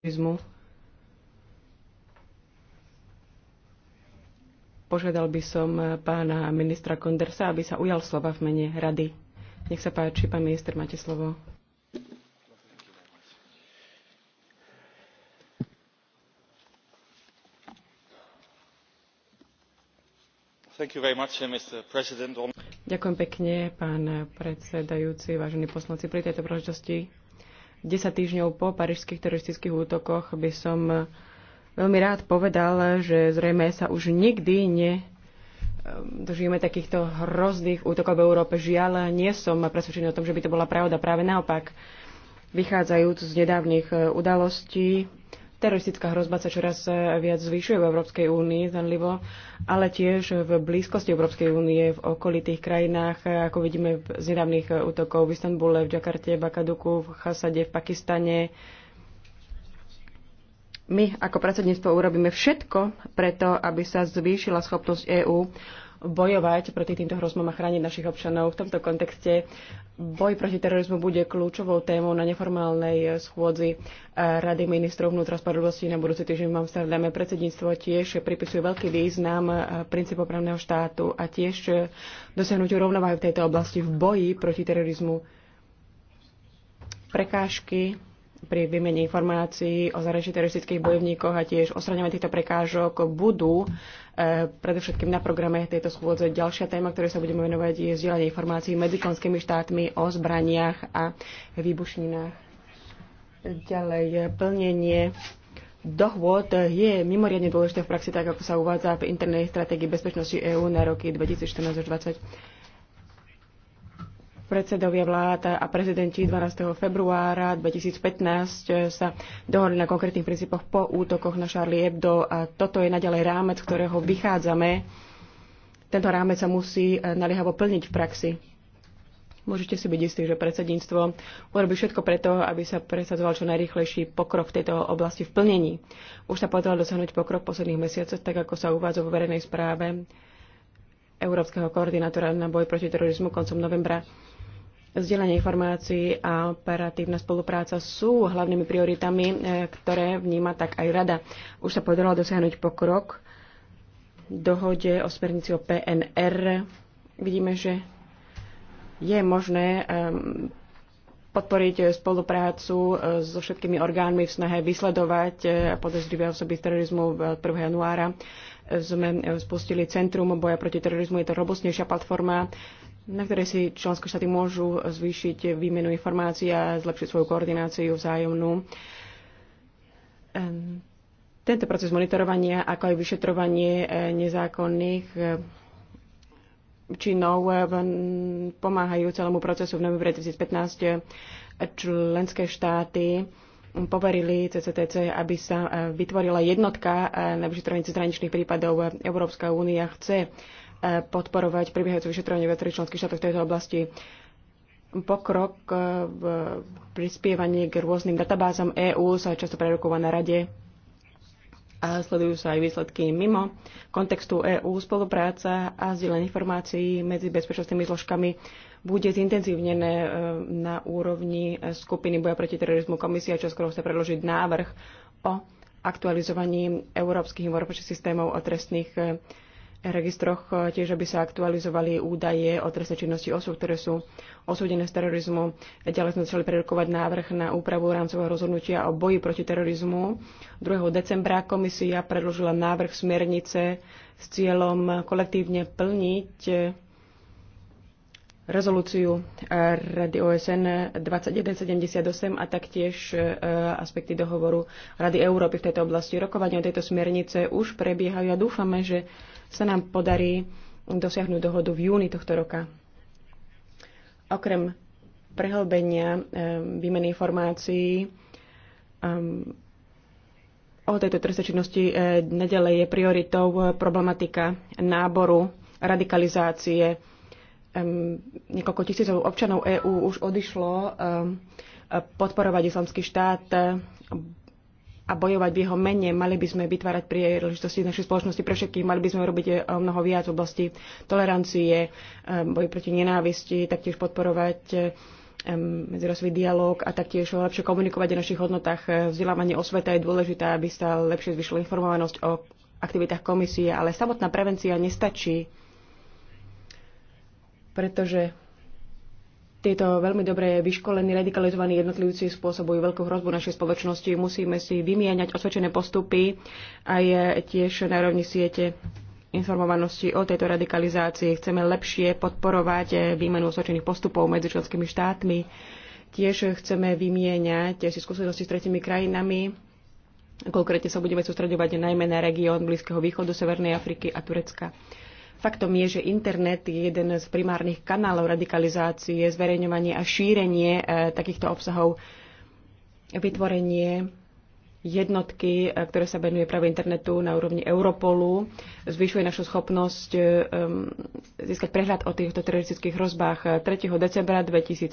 turizmu. Požiadal by som eh, pána ministra Kondersa, aby sa ujal slova v mene rady. Nech sa páči, pán minister, máte slovo. Much, eh, Ďakujem pekne, pán predsedajúci, vážení poslanci. Pri tejto príležitosti 10 týždňov po parížských teroristických útokoch by som eh, veľmi rád povedal, že zrejme sa už nikdy ne eh, dožijeme takýchto hrozných útokov v Európe. Žiaľ, nie som presvedčený o tom, že by to bola pravda. Práve naopak, vychádzajúc z nedávnych eh, udalostí, Teroristická hrozba sa čoraz e, viac zvyšuje v Európskej únii, zanlivo, ale tiež v blízkosti Európskej únie, v okolitých krajinách, e, ako vidíme z nedávnych e, útokov v Istanbule, v Džakarte, Bakaduku, v Chasade, v Pakistane. My ako pracovníctvo urobíme všetko preto, aby sa zvýšila schopnosť EÚ bojovať proti týmto hrozbom a chrániť našich občanov. V tomto kontexte boj proti terorizmu bude kľúčovou témou na neformálnej schôdzi Rady ministrov vnútra spravodlivosti na budúci týždeň v Amsterdame. Predsedníctvo tiež pripisuje veľký význam princípu právneho štátu a tiež dosiahnutiu rovnováhy v tejto oblasti v boji proti terorizmu. Prekážky pri výmene informácií o zahraničných teroristických bojovníkoch a tiež ostraňovanie týchto prekážok budú e, predovšetkým na programe tejto schôdze. Ďalšia téma, ktorej sa budeme venovať, je zdieľanie informácií medzi členskými štátmi o zbraniach a výbušninách. Ďalej, plnenie dohôd je mimoriadne dôležité v praxi, tak ako sa uvádza v internej stratégii bezpečnosti EÚ na roky 2014 až 2020 Predsedovia vlád a prezidenti 12. februára 2015 sa dohodli na konkrétnych princípoch po útokoch na Charlie Hebdo a toto je naďalej rámec, ktorého vychádzame. Tento rámec sa musí naliehavo plniť v praxi. Môžete si byť istí, že predsedníctvo urobí všetko preto, aby sa presadzoval čo najrýchlejší pokrok v tejto oblasti v plnení. Už sa podarilo dosiahnuť pokrok v posledných mesiacoch, tak ako sa uvádza vo verejnej správe Európskeho koordinátora na boj proti terorizmu koncom novembra Vzdelanie informácií a operatívna spolupráca sú hlavnými prioritami, e, ktoré vníma tak aj rada. Už sa podarilo dosiahnuť pokrok v dohode o smernici o PNR. Vidíme, že je možné podporiť spoluprácu e, so všetkými orgánmi v snahe vysledovať e, podozrivé osoby z terorizmu 1. januára. Sme spustili Centrum boja proti terorizmu, je to robustnejšia platforma na ktorej si členské štáty môžu zvýšiť výmenu informácií a zlepšiť svoju koordináciu vzájomnú. Tento proces monitorovania, ako aj vyšetrovanie e, nezákonných e, činov e, pomáhajú celému procesu. V novembri 2015 členské štáty poverili CCTC, aby sa vytvorila jednotka na vyšetrovanie cezhraničných prípadov. Európska únia chce podporovať prebiehajúce vyšetrovanie viacerých členských štátov v tejto oblasti. Pokrok e, v prispievaní k rôznym databázam EÚ sa často prerokúva na rade a sledujú sa aj výsledky mimo kontextu EÚ. Spolupráca a zdieľanie informácií medzi bezpečnostnými zložkami bude zintenzívnené e, na úrovni skupiny boja proti terorizmu. Komisia skoro chce predložiť návrh o aktualizovaní európskych informačných systémov o trestných e, registroch, e, tiež aby sa aktualizovali údaje o trestnej činnosti osôb, ktoré sú osúdené z terorizmu. Ďalej sme začali prerokovať návrh na úpravu rámcového rozhodnutia o boji proti terorizmu. 2. decembra komisia predložila návrh smernice s cieľom kolektívne plniť e, rezolúciu e, Rady OSN 2178 a taktiež aspekty dohovoru Rady Európy v tejto oblasti. Rokovanie o tejto smernice už prebiehajú a dúfame, že sa nám podarí dosiahnuť dohodu v júni tohto roka. Okrem prehlbenia eh, výmeny informácií ehm, o tejto trestnej činnosti eh, nedelej je prioritou eh, problematika náboru, radikalizácie. Ehm, niekoľko tisícov občanov EÚ už odišlo ehm, podporovať islamský štát, a bojovať v jeho mene. Mali by sme vytvárať príležitosti v našej spoločnosti pre všetkých, mali by sme robiť eh, mnoho viac v oblasti tolerancie, eh, boj proti nenávisti, taktiež podporovať eh, medzirosový dialog a taktiež lepšie komunikovať o našich hodnotách. Vzdelávanie osveta je dôležité, aby sa lepšie zvyšila informovanosť o aktivitách komisie, ale samotná prevencia nestačí, pretože tieto veľmi dobre vyškolení, radikalizovaní jednotlivci spôsobujú veľkú hrozbu našej spoločnosti. Musíme si vymieňať osvedčené postupy aj tiež na rovni siete informovanosti o tejto radikalizácii. Chceme lepšie podporovať výmenu osvedčených postupov medzi členskými štátmi. Tiež chceme vymieňať si skúsenosti s tretimi krajinami. Konkrétne sa budeme sústredovať najmä na región Blízkeho východu, Severnej Afriky a Turecka. Faktom je, že internet je jeden z primárnych kanálov radikalizácie, zverejňovanie a šírenie e, takýchto obsahov, vytvorenie jednotky, e, ktoré sa venuje práve internetu na úrovni Europolu, zvyšuje našu schopnosť e, získať prehľad o týchto teroristických hrozbách. 3. decembra 2015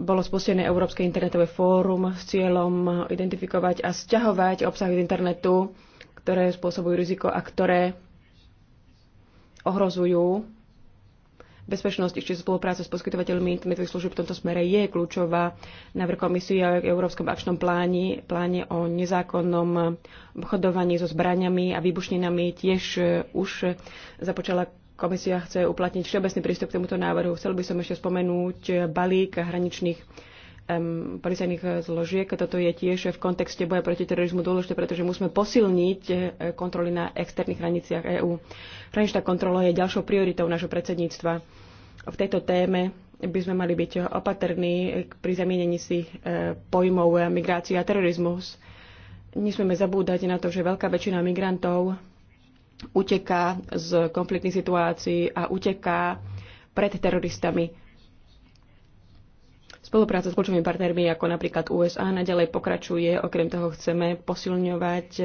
bolo spustené Európske internetové fórum s cieľom identifikovať a sťahovať obsahy z internetu, ktoré spôsobujú riziko a ktoré ohrozujú bezpečnosť či spolupráca s poskytovateľmi internetových služieb v tomto smere je kľúčová. Návrh komisie v Európskom akčnom pláne, pláne o nezákonnom obchodovaní so zbraniami a výbušninami tiež e, už započala komisia chce uplatniť všeobecný prístup k tomuto návrhu. Chcel by som ešte spomenúť balík hraničných policajných zložiek. Toto je tiež v kontexte boja proti terorizmu dôležité, pretože musíme posilniť e, kontroly na externých hraniciach EÚ. Hraničná kontrola je ďalšou prioritou nášho predsedníctva. V tejto téme by sme mali byť opatrní pri zamienení si e, pojmov migrácia a terorizmus. Nesmieme zabúdať na to, že veľká väčšina migrantov uteká z konfliktných situácií a uteká pred teroristami. Spolupráca s kľúčovými partnermi ako napríklad USA naďalej pokračuje. Okrem toho chceme posilňovať e,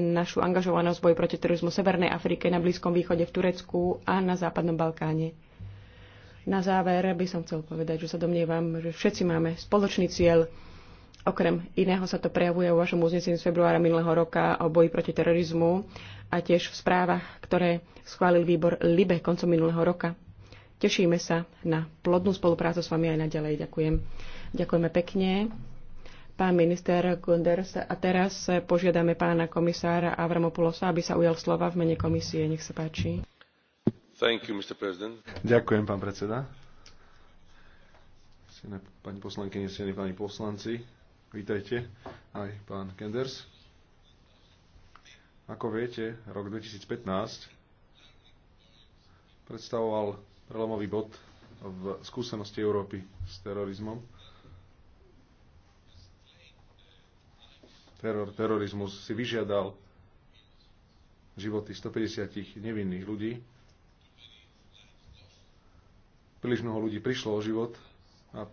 našu angažovanosť v boji proti terorizmu v Severnej Afrike, na Blízkom východe, v Turecku a na Západnom Balkáne. Na záver by som chcel povedať, že sa domnievam, že všetci máme spoločný cieľ. Okrem iného sa to prejavuje vo vašom uznesení z februára minulého roka o boji proti terorizmu a tiež v správach, ktoré schválil výbor LIBE koncom minulého roka. Tešíme sa na plodnú spoluprácu s vami aj naďalej. Ďakujem. Ďakujeme pekne. Pán minister Gunders, a teraz požiadame pána komisára Avramopulosa, aby sa ujal slova v mene komisie. Nech sa páči. Thank you, Mr. President. Ďakujem, pán predseda. Sine, pani poslanky, nesiení pani poslanci, vítajte aj pán Kenders. Ako viete, rok 2015 predstavoval prelomový bod v skúsenosti Európy s terorizmom. Teror, terorizmus si vyžiadal životy 150 nevinných ľudí. Príliš mnoho ľudí prišlo o život a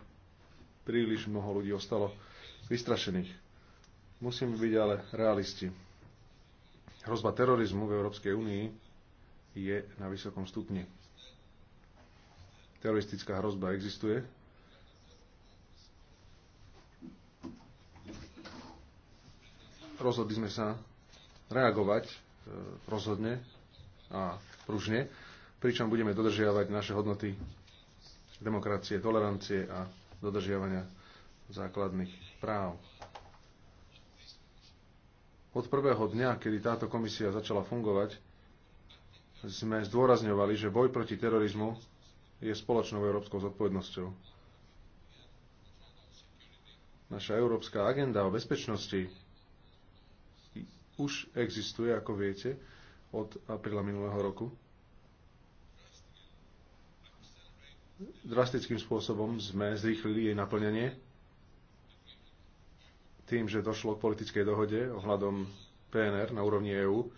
príliš mnoho ľudí ostalo vystrašených. Musíme byť ale realisti. Hrozba terorizmu v Európskej únii je na vysokom stupni. Teroristická hrozba existuje. Rozhodli sme sa reagovať e, rozhodne a pružne, pričom budeme dodržiavať naše hodnoty demokracie, tolerancie a dodržiavania základných práv. Od prvého dňa, kedy táto komisia začala fungovať, sme zdôrazňovali, že boj proti terorizmu je spoločnou európskou zodpovednosťou. Naša európska agenda o bezpečnosti už existuje, ako viete, od apríla minulého roku. Drastickým spôsobom sme zrýchlili jej naplňanie tým, že došlo k politickej dohode ohľadom PNR na úrovni EÚ.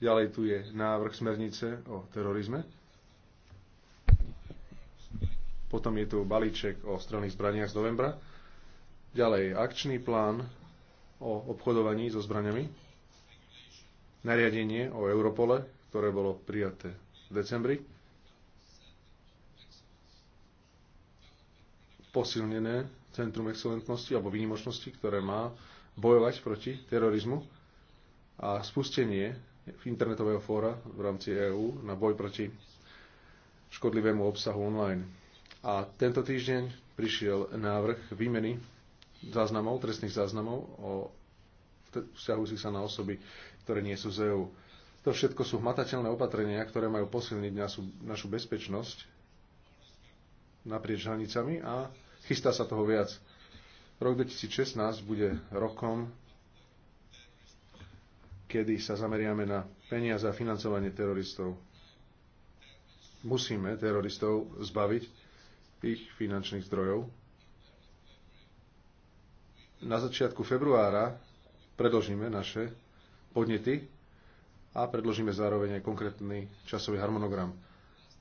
Ďalej tu je návrh smernice o terorizme potom je tu balíček o strelných zbraniach z novembra. Ďalej akčný plán o obchodovaní so zbraniami. Nariadenie o Europole, ktoré bolo prijaté v decembri. Posilnené Centrum excelentnosti alebo výnimočnosti, ktoré má bojovať proti terorizmu a spustenie internetového fóra v rámci EÚ na boj proti škodlivému obsahu online. A tento týždeň prišiel návrh výmeny záznamov, trestných záznamov o vzťahujúcich sa na osoby, ktoré nie sú z EU. To všetko sú hmatateľné opatrenia, ktoré majú posilniť našu, našu bezpečnosť naprieč hranicami a chystá sa toho viac. Rok 2016 bude rokom, kedy sa zameriame na peniaze a financovanie teroristov. Musíme teroristov zbaviť tých finančných zdrojov. Na začiatku februára predložíme naše podnety a predložíme zároveň aj konkrétny časový harmonogram.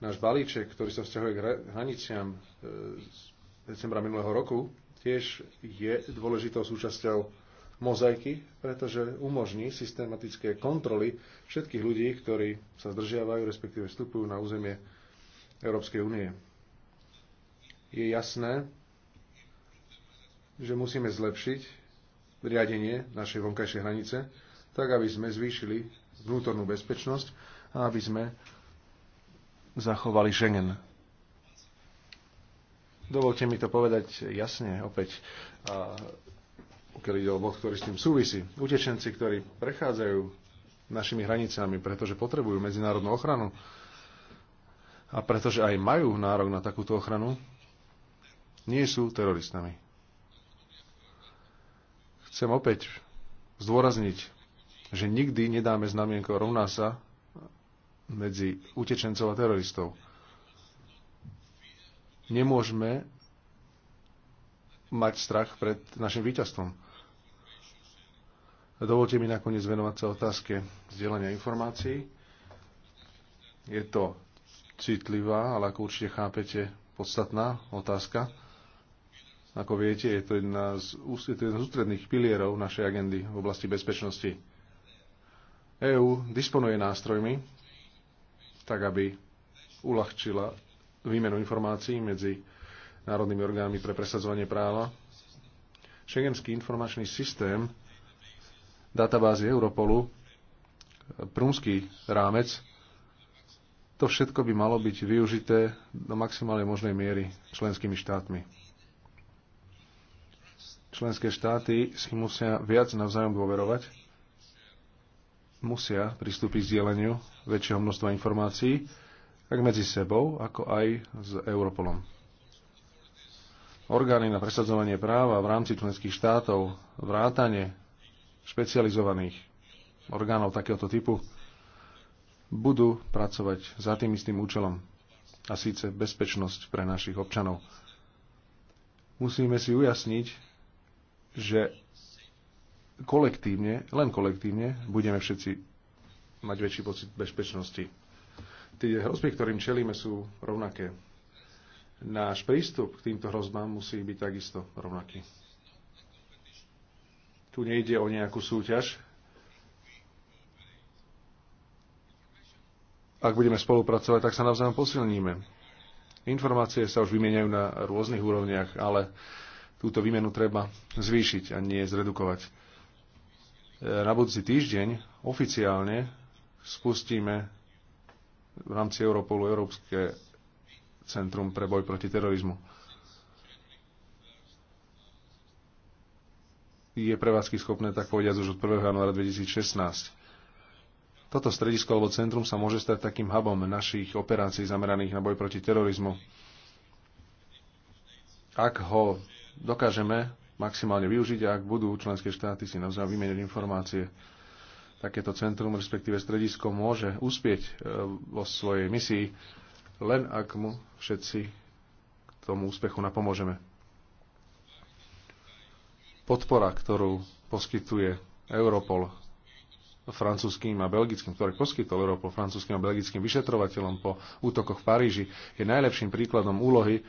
Náš balíček, ktorý sa vzťahuje k hraniciam e, z decembra minulého roku, tiež je dôležitou súčasťou mozaiky, pretože umožní systematické kontroly všetkých ľudí, ktorí sa zdržiavajú, respektíve vstupujú na územie Európskej únie je jasné, že musíme zlepšiť riadenie našej vonkajšej hranice, tak aby sme zvýšili vnútornú bezpečnosť a aby sme zachovali Schengen. Dovolte mi to povedať jasne opäť, a, keď ide o bod, ktorý s tým súvisí. Utečenci, ktorí prechádzajú našimi hranicami, pretože potrebujú medzinárodnú ochranu a pretože aj majú nárok na takúto ochranu, nie sú teroristami. Chcem opäť zdôrazniť, že nikdy nedáme znamienko rovná sa medzi utečencov a teroristov. Nemôžeme mať strach pred našim víťazstvom. Dovolte mi nakoniec venovať sa otázke vzdelania informácií. Je to citlivá, ale ako určite chápete, podstatná otázka. Ako viete, je to, jedna z, je to jeden z ústredných pilierov našej agendy v oblasti bezpečnosti. EÚ disponuje nástrojmi, tak aby uľahčila výmenu informácií medzi národnými orgánmi pre presadzovanie práva. Schengenský informačný systém databázy Europolu, prúmsky rámec, to všetko by malo byť využité do maximálnej možnej miery členskými štátmi. Členské štáty si musia viac navzájom dôverovať, musia pristúpiť k dieleniu väčšieho množstva informácií, tak medzi sebou, ako aj s Europolom. Orgány na presadzovanie práva v rámci členských štátov, vrátane špecializovaných orgánov takéhoto typu, budú pracovať za tým istým účelom, a síce bezpečnosť pre našich občanov. Musíme si ujasniť, že kolektívne, len kolektívne, budeme všetci mať väčší pocit bezpečnosti. Tie hrozby, ktorým čelíme, sú rovnaké. Náš prístup k týmto hrozbám musí byť takisto rovnaký. Tu nejde o nejakú súťaž. Ak budeme spolupracovať, tak sa navzájom posilníme. Informácie sa už vymieňajú na rôznych úrovniach, ale túto výmenu treba zvýšiť a nie zredukovať. E, na budúci týždeň oficiálne spustíme v rámci Europolu Európske centrum pre boj proti terorizmu. Je prevádzky schopné, tak povediať, už od 1. januára 2016. Toto stredisko alebo centrum sa môže stať takým hubom našich operácií zameraných na boj proti terorizmu. Ak ho dokážeme maximálne využiť, ak budú členské štáty si navzájom vymeniť informácie. Takéto centrum, respektíve stredisko, môže uspieť e, vo svojej misii, len ak mu všetci k tomu úspechu napomôžeme. Podpora, ktorú poskytuje Europol francúzským a belgickým, ktoré poskytol Europol francúzským a belgickým vyšetrovateľom po útokoch v Paríži, je najlepším príkladom úlohy,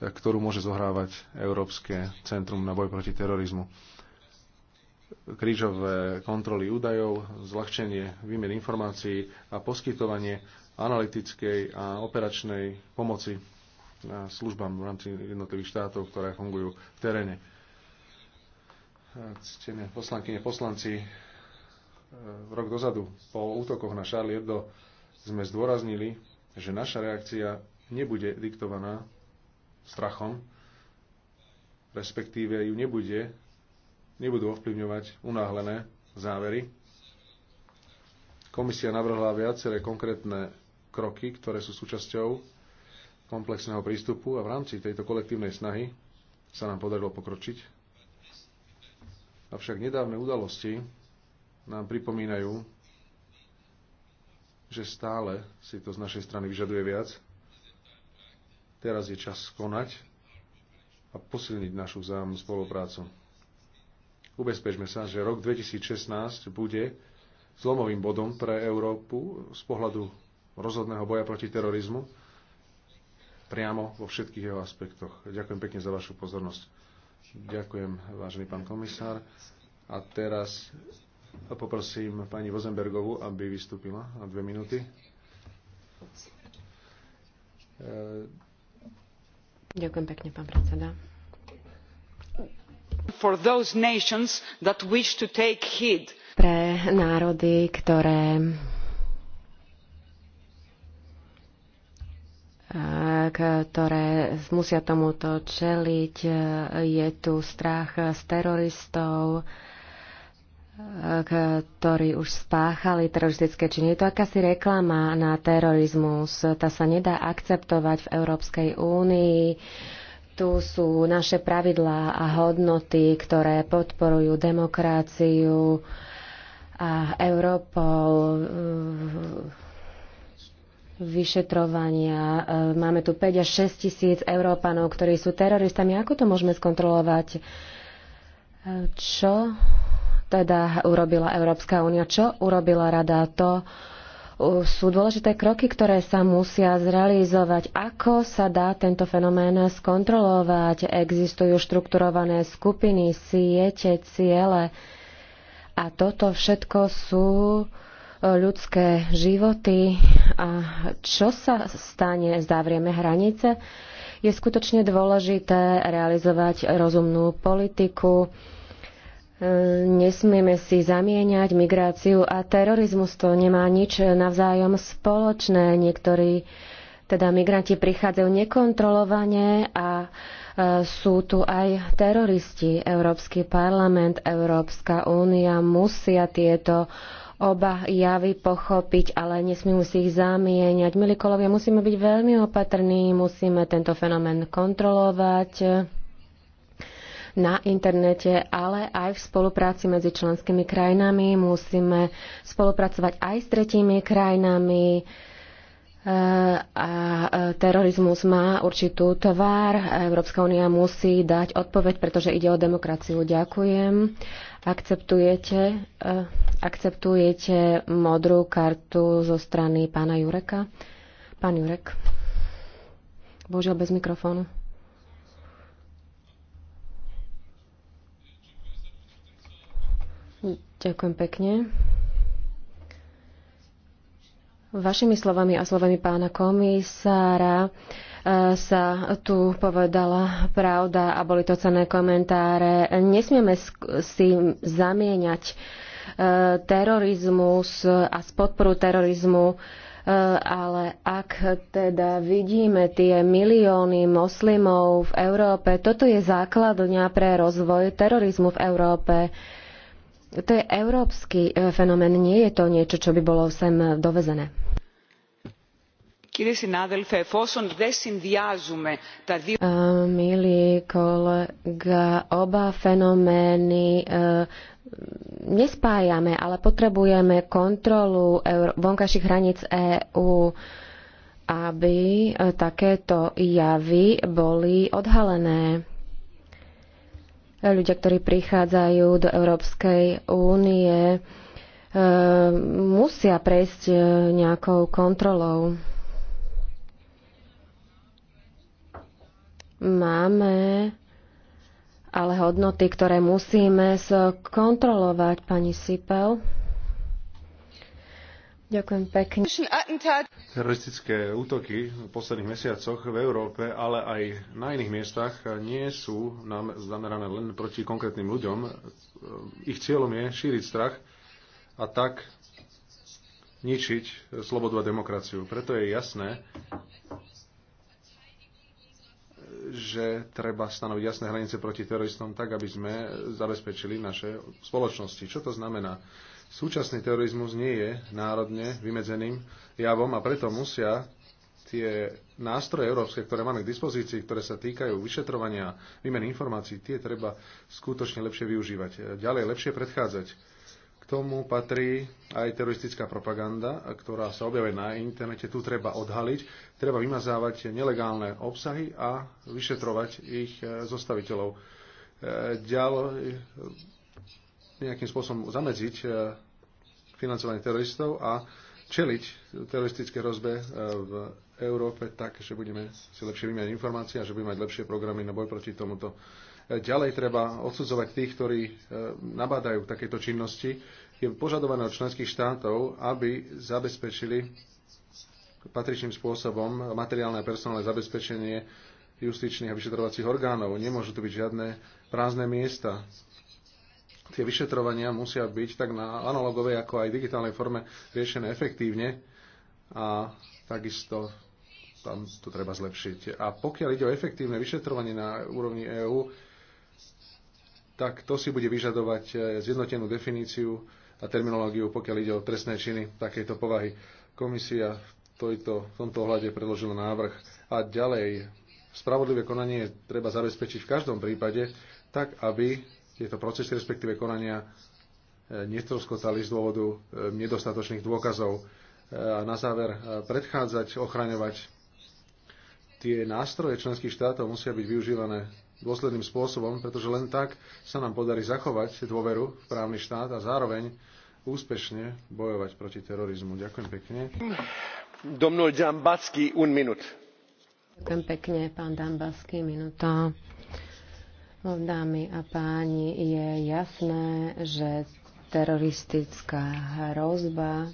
ktorú môže zohrávať Európske centrum na boj proti terorizmu. Krížové kontroly údajov, zľahčenie výmen informácií a poskytovanie analytickej a operačnej pomoci službám v rámci jednotlivých štátov, ktoré fungujú v teréne. Ctené poslankyne, poslanci, e, rok dozadu po útokoch na Charlie Hebdo sme zdôraznili, že naša reakcia nebude diktovaná strachom, respektíve ju nebude, nebudú ovplyvňovať unáhlené závery. Komisia navrhla viaceré konkrétne kroky, ktoré sú súčasťou komplexného prístupu a v rámci tejto kolektívnej snahy sa nám podarilo pokročiť. Avšak nedávne udalosti nám pripomínajú, že stále si to z našej strany vyžaduje viac. Teraz je čas konať a posilniť našu vzájomnú spoluprácu. Ubezpečme sa, že rok 2016 bude zlomovým bodom pre Európu z pohľadu rozhodného boja proti terorizmu priamo vo všetkých jeho aspektoch. Ďakujem pekne za vašu pozornosť. Ďakujem, vážený pán komisár. A teraz poprosím pani Vozenbergovú, aby vystúpila na dve minúty. Ďakujem pekne, pán predseda for those nations that wish to take heed. pre národy ktoré eh, ktoré musia tomuto čeliť. Eh, je tu strach z teroristov, ktorí už spáchali teroristické činy. Je to akási reklama na terorizmus. Tá sa nedá akceptovať v Európskej únii. Tu sú naše pravidlá a hodnoty, ktoré podporujú demokráciu a Európol eh, vyšetrovania. Eh, máme tu 5 až 6 tisíc Európanov, ktorí sú teroristami. Ako to môžeme skontrolovať? Eh, čo teda urobila Európska únia, čo urobila Rada, to sú dôležité kroky, ktoré sa musia zrealizovať. Ako sa dá tento fenomén skontrolovať? Existujú štrukturované skupiny, siete, ciele. A toto všetko sú e, ľudské životy. A čo sa stane? Zavrieme hranice? Je skutočne dôležité realizovať rozumnú politiku Nesmieme si zamieňať migráciu a terorizmus. To nemá nič navzájom spoločné. Niektorí teda migranti prichádzajú nekontrolovane a e, sú tu aj teroristi. Európsky parlament, Európska únia musia tieto oba javy pochopiť, ale nesmí si ich zamieňať. Milí kolovia, musíme byť veľmi opatrní, musíme tento fenomén kontrolovať na internete, ale aj v spolupráci medzi členskými krajinami. Musíme spolupracovať aj s tretími krajinami. E, a e, terorizmus má určitú tvár. Európska únia musí dať odpoveď, pretože ide o demokraciu. Ďakujem. Akceptujete, e, akceptujete modrú kartu zo strany pána Jureka? Pán Jurek. božiaľ bez mikrofónu. Ďakujem pekne. Vašimi slovami a slovami pána komisára e, sa tu povedala pravda a boli to cenné komentáre. Nesmieme si zamieňať e, terorizmus a podporu terorizmu, e, ale ak teda vidíme tie milióny moslimov v Európe, toto je základňa pre rozvoj terorizmu v Európe. To je európsky e, fenomén, nie je to niečo, čo by bolo sem dovezené. Milí kolega, oba fenomény nespájame, ale potrebujeme kontrolu vonkajších hraníc EÚ, aby takéto javy boli odhalené ľudia, ktorí prichádzajú do Európskej únie, e, musia prejsť e, nejakou kontrolou. Máme ale hodnoty, ktoré musíme skontrolovať, pani Sipel. Ďakujem pekne. Teroristické útoky v posledných mesiacoch v Európe, ale aj na iných miestach nie sú nám zamerané len proti konkrétnym ľuďom. Ich cieľom je šíriť strach a tak ničiť slobodu a demokraciu. Preto je jasné, že treba stanoviť jasné hranice proti teroristom tak, aby sme zabezpečili naše spoločnosti. Čo to znamená? Súčasný terorizmus nie je národne vymedzeným javom a preto musia tie nástroje európske, ktoré máme k dispozícii, ktoré sa týkajú vyšetrovania, výmeny informácií, tie treba skutočne lepšie využívať. Ďalej lepšie predchádzať. K tomu patrí aj teroristická propaganda, ktorá sa objavuje na internete. Tu treba odhaliť, treba vymazávať nelegálne obsahy a vyšetrovať ich eh, zostaviteľov. Eh, ďalej nejakým spôsobom zamedziť e, financovanie teroristov a čeliť teroristické rozbe e, v Európe tak, že budeme si lepšie vymieňať informácie a že budeme mať lepšie programy na boj proti tomuto. E, ďalej treba odsudzovať tých, ktorí nabádajú k takejto činnosti. Je požadované od členských štátov, aby zabezpečili patričným spôsobom materiálne a personálne zabezpečenie justičných a vyšetrovacích orgánov. Nemôžu tu byť žiadne prázdne miesta tie vyšetrovania musia byť tak na analogovej ako aj digitálnej forme riešené efektívne a takisto tam to treba zlepšiť. A pokiaľ ide o efektívne vyšetrovanie na úrovni EÚ, tak to si bude vyžadovať e, zjednotenú definíciu a terminológiu, pokiaľ ide o trestné činy takejto povahy. Komisia v, tojto, v tomto ohľade predložila návrh. A ďalej, spravodlivé konanie treba zabezpečiť v každom prípade, tak aby tieto procesy, respektíve konania, e, nestroskotali z dôvodu e, nedostatočných dôkazov. E, a na záver, predchádzať, ochraňovať tie nástroje členských štátov musia byť využívané dôsledným spôsobom, pretože len tak sa nám podarí zachovať dôveru v právny štát a zároveň úspešne bojovať proti terorizmu. Ďakujem pekne. Domnul Džambacký, un minút. Ďakujem pekne, pán Dambasky, minúta. No, dámy a páni, je jasné, že teroristická hrozba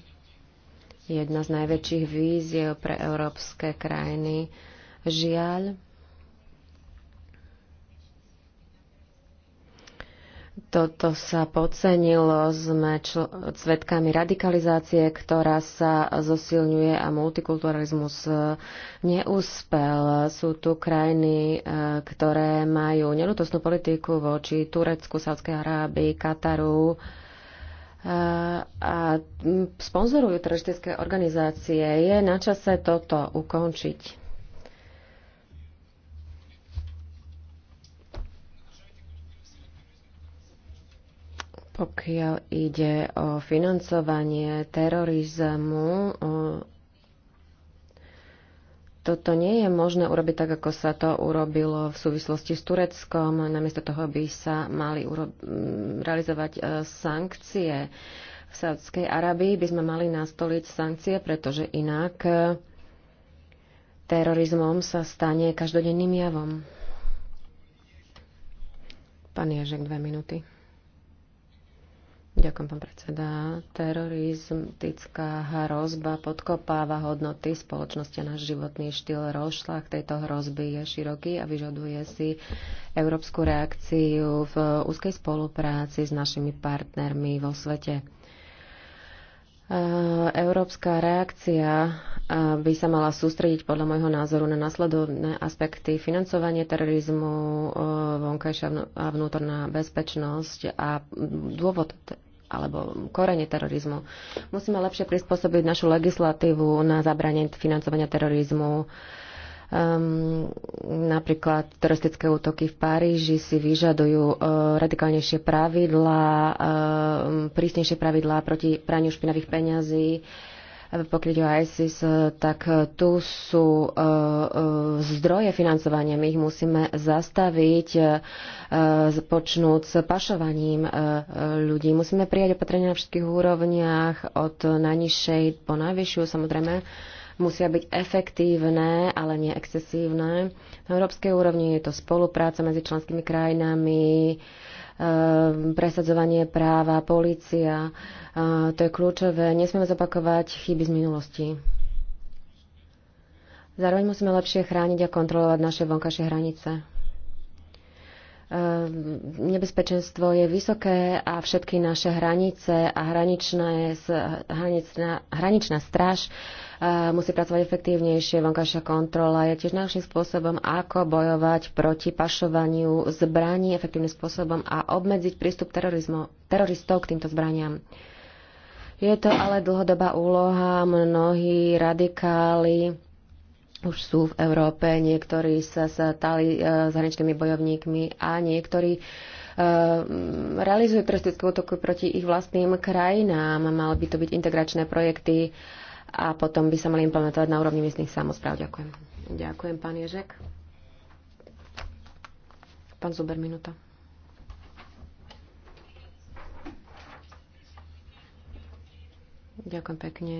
je jedna z najväčších víziev pre európske krajiny. Žiaľ, Toto sa podcenilo, sme čl- svetkami radikalizácie, ktorá sa zosilňuje a multikulturalizmus e, neúspel. Sú tu krajiny, e, ktoré majú nelutosnú politiku voči Turecku, Sádskej Arábii, Kataru e, a sponzorujú teroristické organizácie. Je na čase toto ukončiť. Pokiaľ ide o financovanie terorizmu, toto nie je možné urobiť tak, ako sa to urobilo v súvislosti s Tureckom. Namiesto toho by sa mali mm, realizovať e, sankcie. V Saudskej Arabii by sme mali nastoliť sankcie, pretože inak e, terorizmom sa stane každodenným javom. Pán Ježek, dve minúty. Ďakujem, pán predseda. Terorizmtická hrozba podkopáva hodnoty spoločnosti a náš životný štýl. Rozšlach tejto hrozby je široký a vyžaduje si európsku reakciu v úzkej spolupráci s našimi partnermi vo svete. E, európska reakcia e, by sa mala sústrediť podľa môjho názoru na nasledovné aspekty financovanie terorizmu, e, vonkajšia a vnútorná bezpečnosť a dôvod alebo korene terorizmu. Musíme lepšie prispôsobiť našu legislatívu na zabranie financovania terorizmu. Um, napríklad teroristické útoky v Paríži si vyžadujú uh, radikálnejšie pravidlá, uh, prísnejšie pravidlá proti praniu špinavých peňazí. Uh, pokryť ISIS, e, tak e, tu sú e, zdroje financovania. My ich musíme zastaviť počnúť s pašovaním ľudí. Musíme prijať opatrenia na všetkých úrovniach, od najnižšej po najvyššiu samozrejme musia byť efektívne, ale nie excesívne. Na európskej úrovni je to spolupráca medzi členskými krajinami, Ehm, presadzovanie práva, policia. To je kľúčové. Nesmieme zopakovať chyby z minulosti. Zároveň musíme lepšie chrániť a kontrolovať naše vonkajšie hranice. Ehm, nebezpečenstvo je vysoké a všetky naše hranice a hraničná, hraničná, hraničná stráž ehm, musí pracovať efektívnejšie. Vonkajšia kontrola je tiež najlepším spôsobom, ako bojovať proti pašovaniu zbraní efektívnym spôsobom a obmedziť prístup teroristov k týmto zbraniam. Je to ale dlhodobá úloha, mnohí radikáli už sú v Európe, niektorí sa stali e, zahraničnými bojovníkmi a niektorí e, realizujú teroristické útoky proti ich vlastným krajinám. Mali by to byť integračné projekty a potom by sa mali implementovať na úrovni miestnych samozpráv. Ďakujem. Ďakujem, pán Ježek. Pán Zuber, minúta. Ďakujem pekne.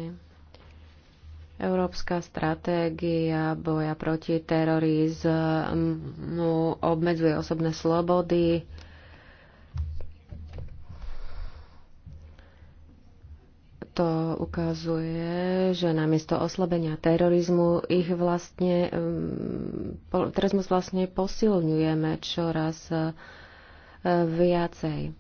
Európska stratégia boja proti terorizmu obmedzuje osobné slobody. To ukazuje, že namiesto oslabenia terorizmu ich vlastne, mm, terorizmus vlastne posilňujeme čoraz e, viacej.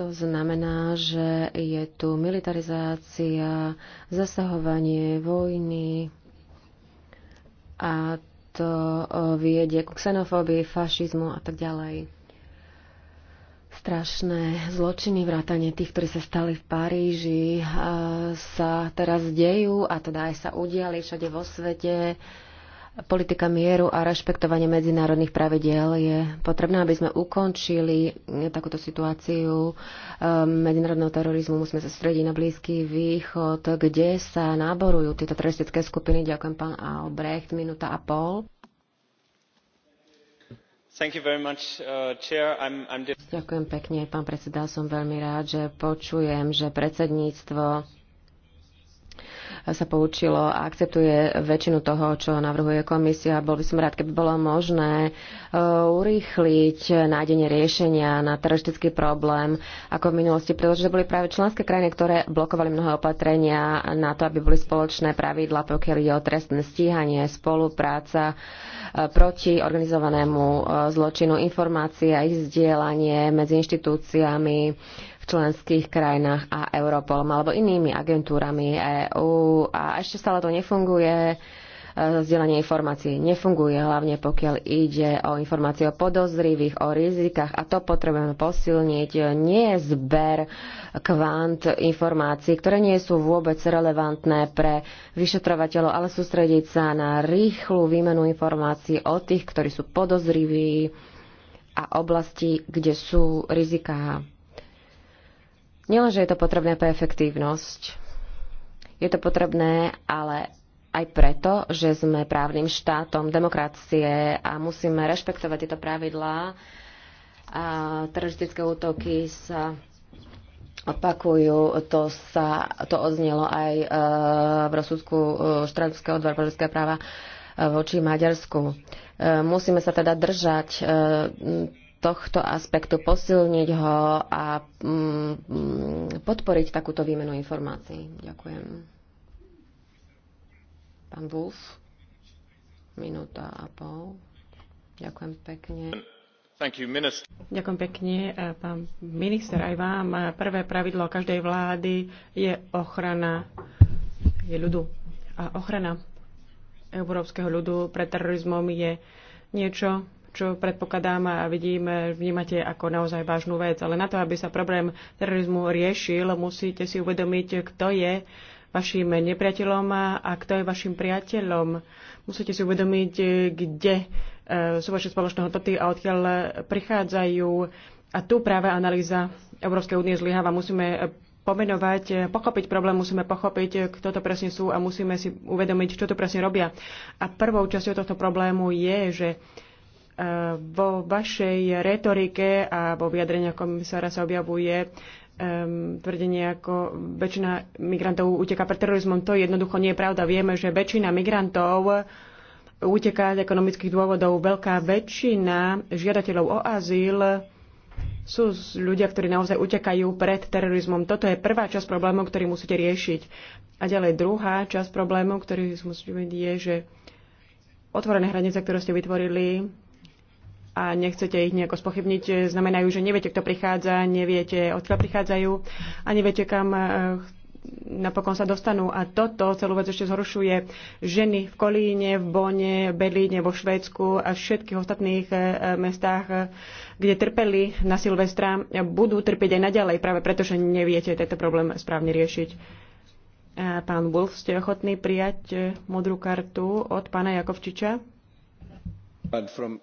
To znamená, že je tu militarizácia, zasahovanie vojny a to viedie ku xenofóbii, fašizmu a tak ďalej. Strašné zločiny, vrátanie tých, ktorí sa stali v Paríži, sa teraz dejú a teda aj sa udiali všade vo svete. Politika mieru a rešpektovanie medzinárodných pravidiel je potrebná, aby sme ukončili eh, takúto situáciu eh, medzinárodného terorizmu. Musíme sa strediť na Blízky východ, kde sa náborujú tieto teroristické skupiny. Ďakujem, pán Albrecht. Minúta a pol. Much, uh, I'm, I'm... Ďakujem pekne, pán predseda. Som veľmi rád, že počujem, že predsedníctvo sa poučilo a akceptuje väčšinu toho, čo navrhuje komisia. Bol by som rád, keby bolo možné e, urýchliť nájdenie riešenia na teroristický problém, ako v minulosti, pretože to boli práve členské krajiny, ktoré blokovali mnohé opatrenia na to, aby boli spoločné pravidla, pokiaľ ide o trestné stíhanie, spolupráca e, proti organizovanému e, zločinu, informácie a ich zdieľanie medzi inštitúciami, členských krajinách a Europolom alebo inými agentúrami EÚ a ešte stále to nefunguje. E, Zdieľanie informácií nefunguje, hlavne pokiaľ ide o informácie o podozrivých, o rizikách a to potrebujeme posilniť. Nie je zber kvant informácií, ktoré nie sú vôbec relevantné pre vyšetrovateľov, ale sústrediť sa na rýchlu výmenu informácií o tých, ktorí sú podozriví, a oblasti, kde sú riziká. Nielenže je to potrebné pre efektívnosť, je to potrebné, ale aj preto, že sme právnym štátom demokracie a musíme rešpektovať tieto pravidlá. A teroristické útoky sa opakujú, to, sa, to odznelo aj e, v rozsudku e, Štrátovského odboru pre ľudské práva e, voči Maďarsku. E, musíme sa teda držať e, tohto aspektu, posilniť ho a mm, podporiť takúto výmenu informácií. Ďakujem. Pán Wolf, minúta a pol. Ďakujem pekne. You, Ďakujem pekne, e, pán minister, aj vám. E, prvé pravidlo každej vlády je ochrana je ľudu. A ochrana európskeho ľudu pred terorizmom je niečo, čo predpokladám a vidím, vnímate ako naozaj vážnu vec. Ale na to, aby sa problém terorizmu riešil, musíte si uvedomiť, kto je vašim nepriateľom a kto je vašim priateľom. Musíte si uvedomiť, kde e, sú vaše spoločné hodnoty a odkiaľ prichádzajú. A tu práve analýza Európskej únie zlyháva. Musíme e, pomenovať, e, pochopiť problém, musíme pochopiť, kto to presne sú a musíme si uvedomiť, čo to presne robia. A prvou časťou tohto problému je, že vo vašej retorike a vo vyjadreniach komisára sa objavuje um, tvrdenie, ako väčšina migrantov uteká pred terorizmom. To jednoducho nie je pravda. Vieme, že väčšina migrantov uteká z ekonomických dôvodov. Veľká väčšina žiadateľov o azyl sú ľudia, ktorí naozaj utekajú pred terorizmom. Toto je prvá časť problémov, ktorý musíte riešiť. A ďalej druhá časť problémov, ktorý musíte vedieť, je, že otvorené hranice, ktoré ste vytvorili, a nechcete ich nejako spochybniť, eh, znamenajú, že neviete, kto prichádza, neviete, odkiaľ prichádzajú a neviete, kam eh, napokon sa dostanú. A toto celú vec ešte zhoršuje ženy v Kolíne, v Bone, Berlíne, vo Švédsku a všetkých ostatných eh, mestách, kde trpeli na Silvestra, budú trpieť aj naďalej, práve preto, že neviete tento problém správne riešiť. Pán Wolf, ste ochotní prijať modrú kartu od pána Jakovčiča? From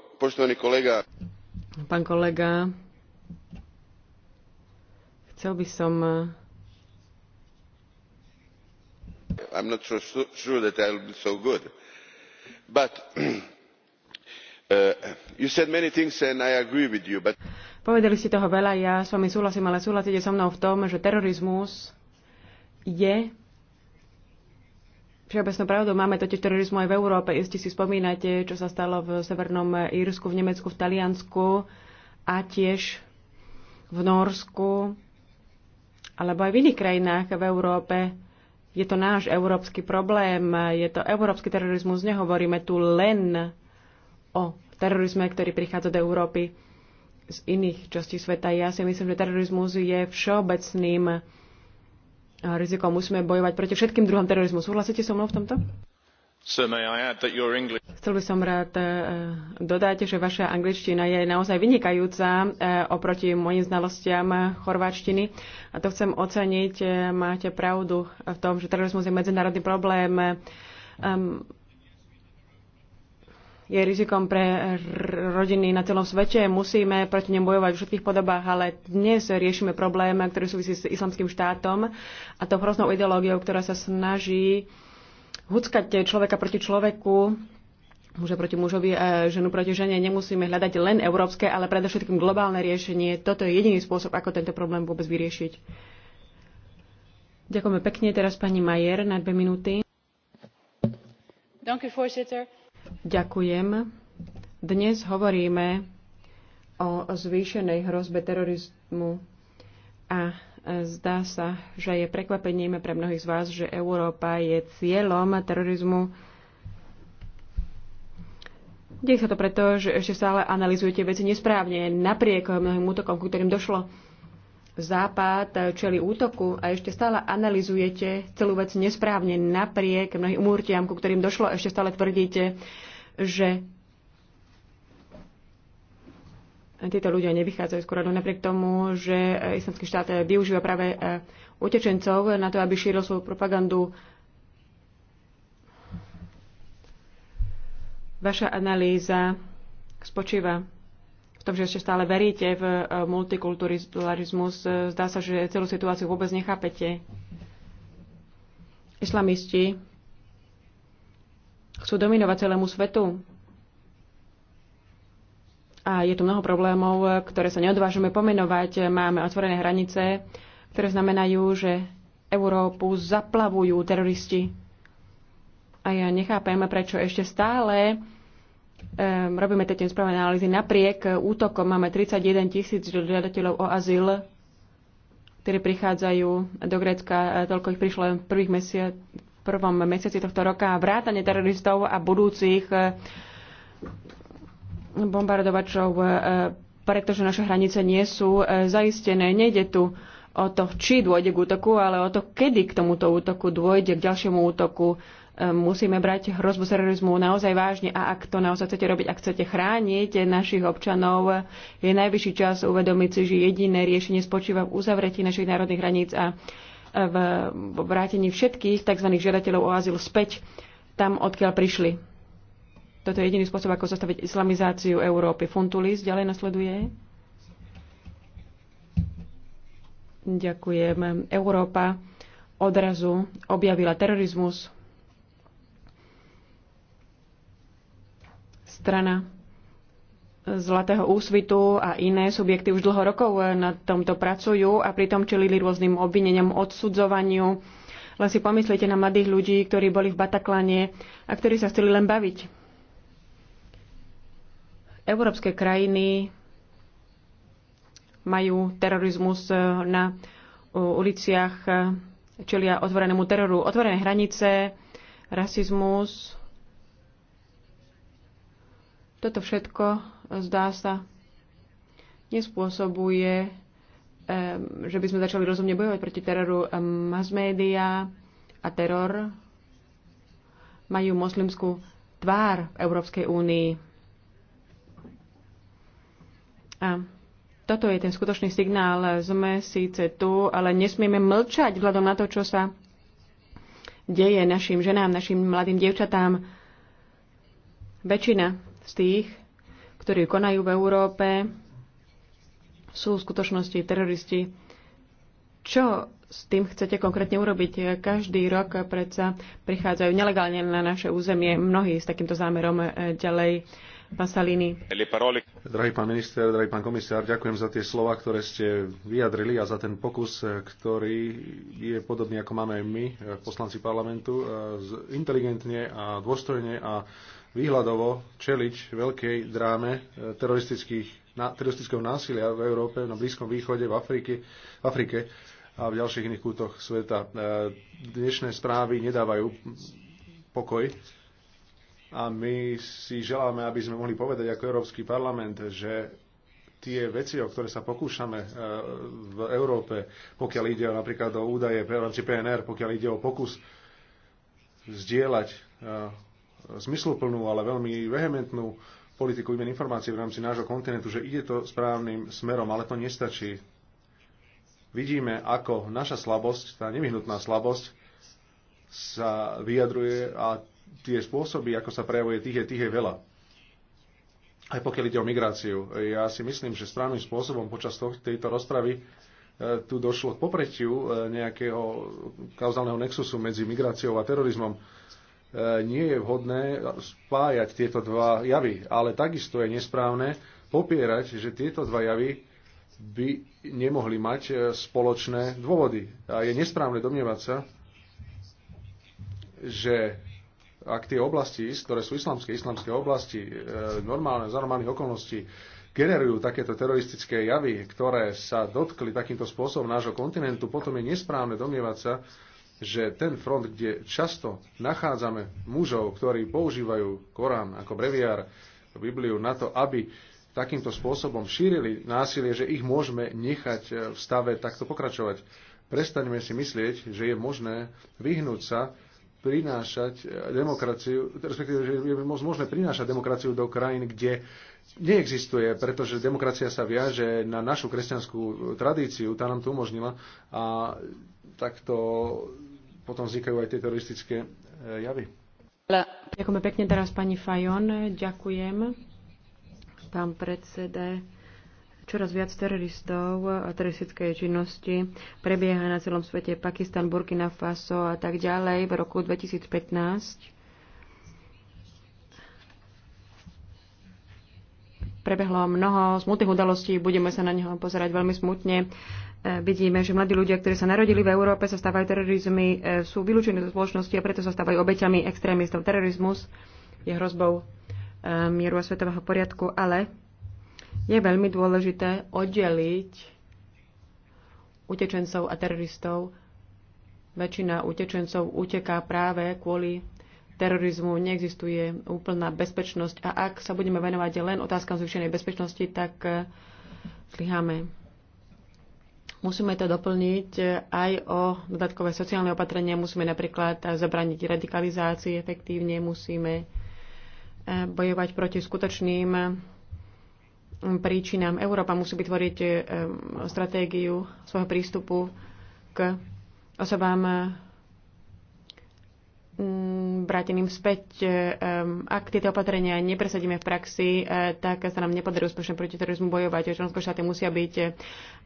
Poštovani kolega. Pán kolega, chcel by som eh, I'm not so sure that I'll be so good. But eh, you said many things and I agree with you, but Povedali ste toho veľa, ja s vami súhlasím, ale súhlasíte so mnou v tom, že terorizmus je všeobecnou pravdou. Máme totiž terorizmu aj v Európe. Isti si spomínate, čo sa stalo v Severnom Írsku, v Nemecku, v Taliansku a tiež v Norsku alebo aj v iných krajinách v Európe. Je to náš európsky problém, je to európsky terorizmus. Nehovoríme tu len o terorizme, ktorý prichádza do Európy z iných častí sveta. Ja si myslím, že terorizmus je všeobecným riziko. Musíme bojovať proti všetkým druhom terorizmu. Súhlasíte so mnou v tomto? Chcel by som rád e, dodať, že vaša angličtina je naozaj vynikajúca e, oproti mojim znalostiam chorváčtiny. A to chcem oceniť. E, máte pravdu v tom, že terorizmus je medzinárodný problém je rizikom pre rodiny na celom svete. Musíme proti nemu bojovať v všetkých podobách, ale dnes riešime problém, ktoré súvisí s islamským štátom a to hroznou ideológiou, ktorá sa snaží huckať človeka proti človeku, muža proti mužovi a ženu proti žene. Nemusíme hľadať len európske, ale predovšetkým globálne riešenie. Toto je jediný spôsob, ako tento problém vôbec vyriešiť. Ďakujeme pekne. Teraz pani Majer na dve minúty. Dank u voorzitter. Ďakujem. Dnes hovoríme o zvýšenej hrozbe terorizmu a zdá sa, že je prekvapením pre mnohých z vás, že Európa je cieľom terorizmu. Deje sa to preto, že ešte stále analizujete veci nesprávne, napriek mnohým útokom, ku ktorým došlo. Západ čeli útoku a ešte stále analizujete celú vec nesprávne napriek mnohým umúrtiam, ku ktorým došlo, ešte stále tvrdíte, že títo ľudia nevychádzajú skôr, do no napriek tomu, že eh, islamský štát eh, využíva práve eh, utečencov na to, aby šíril svoju propagandu. Vaša analýza spočíva v tom, že ešte stále veríte v e, multikulturalizmus. E, zdá sa, že celú situáciu vôbec nechápete. Islamisti chcú dominovať celému svetu. A je tu mnoho problémov, e, ktoré sa neodvážime pomenovať. Máme otvorené hranice, ktoré znamenajú, že Európu zaplavujú teroristi. A ja nechápem, prečo ešte stále Ehm, robíme tie správne analýzy. Napriek útokom máme 31 tisíc žiadateľov o azyl, ktorí prichádzajú do Grécka. E, toľko ich prišlo v, prvých mesiac, v prvom mesiaci tohto roka. Vrátanie teroristov a budúcich e, bombardovačov, e, pretože naše hranice nie sú zaistené. Nejde tu o to, či dôjde k útoku, ale o to, kedy k tomuto útoku dôjde, k ďalšiemu útoku musíme brať hrozbu terorizmu naozaj vážne a ak to naozaj chcete robiť, ak chcete chrániť našich občanov, je najvyšší čas uvedomiť si, že jediné riešenie spočíva v uzavretí našich národných hraníc a v vrátení všetkých tzv. žiadateľov o azyl späť tam, odkiaľ prišli. Toto je jediný spôsob, ako zastaviť islamizáciu Európy. Funtulis ďalej nasleduje. Ďakujem. Európa odrazu objavila terorizmus, strana Zlatého úsvitu a iné subjekty už dlho rokov na tomto pracujú a pritom čelili rôznym obvineniam, odsudzovaniu. Len si pomyslite na mladých ľudí, ktorí boli v Bataklane a ktorí sa chceli len baviť. Európske krajiny majú terorizmus na uliciach, čelia otvorenému teroru, otvorené hranice, rasizmus, toto všetko, eh, zdá sa, nespôsobuje, že by sme začali rozumne bojovať proti teroru. Mass media a teror majú moslimskú tvár v Európskej únii. A toto je ten skutočný signál. Sme síce tu, ale nesmieme mlčať vzhľadom na to, čo sa deje našim ženám, našim mladým dievčatám. Väčšina z tých, ktorí konajú v Európe, sú v skutočnosti teroristi. Čo s tým chcete konkrétne urobiť? Každý rok predsa prichádzajú nelegálne na naše územie mnohí s takýmto zámerom e, ďalej. pán salini. Drahý pán minister, drahý pán komisár, ďakujem za tie slova, ktoré ste vyjadrili a za ten pokus, e, ktorý je podobný, ako máme my, e, poslanci parlamentu, inteligentne a dôstojne a výhľadovo čeliť veľkej dráme e, teroristického násilia v Európe, na Blízkom východe, v Afrike, v Afrike a v ďalších iných kútoch sveta. E, dnešné správy nedávajú pokoj a my si želáme, aby sme mohli povedať ako Európsky parlament, že tie veci, o ktoré sa pokúšame e, v Európe, pokiaľ ide o napríklad o údaje v rámci PNR, pokiaľ ide o pokus zdieľať zmysluplnú, ale veľmi vehementnú politiku výmen informácií v rámci nášho kontinentu, že ide to správnym smerom, ale to nestačí. Vidíme, ako naša slabosť, tá nevyhnutná slabosť, sa vyjadruje a tie spôsoby, ako sa prejavuje, tých je, tých je veľa. Aj pokiaľ ide o migráciu. Ja si myslím, že správnym spôsobom počas tejto rozpravy e, tu došlo k popretiu e, nejakého kauzálneho nexusu medzi migráciou a terorizmom nie je vhodné spájať tieto dva javy, ale takisto je nesprávne popierať, že tieto dva javy by nemohli mať e, spoločné dôvody. A je nesprávne domnievať sa, že ak tie oblasti, ktoré sú islamské, islamské oblasti, e, normálne, za normálnych okolností, generujú takéto teroristické javy, ktoré sa dotkli takýmto spôsobom nášho kontinentu, potom je nesprávne domnievať sa, že ten front, kde často nachádzame mužov, ktorí používajú Korán ako breviár, Bibliu na to, aby takýmto spôsobom šírili násilie, že ich môžeme nechať eh, v stave takto pokračovať. Prestaňme si myslieť, že je možné vyhnúť sa prinášať eh, demokraciu, respektíve, že je možné prinášať demokraciu do krajín, kde neexistuje, pretože demokracia sa viaže na našu kresťanskú eh, tradíciu, tá nám to umožnila a takto potom vznikajú aj tie teroristické e, javy. Ďakujeme pekne teraz pani Fajon. Ďakujem. Pán predsede. čoraz viac teroristov a teroristickej činnosti prebieha na celom svete Pakistan, Burkina Faso a tak ďalej v roku 2015. Prebehlo mnoho smutných udalostí, budeme sa na neho pozerať veľmi smutne. E, vidíme, že mladí ľudia, ktorí sa narodili v mm. Európe, sa stávajú terorizmy, e, sú vylúčení zo spoločnosti a preto sa stávajú obeťami extrémistov. Terorizmus je hrozbou e, mieru a svetového poriadku, ale je veľmi dôležité oddeliť utečencov a teroristov. Väčšina utečencov uteká práve kvôli terorizmu. Neexistuje úplná bezpečnosť a ak sa budeme venovať len otázkam zvýšenej bezpečnosti, tak zlyháme. Musíme to doplniť aj o dodatkové sociálne opatrenia. Musíme napríklad zabraniť radikalizácii efektívne, musíme eh, bojovať proti skutočným mm, príčinám. Európa musí vytvoriť eh, stratégiu svojho prístupu k osobám Mm, vráteným späť. E, ak tieto opatrenia nepresadíme v praxi, e, tak sa nám nepodarí úspešne proti terorizmu bojovať. Členské štáty musia byť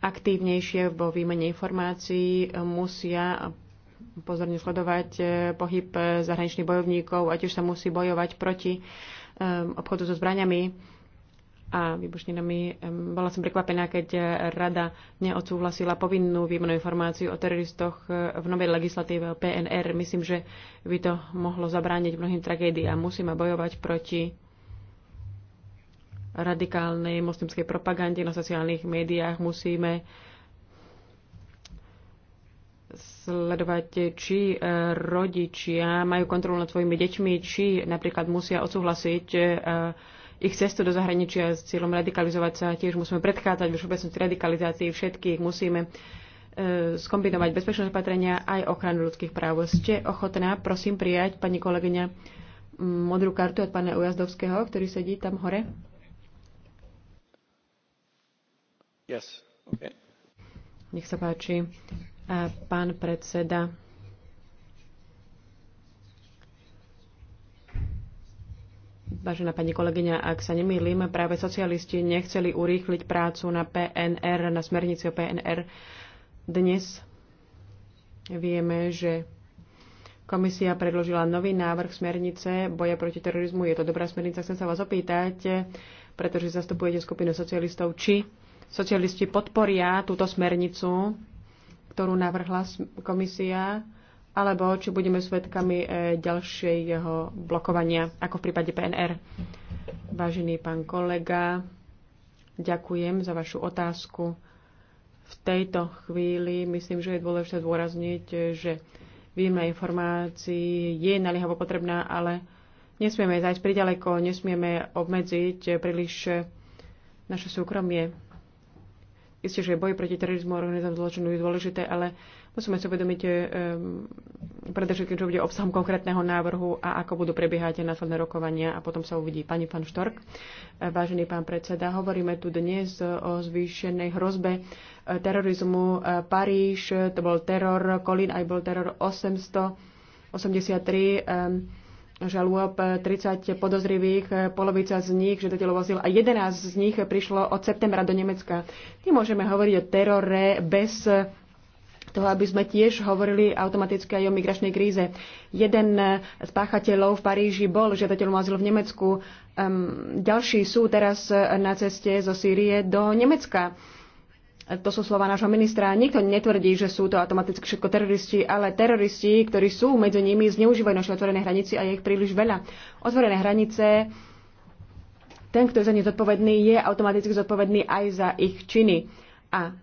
aktívnejšie vo výmene informácií, musia pozorne sledovať e, pohyb zahraničných bojovníkov a tiež sa musí bojovať proti obchodu so zbraniami a nami, Bola som prekvapená, keď rada neodsúhlasila povinnú výmenu informáciu o teroristoch eh, v novej legislatíve o PNR. Myslím, že by to mohlo zabrániť mnohým tragédiám. Musíme bojovať proti radikálnej moslimskej propagande na sociálnych médiách. Musíme sledovať, či eh, rodičia majú kontrolu nad svojimi deťmi, či napríklad musia odsúhlasiť eh, ich cestu do zahraničia s cieľom radikalizovať sa. Tiež musíme predchádzať vo všeobecnosti radikalizácii všetkých. Musíme e, skombinovať bezpečné opatrenia aj ochranu ľudských práv. Ste ochotná, prosím, prijať pani kolegyňa modrú kartu od pána Ujazdovského, ktorý sedí tam hore? Yes. Okay. Nech sa páči. Pán predseda, Vážená pani kolegyňa, ak sa nemýlim, práve socialisti nechceli urýchliť prácu na PNR, na smernici o PNR. Dnes vieme, že Komisia predložila nový návrh smernice boja proti terorizmu. Je to dobrá smernica. Chcem sa vás opýtať, pretože zastupujete skupinu socialistov, či socialisti podporia túto smernicu, ktorú navrhla komisia alebo či budeme svedkami e, ďalšieho blokovania, ako v prípade PNR. Vážený pán kolega, ďakujem za vašu otázku. V tejto chvíli myslím, že je dôležité zdôrazniť, že výmena informácií je naliehavo potrebná, ale nesmieme zajsť priďaleko, nesmieme obmedziť príliš naše súkromie. Isté, že boj proti terorizmu a organizáciám zločinu je dôležité, ale Musíme si uvedomiť, um, predovšetkým, čo bude obsahom konkrétneho návrhu a ako budú prebiehať následné rokovania a potom sa uvidí pani pán Štork. Eh, vážený pán predseda, hovoríme tu dnes o zvýšenej hrozbe eh, terorizmu. Paríž, to bol teror, Kolín aj bol teror 883. Um, žalôb 30 podozrivých, polovica z nich to vozil a 11 z nich prišlo od septembra do Nemecka. Nemôžeme hovoriť o terore bez toho, aby sme tiež hovorili automaticky aj o migračnej kríze. Jeden eh, z páchateľov v Paríži bol žiadateľom azylu v Nemecku. Um, ďalší sú teraz eh, na ceste zo Sýrie do Nemecka. To sú slova nášho ministra. Nikto netvrdí, že sú to automaticky všetko teroristi, ale teroristi, ktorí sú medzi nimi, zneužívajú naše otvorené hranice a je ich príliš veľa. Otvorené hranice, ten, kto je za ne zodpovedný, je automaticky zodpovedný aj za ich činy. A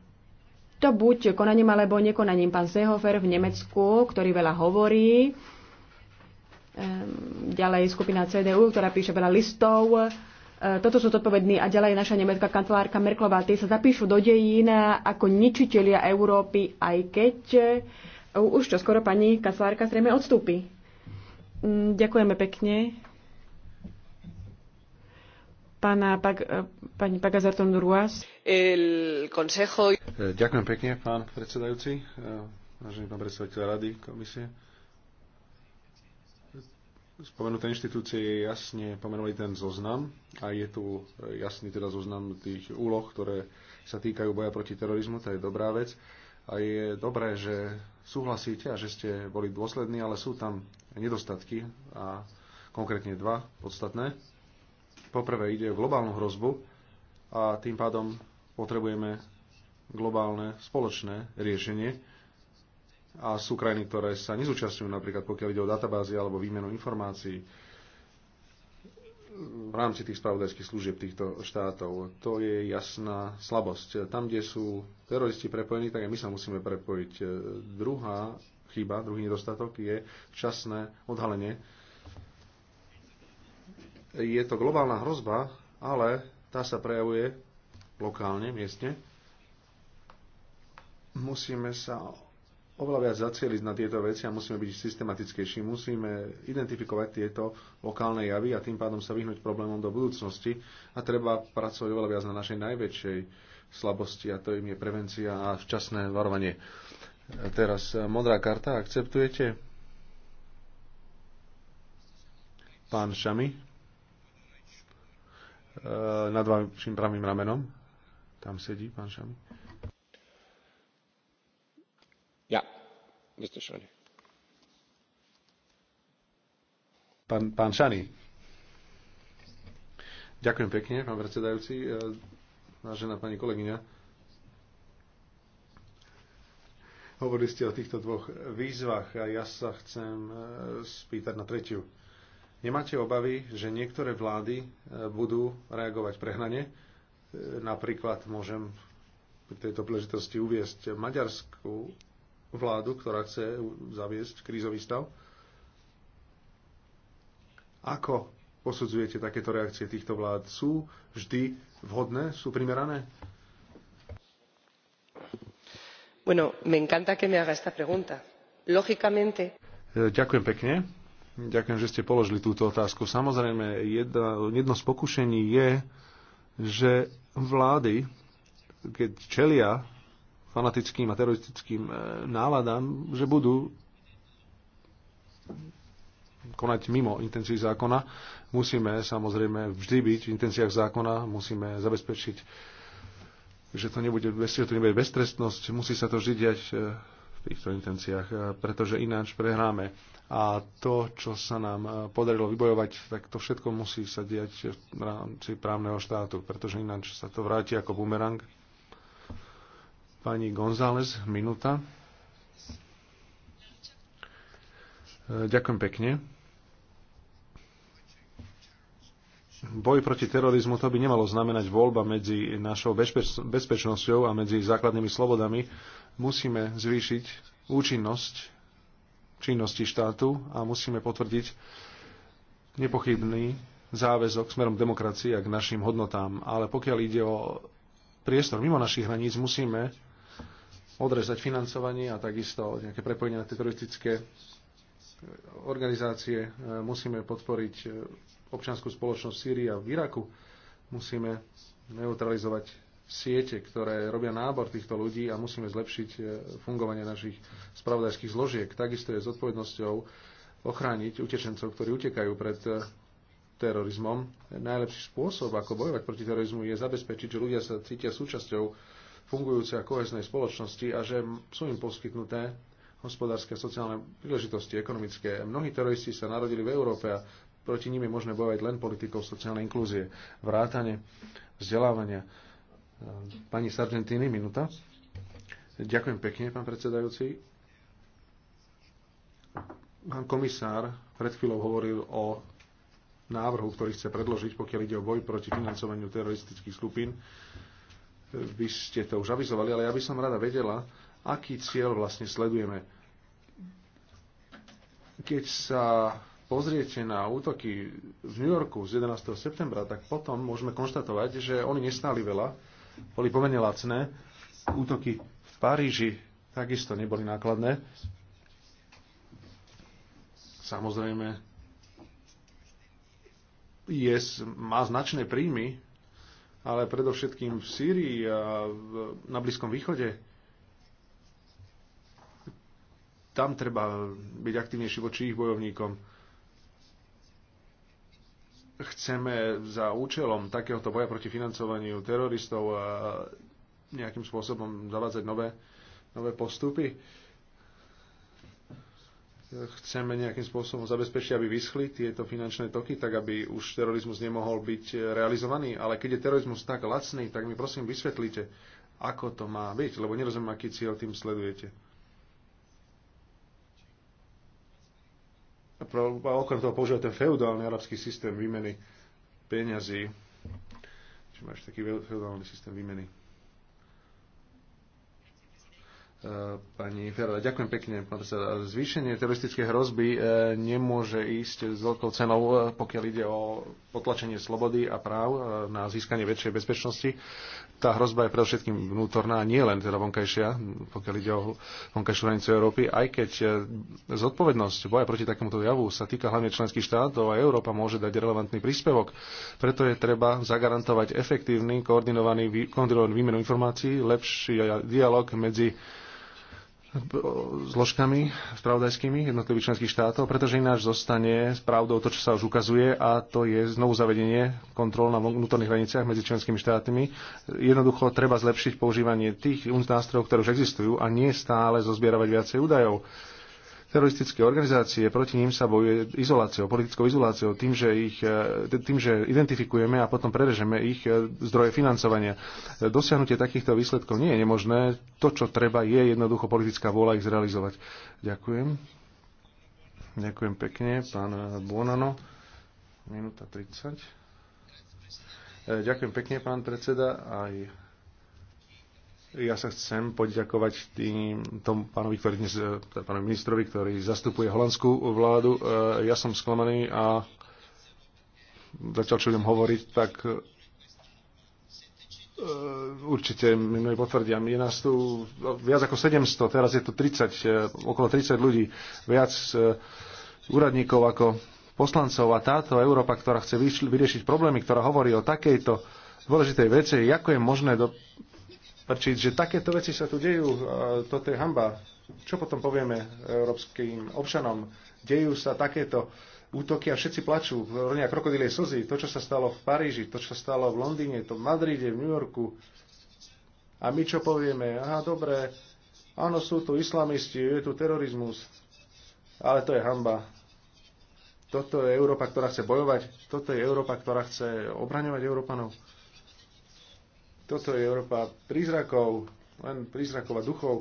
to buď konaním alebo nekonaním. Pán Sehofer v Nemecku, ktorý veľa hovorí, ehm, ďalej skupina CDU, ktorá píše veľa listov, e, toto sú zodpovední a ďalej naša nemecká kancelárka Merklová. Tie sa zapíšu do dejín ako ničitelia Európy, aj keď e, už čo skoro pani kancelárka zrejme odstúpi. Mm, ďakujeme pekne pána Bag, pani Bagazarton Ruas. Consejo... Ďakujem pekne, pán predsedajúci, e, vážený pán predstaviteľ Rady komisie. Spomenuté inštitúcie je jasne pomenovali ten zoznam a je tu jasný teda zoznam tých úloh, ktoré sa týkajú boja proti terorizmu, to je dobrá vec. A je dobré, že súhlasíte a že ste boli dôslední, ale sú tam nedostatky a konkrétne dva podstatné Poprvé ide o globálnu hrozbu a tým pádom potrebujeme globálne spoločné riešenie a sú krajiny, ktoré sa nezúčastňujú, napríklad pokiaľ ide o databázy alebo výmenu informácií v rámci tých spravodajských služieb týchto štátov. To je jasná slabosť. Tam, kde sú teroristi prepojení, tak aj my sa musíme prepojiť. Druhá chyba, druhý nedostatok je včasné odhalenie je to globálna hrozba, ale tá sa prejavuje lokálne, miestne. Musíme sa oveľa viac zacieliť na tieto veci a musíme byť systematickejší. Musíme identifikovať tieto lokálne javy a tým pádom sa vyhnúť problémom do budúcnosti a treba pracovať oveľa viac na našej najväčšej slabosti a to im je prevencia a včasné varovanie. Teraz eh, modrá karta, akceptujete? Pán Šami. E, nad vašim pravým ramenom. Tam sedí pán Šami. Ja, Mr. Šani. Pán, pán Šani. Ďakujem pekne, pán predsedajúci. E, vážená pani kolegyňa. Hovorili ste o týchto dvoch výzvach a ja sa chcem e, spýtať na tretiu. Nemáte obavy, že niektoré vlády e, budú reagovať prehnane? E, napríklad môžem pri tejto príležitosti uviesť maďarskú vládu, ktorá chce zaviesť krízový stav. Ako posudzujete takéto reakcie týchto vlád? Sú vždy vhodné? Sú primerané? Bueno, me encanta que me haga esta pregunta. E, ďakujem pekne Ďakujem, že ste položili túto otázku. Samozrejme, jedna, jedno z pokušení je, že vlády, keď čelia fanatickým a teroristickým e, náladám, že budú konať mimo intencií zákona. Musíme samozrejme vždy byť v intenciách zákona, musíme zabezpečiť, že to nebude, že to nebude beztrestnosť, musí sa to vždy diať e, týchto intenciách, e, pretože ináč prehráme. A to, čo sa nám e, podarilo vybojovať, tak to všetko musí sa diať v rámci právneho štátu, pretože ináč sa to vráti ako bumerang. Pani González, minúta. E, ďakujem pekne. Boj proti terorizmu to by nemalo znamenať voľba medzi našou bezpečnosťou a medzi základnými slobodami, Musíme zvýšiť účinnosť činnosti štátu a musíme potvrdiť nepochybný záväzok smerom demokracie a k našim hodnotám. Ale pokiaľ ide o priestor mimo našich hraníc, musíme odrezať financovanie a takisto nejaké prepojenia na teroristické organizácie. E, musíme podporiť e, občianskú spoločnosť v Sýrii a v Iraku. Musíme neutralizovať siete, ktoré robia nábor týchto ľudí a musíme zlepšiť e, fungovanie našich spravodajských zložiek. Takisto je zodpovednosťou ochrániť utečencov, ktorí utekajú pred e, terorizmom. Najlepší spôsob, ako bojovať proti terorizmu, je zabezpečiť, že ľudia sa cítia súčasťou fungujúcej a koheznej spoločnosti a že sú im poskytnuté hospodárske a sociálne príležitosti, ekonomické. Mnohí teroristi sa narodili v Európe a proti nimi je možné bojovať len politikou sociálnej inklúzie, vrátane vzdelávania Pani Sargentini, minúta. Ďakujem pekne, pán predsedajúci. Pán komisár pred chvíľou hovoril o návrhu, ktorý chce predložiť, pokiaľ ide o boj proti financovaniu teroristických skupín. Vy ste to už avizovali, ale ja by som rada vedela, aký cieľ vlastne sledujeme. Keď sa pozriete na útoky v New Yorku z 11. septembra, tak potom môžeme konštatovať, že oni nestáli veľa, boli pomerne lacné. Útoky v Paríži takisto neboli nákladné. Samozrejme, IS má značné príjmy, ale predovšetkým v Sýrii a na Blízkom východe. Tam treba byť aktivnejší voči ich bojovníkom chceme za účelom takéhoto boja proti financovaniu teroristov a nejakým spôsobom zavádzať nové, nové postupy. Chceme nejakým spôsobom zabezpečiť, aby vyschli tieto finančné toky, tak aby už terorizmus nemohol byť realizovaný. Ale keď je terorizmus tak lacný, tak mi prosím vysvetlite, ako to má byť, lebo nerozumiem, aký cieľ tým sledujete. a okrem toho používa ten feudálny arabský systém výmeny peňazí. Čiže máš taký feudálny systém výmeny. E, pani Ferrara, ďakujem pekne, pán predseda. Zvýšenie teroristickej hrozby e, nemôže ísť s veľkou cenou, e, pokiaľ ide o potlačenie slobody a práv na získanie väčšej bezpečnosti tá hrozba je predovšetkým vnútorná, nie len teda vonkajšia, pokiaľ ide o vonkajšiu hranicu Európy, aj keď e, zodpovednosť boja proti takémuto javu sa týka hlavne členských štátov a Európa môže dať relevantný príspevok. Preto je treba zagarantovať efektívny, koordinovaný, koordinovaný výmenu informácií, lepší dialog medzi zložkami spravodajskými jednotlivých členských štátov, pretože ináč zostane s pravdou to, čo sa už ukazuje a to je znovu zavedenie kontrol na vnútorných hraniciach medzi členskými štátmi. Jednoducho treba zlepšiť používanie tých nástrojov, ktoré už existujú a nie stále zozbieravať viacej údajov teroristické organizácie, proti ním sa bojuje izoláciou, politickou izoláciou, tým, že, ich, e, tým, že identifikujeme a potom prerežeme ich e, zdroje financovania. Dosiahnutie takýchto výsledkov nie je nemožné. To, čo treba, je jednoducho politická vôľa ich zrealizovať. Ďakujem. Ďakujem pekne, pán Buonano. Minúta 30. E, ďakujem pekne, pán predseda, aj ja sa chcem poďakovať tým, tom pánovi, ktorý dnes, e, teda pánovi ministrovi, ktorý zastupuje holandskú vládu. E, ja som sklamaný a zatiaľ čo budem hovoriť, tak e, určite mi mnohí potvrdia. Je nás tu viac ako 700, teraz je tu 30, okolo 30 ľudí, viac úradníkov ako poslancov a táto Európa, ktorá chce vyriešiť problémy, ktorá hovorí o takejto dôležitej veci, ako je možné do sprčiť, že takéto veci sa tu dejú, toto je hamba. Čo potom povieme európskym občanom? Dejú sa takéto útoky a všetci plačú, ronia krokodilie slzy. To, čo sa stalo v Paríži, to, čo sa stalo v Londýne, to v Madride, v New Yorku. A my čo povieme? Aha, dobre, áno, sú tu islamisti, je tu terorizmus. Ale to je hamba. Toto je Európa, ktorá chce bojovať. Toto je Európa, ktorá chce obraňovať Európanov. Toto je Európa prízrakov, len prízrakov a duchov,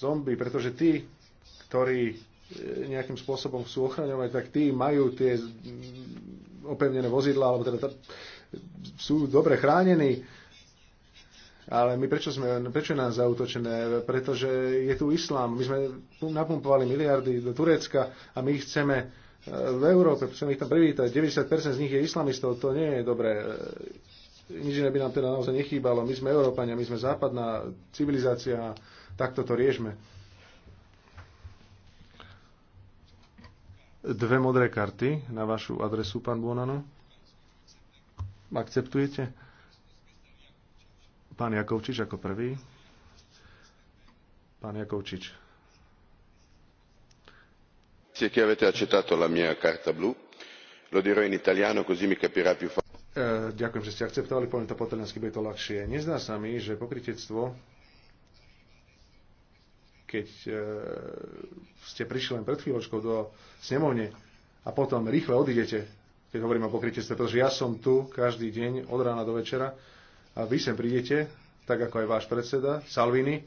zombie, pretože tí, ktorí e, nejakým spôsobom sú ochraňovať, tak tí majú tie opevnené vozidla, alebo teda sú dobre chránení. Ale my prečo, sme, prečo je nás zautočené? Pretože je tu islám. My sme napumpovali miliardy do Turecka a my ich chceme e, v Európe, chceme ich tam privítať. 90% z nich je islamistov, to nie je dobré nič iné by nám teda naozaj nechýbalo. My sme Európania, my sme západná civilizácia a takto to riešme. Dve modré karty na vašu adresu, pán Bonano. Akceptujete? Pán Jakovčič ako prvý. Pán Jakovčič. Se chiavete accettato la mia carta blu, lo dirò in italiano così mi capirà più facile. E, ďakujem, že ste akceptovali, poviem to po taliansky, bude to ľahšie. Nezdá sa mi, že pokritectvo, keď e, ste prišli len pred chvíľočkou do snemovne a potom rýchle odidete, keď hovorím o pokritectve, pretože ja som tu každý deň od rána do večera a vy sem prídete, tak ako aj váš predseda Salvini,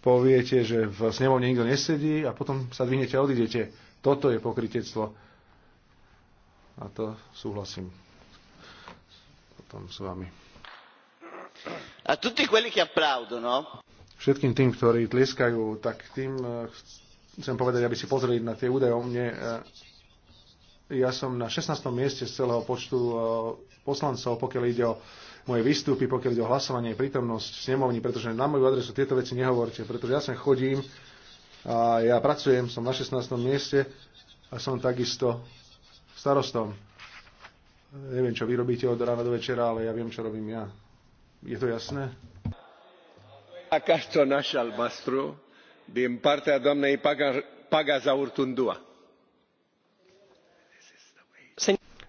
poviete, že v snemovne nikto nesedí a potom sa dvinete a odidete. Toto je pokritectvo a to súhlasím potom s vami. A tutti quelli che applaudono. Všetkým tým, ktorí tliskajú, tak tým eh, chcem povedať, aby si pozreli na tie údaje o mne. Eh, ja som na 16. mieste z celého počtu eh, poslancov, pokiaľ ide o moje výstupy, pokiaľ ide o hlasovanie, prítomnosť v snemovni, pretože na moju adresu tieto veci nehovorte, pretože ja sem chodím a ja pracujem, som na 16. mieste a som takisto starostom. Neviem, čo vy robíte od rána do večera, ale ja viem, čo robím ja. Je to jasné? Caștonaș albastru din partea paga za Urtundua.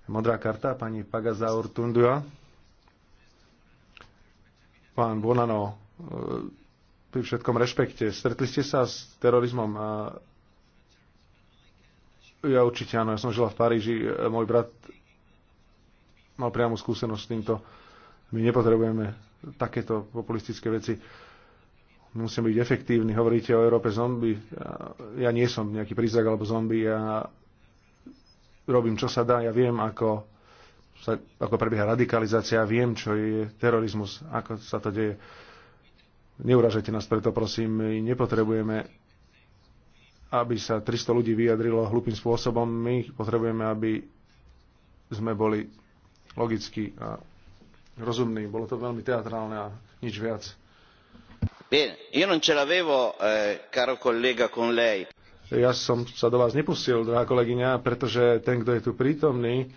Modrá karta, pani Pagazaur Tundua. Pán Bonano, e, pri všetkom rešpekte, stretli ste sa s terorizmom ja určite áno, ja som žila v Paríži, môj brat mal priamu skúsenosť s týmto. My nepotrebujeme takéto populistické veci. Musíme byť efektívni. Hovoríte o Európe zombie. Ja, ja nie som nejaký prízak alebo zombie. Ja robím, čo sa dá. Ja viem, ako, sa, ako prebieha radikalizácia. Ja viem, čo je terorizmus, ako sa to deje. Neuražajte nás preto, prosím. My nepotrebujeme aby sa 300 ľudí vyjadrilo hlupým spôsobom. My potrebujeme, aby sme boli logicky a rozumní. Bolo to veľmi teatrálne a nič viac. Bene, io non ce l'avevo, eh, caro collega, con lei. Ja som sa do vás nepustil, drahá kolegyňa, pretože ten, kto je tu prítomný, eh,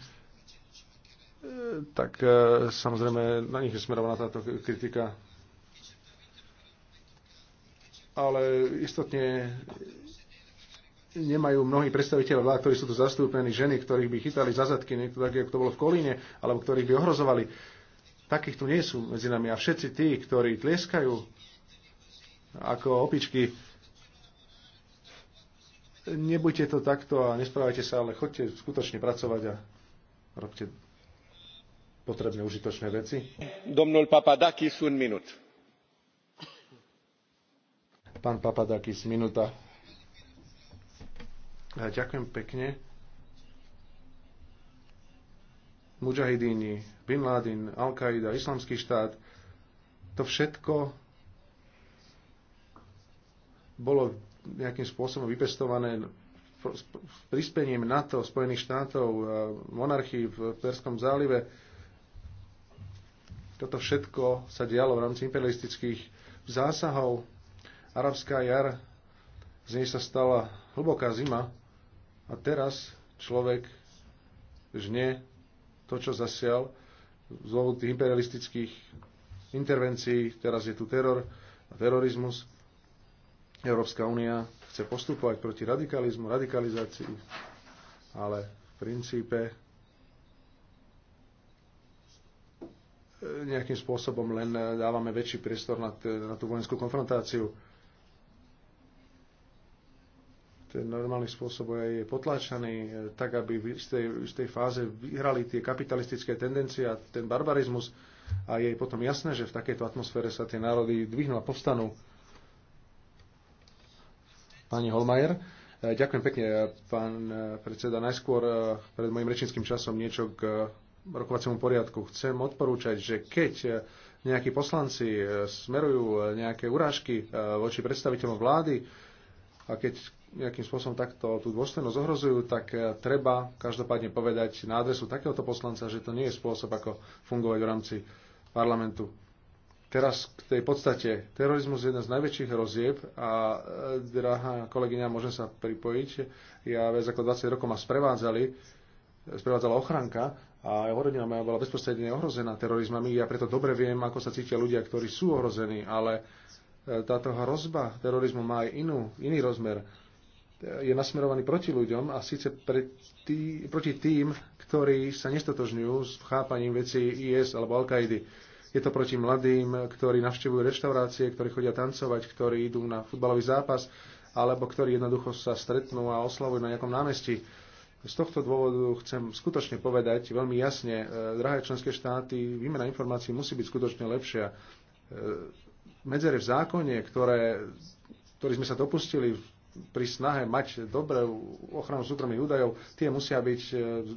tak eh, samozrejme na nich je smerovaná táto kritika. Ale istotne nemajú mnohí predstaviteľov vlád, ktorí sú tu zastúpení, ženy, ktorých by chytali za zadky, niekto tak, ako to bolo v Kolíne, alebo ktorých by ohrozovali. Takých tu nie sú medzi nami. A všetci tí, ktorí tlieskajú ako opičky, nebuďte to takto a nesprávajte sa, ale chodte skutočne pracovať a robte potrebné užitočné veci. Domnul Papadakis, un minút. Pán Papadakis, minúta. Ďakujem pekne. Mujahidíni, Bin Laden, Al-Qaida, Islamský štát, to všetko bolo nejakým spôsobom vypestované s prispením NATO, Spojených štátov, monarchii v Perskom zálive. Toto všetko sa dialo v rámci imperialistických zásahov. Arabská jar, z nej sa stala hlboká zima, a teraz človek žne to, čo zasial z dôvodu tých imperialistických intervencií, teraz je tu teror a terorizmus. Európska únia chce postupovať proti radikalizmu, radikalizácii, ale v princípe e, nejakým spôsobom len e, dávame väčší priestor na, na tú vojenskú konfrontáciu ten normálny spôsob je potláčaný e, tak, aby v istej, istej fáze vyhrali tie kapitalistické tendencie a ten barbarizmus a je potom jasné, že v takejto atmosfére sa tie národy dvihnú a povstanú. Pani Holmajer, e, ďakujem pekne, e, pán predseda. Najskôr pred mojim rečníckým časom niečo k rokovaciemu poriadku. Chcem odporúčať, že keď nejakí poslanci smerujú nejaké urážky voči predstaviteľom vlády, a keď nejakým spôsobom takto tú dôstojnosť ohrozujú, tak e, treba každopádne povedať na adresu takéhoto poslanca, že to nie je spôsob, ako fungovať v rámci parlamentu. Teraz k tej podstate. Terorizmus je jeden z najväčších hrozieb a, e, drahá kolegyňa, môžem sa pripojiť. Ja viac ako 20 rokov ma sprevádzali, sprevádzala ochranka a rodina moja bola bezprostredne ohrozená terorizmami. Ja preto dobre viem, ako sa cítia ľudia, ktorí sú ohrození, ale e, táto hrozba terorizmu má aj inú, iný rozmer je nasmerovaný proti ľuďom a síce pre tý, proti tým, ktorí sa nestotožňujú s chápaním veci IS alebo al qaidi Je to proti mladým, ktorí navštevujú reštaurácie, ktorí chodia tancovať, ktorí idú na futbalový zápas alebo ktorí jednoducho sa stretnú a oslavujú na nejakom námestí. Z tohto dôvodu chcem skutočne povedať veľmi jasne, e, drahé členské štáty, výmena informácií musí byť skutočne lepšia. E, Medzere v zákone, ktoré, ktorý sme sa dopustili pri snahe mať dobré ochranu súkromných údajov, tie musia byť e,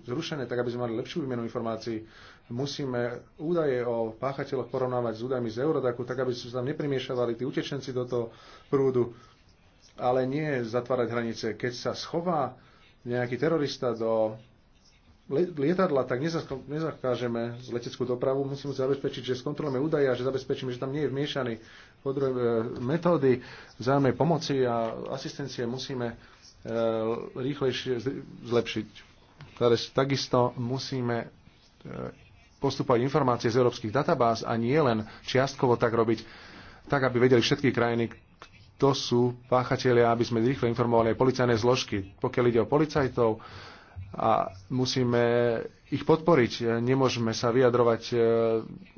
zrušené, tak aby sme mali lepšiu výmenu informácií. Musíme údaje o páchateľoch porovnávať s údajmi z Eurodaku, tak aby sa tam neprimiešavali tí utečenci do toho prúdu, ale nie zatvárať hranice. Keď sa schová nejaký terorista do lietadla, tak nezakážeme z leteckú dopravu, musíme zabezpečiť, že skontrolujeme údaje a že zabezpečíme, že tam nie je vmiešaný E, metódy vzájomnej pomoci a asistencie musíme e, rýchlejšie zlepšiť. Takisto musíme e, postupovať informácie z európskych databáz a nie len čiastkovo tak robiť, tak aby vedeli všetky krajiny, kto sú páchatelia, aby sme rýchle informovali aj policajné zložky. Pokiaľ ide o policajtov, a musíme ich podporiť. Nemôžeme sa vyjadrovať e,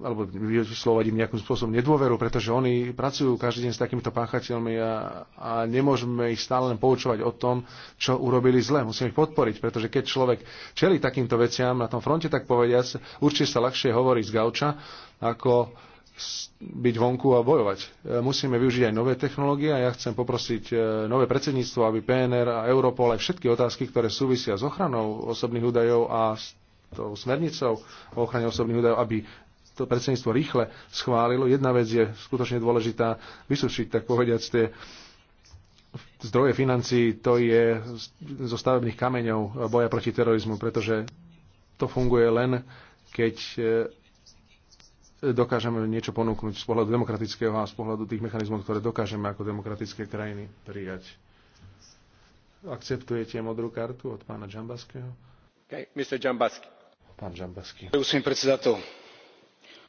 alebo vyslovať im nejakým spôsobom nedôveru, pretože oni pracujú každý deň s takýmito páchateľmi a, a nemôžeme ich stále len poučovať o tom, čo urobili zle. Musíme ich podporiť, pretože keď človek čeli takýmto veciam na tom fronte, tak povediať, určite sa ľahšie hovorí z gauča, ako byť vonku a bojovať. E, musíme využiť aj nové technológie a ja chcem poprosiť e, nové predsedníctvo, aby PNR a Europol aj všetky otázky, ktoré súvisia s ochranou osobných údajov a s tou smernicou o ochrane osobných údajov, aby to predsedníctvo rýchle schválilo. Jedna vec je skutočne dôležitá vysúšiť, tak povediať, tie zdroje financií, to je zo stavebných kameňov boja proti terorizmu, pretože to funguje len, keď e, dokážeme niečo ponúknuť z pohľadu demokratického a z pohľadu tých mechanizmov, ktoré dokážeme ako demokratické krajiny prijať. Akceptujete modrú kartu od pána Džambaského? Okay, Mr. Džambasky. Pán Džambasky.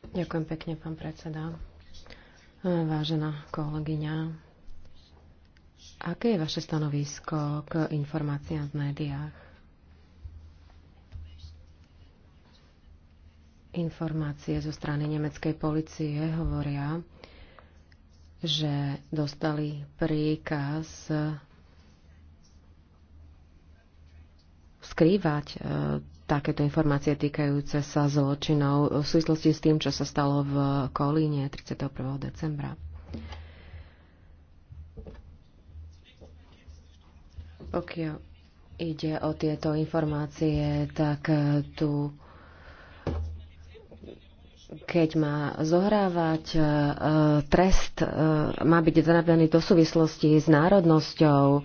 Ďakujem pekne, pán predseda. Vážená kolegyňa, aké je vaše stanovisko k informáciám v médiách? Informácie zo strany nemeckej policie hovoria, že dostali príkaz e, skrývať e, takéto informácie týkajúce sa zločinov v súvislosti s tým, čo sa stalo v Kolíne 31. decembra. Pokiaľ ide o tieto informácie, tak tu keď má zohrávať e, trest, e, má byť zanabraný do súvislosti s národnosťou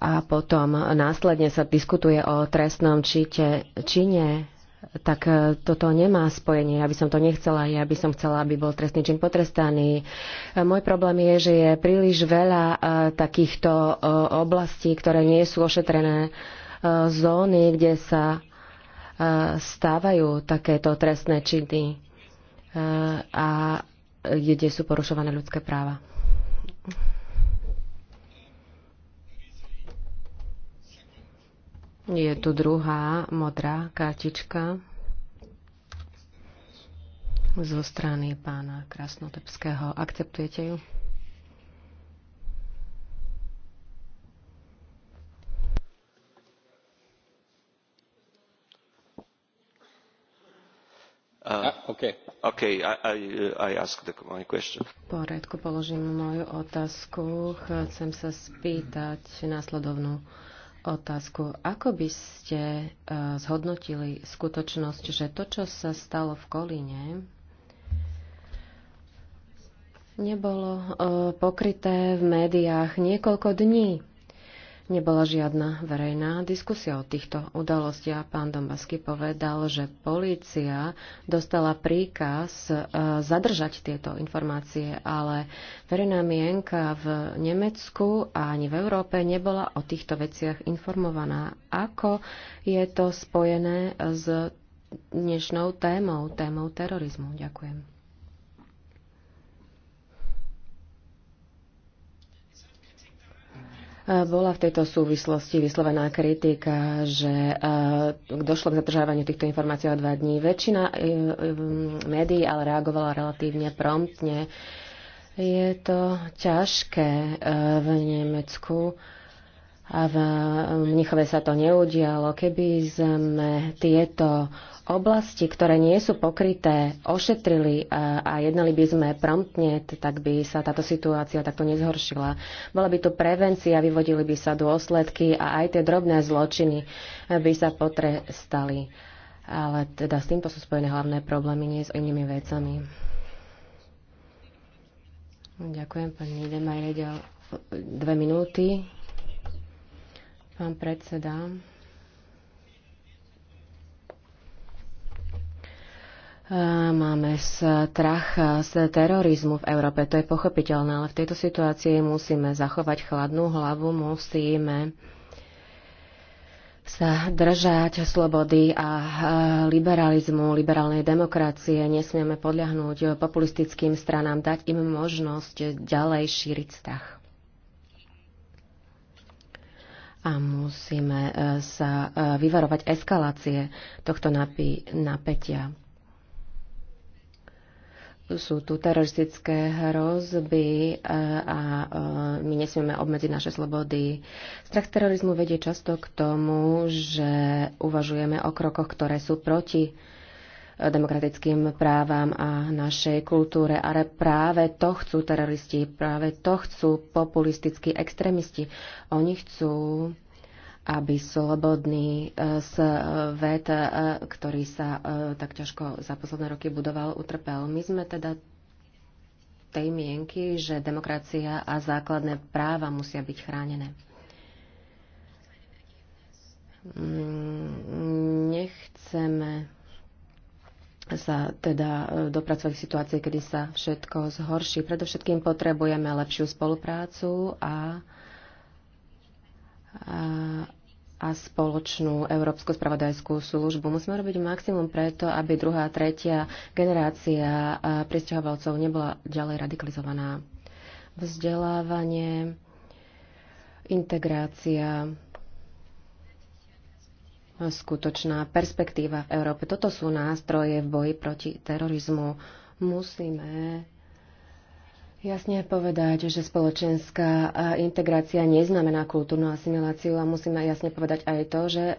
a potom následne sa diskutuje o trestnom čite, čine, tak e, toto nemá spojenie. Ja by som to nechcela, ja by som chcela, aby bol trestný čin potrestaný. Môj problém je, že je príliš veľa takýchto oblastí, ktoré nie sú ošetrené zóny, kde sa stávajú takéto trestné činy e, a kde sú porušované ľudské práva. Je tu druhá modrá kartička zo strany pána Krasnotepského. Akceptujete ju? Ah, ah, uh, v poriadku položím moju otázku. Chcem sa spýtať následovnú otázku. Ako by ste eh, zhodnotili skutočnosť, že to, čo sa stalo v Kolíne, nebolo eh, pokryté v médiách niekoľko dní? Nebola žiadna verejná diskusia o týchto udalostiach. Pán Dombasky povedal, že polícia dostala príkaz e, zadržať tieto informácie, ale verejná mienka v Nemecku a ani v Európe nebola o týchto veciach informovaná. Ako je to spojené s dnešnou témou, témou terorizmu? Ďakujem. Bola v tejto súvislosti vyslovená kritika, že eh, došlo k zadržávaniu týchto informácií o dva dní. Väčšina eh, eh, médií ale reagovala relatívne promptne. Je to ťažké v Nemecku a v Mnichove sa to neudialo. Keby sme tieto oblasti, ktoré nie sú pokryté, ošetrili a, a jednali by sme promptne, tak by sa táto situácia takto nezhoršila. Bola by tu prevencia, vyvodili by sa dôsledky a aj tie drobné zločiny by sa potrestali. Ale teda s týmto sú spojené hlavné problémy, nie s inými vecami. Ďakujem, pani Demajreďa. Dve minúty. Pán predseda, Máme strach z terorizmu v Európe, to je pochopiteľné, ale v tejto situácii musíme zachovať chladnú hlavu, musíme sa držať slobody a liberalizmu, liberálnej demokracie. Nesmieme podľahnúť populistickým stranám, dať im možnosť ďalej šíriť strach a musíme e, sa e, vyvarovať eskalácie tohto napätia. Sú tu teroristické hrozby e, a my nesmieme obmedziť naše slobody. Strach terorizmu vedie často k tomu, že uvažujeme o krokoch, ktoré sú proti demokratickým právam a našej kultúre. Ale práve to chcú teroristi, práve to chcú populistickí extrémisti. Oni chcú aby slobodný e, svet, e, e, ktorý sa tak ťažko za posledné roky budoval, utrpel. My sme teda tej mienky, že demokracia a základné práva musia byť chránené. Mm, nechceme sa teda e, dopracovať k situácii, kedy sa všetko zhorší. Predovšetkým potrebujeme lepšiu spoluprácu a, a, a spoločnú Európsku spravodajskú službu. Musíme robiť maximum preto, aby druhá a tretia generácia e, pristahovalcov nebola ďalej radikalizovaná. Vzdelávanie, integrácia, skutočná perspektíva v Európe. Toto sú nástroje v boji proti terorizmu. Musíme jasne povedať, že spoločenská integrácia neznamená kultúrnu asimiláciu a musíme jasne povedať aj to, že e,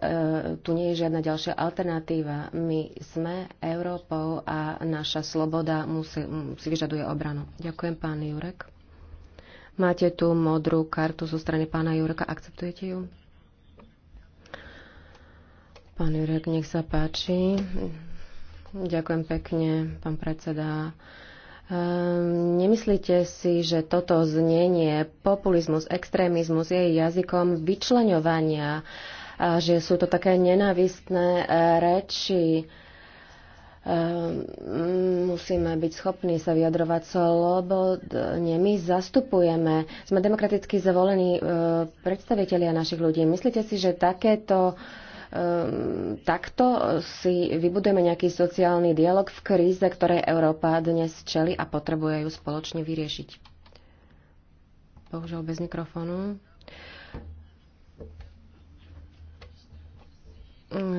tu nie je žiadna ďalšia alternatíva. My sme Európou a naša sloboda musí, si vyžaduje obranu. Ďakujem, pán Jurek. Máte tu modrú kartu zo strany pána Jureka. Akceptujete ju? Pán Jurek, nech sa páči. Ďakujem pekne, pán predseda. Um, nemyslíte si, že toto znenie populizmus, extrémizmus je jazykom vyčleňovania a že sú to také nenávistné eh, reči? Ehm, musíme byť schopní sa vyjadrovať slobodne. My zastupujeme, sme demokraticky zvolení eh, predstavitelia našich ľudí. Myslíte si, že takéto uh, Ehm, takto si vybudujeme nejaký sociálny dialog v kríze, ktorej Európa dnes čeli a potrebuje ju spoločne vyriešiť. Bohužiaľ bez mikrofónu.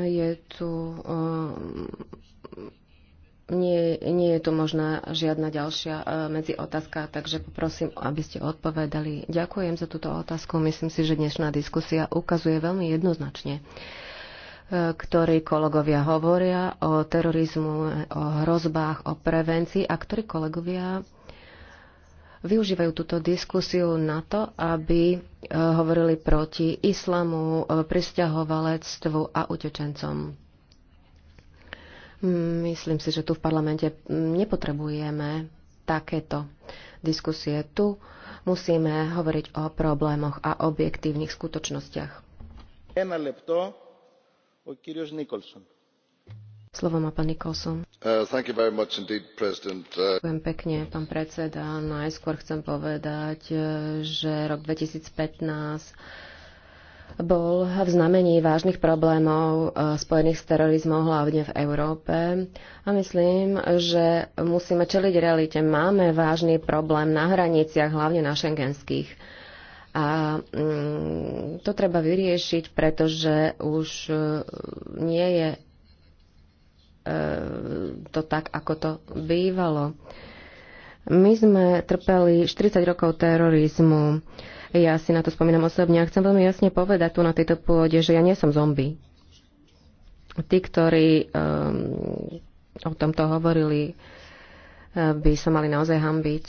Je tu ehm, nie, nie je tu možná žiadna ďalšia ehm, medzi otázka, takže poprosím, aby ste odpovedali. Ďakujem za túto otázku. Myslím si, že dnešná diskusia ukazuje veľmi jednoznačne, E, ktorí kolegovia hovoria o terorizmu, o hrozbách, o prevencii a ktorí kolegovia využívajú túto diskusiu na to, aby e, hovorili proti islamu, e, pristahovalectvu a utečencom. Myslím si, že tu v parlamente nepotrebujeme takéto diskusie. Tu musíme hovoriť o problémoch a objektívnych skutočnostiach. Slovo má pán Nicholson. Uh, uh, Ďakujem pekne, pán predseda. Najskôr chcem povedať, uh, že rok 2015 bol v znamení vážnych problémov spojených s terorizmom, hlavne v Európe. A myslím, že musíme čeliť realite. Máme vážny problém na hraniciach, hlavne na schengenských. A mm, to treba vyriešiť, pretože už e, nie je e, to tak, ako to bývalo. My sme trpeli 40 rokov terorizmu. Ja si na to spomínam osobne a chcem veľmi jasne povedať tu na tejto pôde, že ja nie som zombi. Tí, ktorí um, o tomto hovorili, e, by sa mali naozaj hambiť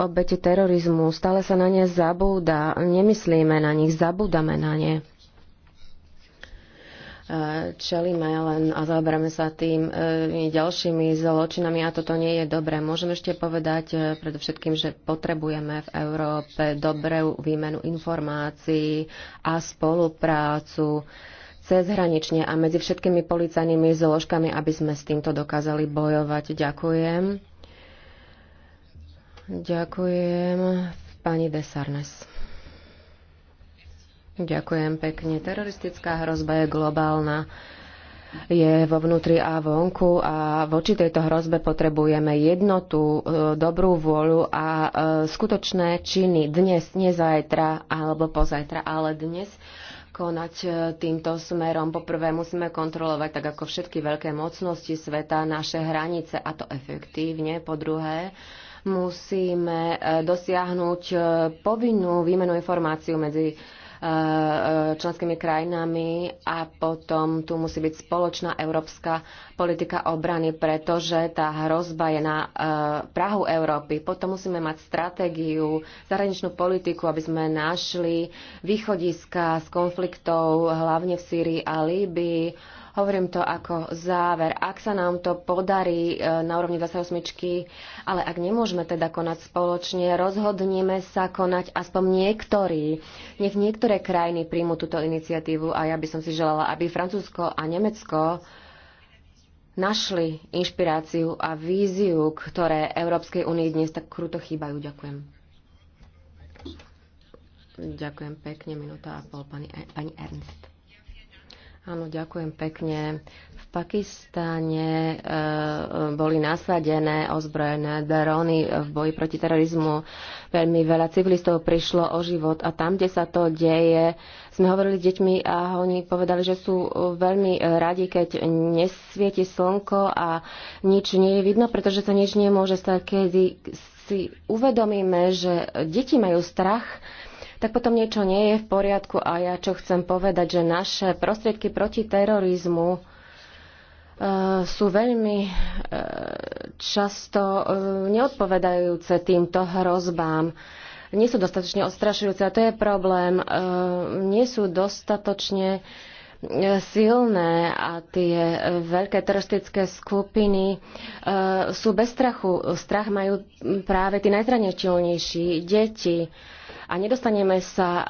obete terorizmu. Stále sa na ne zabúda. Nemyslíme na nich, zabúdame na ne. E, čelíme len a zaoberáme sa tým e, ďalšími zločinami a toto nie je dobré. Môžem ešte povedať e, predovšetkým, že potrebujeme v Európe dobrú výmenu informácií a spoluprácu cezhranične a medzi všetkými policajnými zložkami, aby sme s týmto dokázali bojovať. Ďakujem. Ďakujem. Pani Desarnes. Ďakujem pekne. Teroristická hrozba je globálna je vo vnútri a vonku a voči tejto hrozbe potrebujeme jednotu, e, dobrú vôľu a e, skutočné činy dnes, nie zajtra alebo pozajtra, ale dnes konať e, týmto smerom. Poprvé musíme kontrolovať, tak ako všetky veľké mocnosti sveta, naše hranice a to efektívne. Po druhé, musíme e, dosiahnuť e, povinnú výmenu informácií medzi e, členskými krajinami a potom tu musí byť spoločná európska politika obrany, pretože tá hrozba je na Prahu Európy. Potom musíme mať stratégiu, zahraničnú politiku, aby sme našli východiska z konfliktov hlavne v Sýrii a Líbii Hovorím to ako záver. Ak sa nám to podarí e, na úrovni 28, ale ak nemôžeme teda konať spoločne, rozhodneme sa konať aspoň niektorí. Nech niektoré krajiny príjmu túto iniciatívu a ja by som si želala, aby Francúzsko a Nemecko našli inšpiráciu a víziu, ktoré Európskej únii dnes tak kruto chýbajú. Ďakujem. Ďakujem pekne, minúta a pol, pani, e- pani Ernst. Áno, ďakujem pekne. V Pakistáne e, e boli nasadené ozbrojené drony v boji proti terorizmu. Veľmi veľa civilistov prišlo o život a tam, kde sa to deje, sme hovorili s deťmi a oni povedali, že sú veľmi radi, keď nesvieti slnko a nič nie je vidno, pretože sa nič nemôže stať, keď si uvedomíme, že deti majú strach, tak potom niečo nie je v poriadku a ja čo chcem povedať, že naše prostriedky proti terorizmu e, sú veľmi e, často e, neodpovedajúce týmto hrozbám. Nie sú dostatočne odstrašujúce a to je problém. Nie sú dostatočne silné a tie veľké teroristické skupiny sú bez strachu. Strach majú práve tí najzraniteľnejší, deti, a nedostaneme sa e,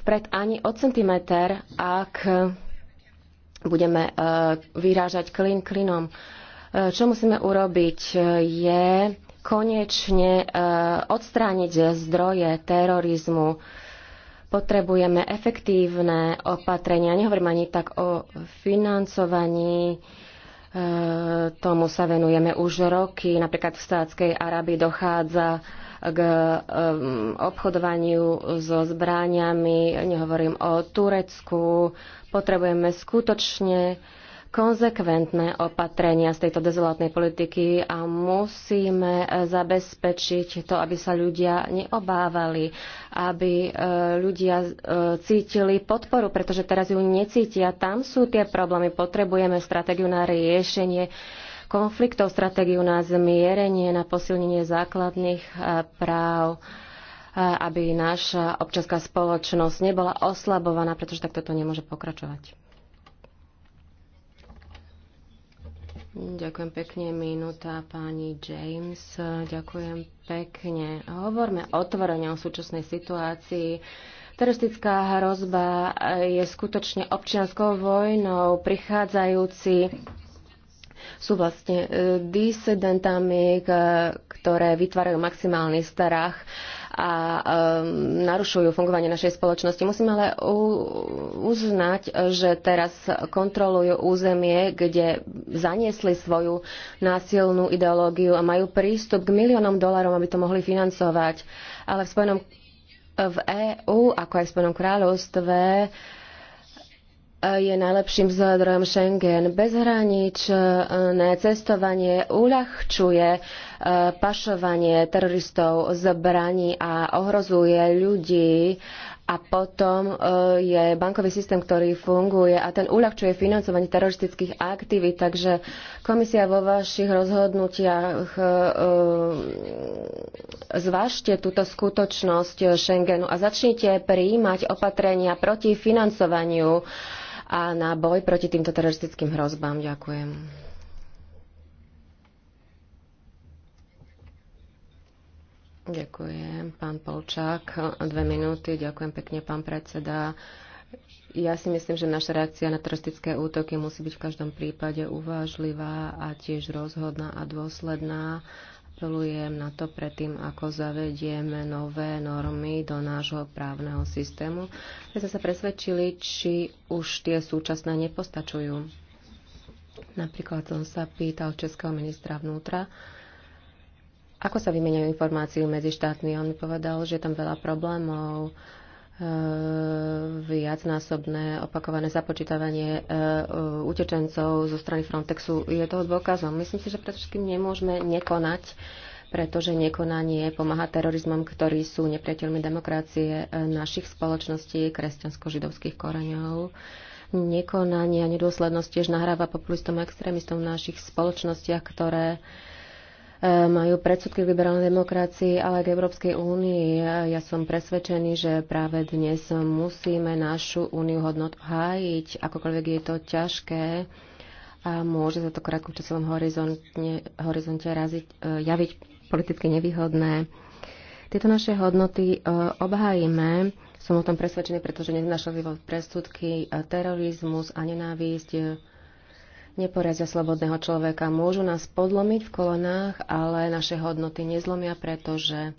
vpred ani o centimeter, ak budeme e, vyrážať klin klinom. E, čo musíme urobiť je konečne odstrániť zdroje terorizmu. Potrebujeme efektívne opatrenia. Nehovorím ani tak o financovaní tomu sa venujeme už roky. Napríklad v Sádskej Arabii dochádza k um, obchodovaniu so zbráňami, nehovorím o Turecku. Potrebujeme skutočne konzekventné opatrenia z tejto dezolátnej politiky a musíme e, zabezpečiť to, aby sa ľudia neobávali, aby e, ľudia e, cítili podporu, pretože teraz ju necítia. Tam sú tie problémy. Potrebujeme stratégiu na riešenie konfliktov, stratégiu na zmierenie, na posilnenie základných eh, práv, eh, aby naša občianská spoločnosť nebola oslabovaná, pretože takto to nemôže pokračovať. Ďakujem pekne, minúta pani James. Ďakujem pekne. Hovorme otvorene o súčasnej situácii. Teroristická hrozba eh, je skutočne občianskou vojnou. Prichádzajúci sú vlastne e, disidentami, ktoré vytvárajú maximálny strach a um, narušujú fungovanie našej spoločnosti. Musíme ale uznať, že teraz kontrolujú územie, kde zaniesli svoju násilnú ideológiu a majú prístup k miliónom dolarov, aby to mohli financovať. Ale v Spojenom v EÚ, ako aj v Spojenom kráľovstve, uh, je najlepším zdrojom Schengen. Bezhraničné cestovanie uľahčuje e, pašovanie teroristov zbraní a ohrozuje ľudí a potom e, je bankový systém, ktorý funguje a ten uľahčuje financovanie teroristických aktivít, takže komisia vo vašich rozhodnutiach e, zvážte túto skutočnosť Schengenu a začnite prijímať opatrenia proti financovaniu a na boj proti týmto teroristickým hrozbám. Ďakujem. Ďakujem, pán Polčák. Dve minúty. Ďakujem pekne, pán predseda. Ja si myslím, že naša reakcia na teroristické útoky musí byť v každom prípade uvážlivá a tiež rozhodná a dôsledná. Uh, apelujem na to predtým, ako zavedieme nové normy do nášho právneho systému, aby sme sa presvedčili, či už tie súčasné nepostačujú. Napríklad som sa pýtal českého ministra vnútra, ako sa vymieňajú informácie medzi štátmi. On mi povedal, že je tam veľa problémov, Eh, viacnásobné opakované započítavanie eh, eh, utečencov zo strany Frontexu je toho dôkazom. Myslím si, že predovšetkým nemôžeme nekonať, pretože nekonanie pomáha terorizmom, ktorí sú nepriateľmi demokracie našich spoločností, kresťansko-židovských koreňov. Nekonanie a nedôslednosť tiež nahráva populistom a extrémistom v našich spoločnostiach, ktoré uh, majú predsudky k liberálnej demokracii, ale k Európskej únii. Ja som presvedčený, že práve dnes musíme našu úniu hodnot hájiť, akokoľvek je to ťažké a môže sa to krátkom časovom horizonte, horizonte raziť, e, javiť politicky nevýhodné. Tieto naše hodnoty e, obhájime. Som o tom presvedčený, pretože neznašali presudky e, terorizmus a nenávisť neporazia slobodného človeka. Môžu nás podlomiť v kolenách, ale naše hodnoty nezlomia, pretože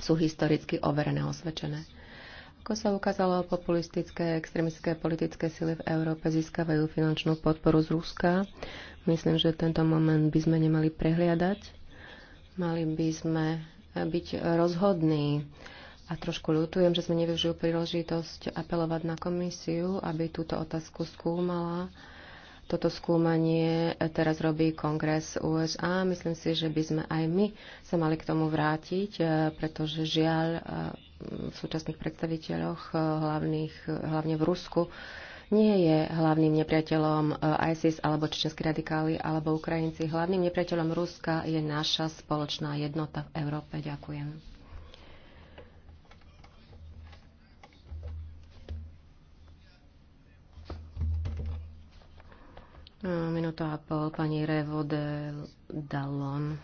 sú historicky overené, osvedčené. Ako sa ukázalo, populistické, extrémistické politické sily v Európe získavajú finančnú podporu z Ruska. Myslím, že tento moment by sme nemali prehliadať. Mali by sme byť rozhodní. A trošku ľutujem, že sme nevyužili príležitosť apelovať na komisiu, aby túto otázku skúmala toto skúmanie teraz robí kongres USA. Myslím si, že by sme aj my sa mali k tomu vrátiť, e, pretože žiaľ e, v súčasných predstaviteľoch, e, hlavných, hlavne v Rusku, nie je hlavným nepriateľom ISIS alebo čečenskí radikáli alebo Ukrajinci. Hlavným nepriateľom Ruska je naša spoločná jednota v Európe. Ďakujem. Minúta a pol, pani de Dallon.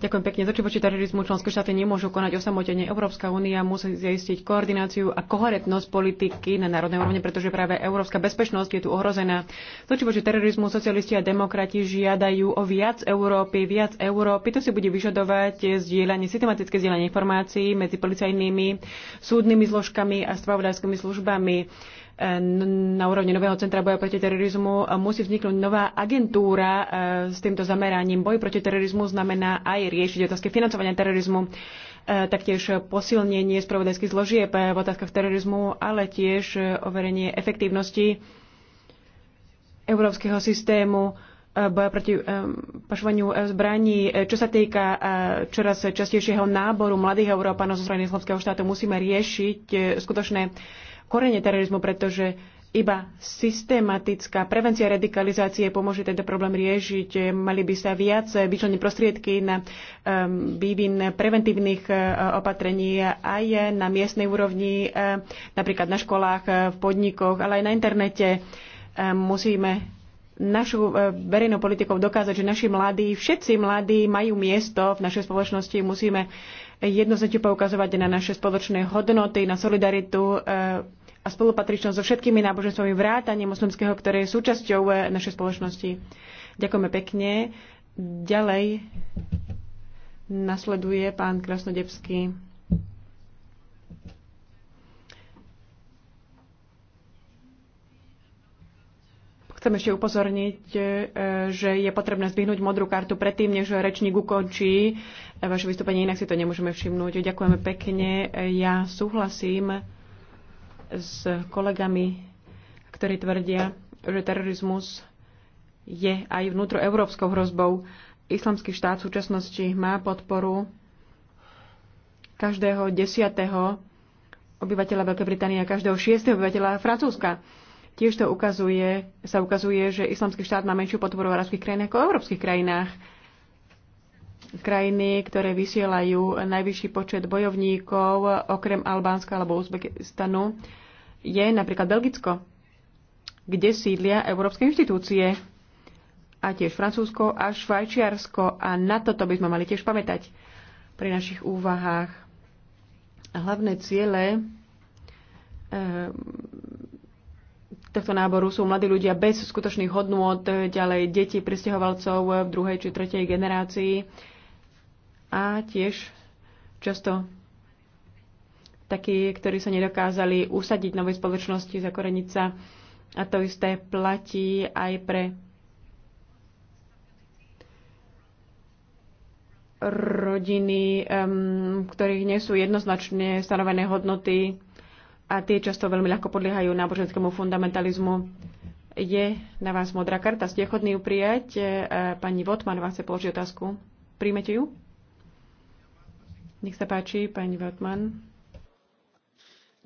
Ďakujem pekne. Zoči voči terorizmu členské štáty nemôžu konať osamotenie. Európska únia musí zaistiť koordináciu a koherentnosť politiky na národnej úrovni, pretože práve európska bezpečnosť je tu ohrozená. Zoči voči terorizmu socialisti a demokrati žiadajú o viac Európy, viac Európy. To si bude vyžadovať zdieľanie, systematické zdieľanie informácií medzi policajnými, súdnymi zložkami a spravodajskými službami na úrovni Nového centra boja proti terorizmu musí vzniknúť nová agentúra e, s týmto zameraním. Boj proti terorizmu znamená aj riešiť otázky financovania terorizmu, e, taktiež posilnenie spravodajských zložieb e, v otázkach terorizmu, ale tiež overenie efektívnosti európskeho systému boja proti pašovaniu zbraní. Čo sa týka čoraz častejšieho náboru mladých Európanov zo strany Islamského štátu, musíme riešiť skutočné korene terorizmu, pretože iba systematická prevencia radikalizácie pomôže tento problém riešiť. Mali by sa viac vyčleniť prostriedky na um, vývin preventívnych uh, opatrení aj na miestnej úrovni, uh, napríklad na školách, uh, v podnikoch, ale aj na internete. Uh, musíme našu uh, verejnou politikou dokázať, že naši mladí, všetci mladí majú miesto v našej spoločnosti. Musíme jednoznačne poukazovať na naše spoločné hodnoty, na solidaritu, uh, a spolupatričnosť so všetkými náboženstvami vrátane moslimského, ktoré je súčasťou eh, našej spoločnosti. Ďakujeme pekne. Ďalej nasleduje pán Krasnodebský. Chcem ešte upozorniť, eh, že je potrebné zdvihnúť modrú kartu predtým, než rečník ukončí eh, vaše vystúpenie, inak si to nemôžeme všimnúť. Ďakujeme pekne. Ja súhlasím s kolegami, ktorí tvrdia, že terorizmus je aj vnútroeurópskou hrozbou. Islamský štát v súčasnosti má podporu každého desiatého obyvateľa Veľkej Británie a každého šiestého obyvateľa Francúzska. Tiež to ukazuje, sa ukazuje, že islamský štát má menšiu podporu v arabských krajinách ako v európskych krajinách krajiny, ktoré vysielajú najvyšší počet bojovníkov, okrem Albánska alebo Uzbekistanu, je napríklad Belgicko, kde sídlia európske inštitúcie a tiež Francúzsko a Švajčiarsko a na toto by sme mali tiež pamätať pri našich úvahách. Hlavné ciele e, tohto náboru sú mladí ľudia bez skutočných hodnôt, ďalej deti pristahovalcov v druhej či tretej generácii, a tiež často takí, ktorí sa nedokázali usadiť novej spoločnosti, zakoreniť sa. A to isté platí aj pre rodiny, um, ktorých nie sú jednoznačne stanovené hodnoty a tie často veľmi ľahko podliehajú náboženskému fundamentalizmu. Je na vás modrá karta. Ste chodný ju prijať? E, pani Votman vás chce položiť otázku. Príjmete ju? Nech sa páči, pani Votman.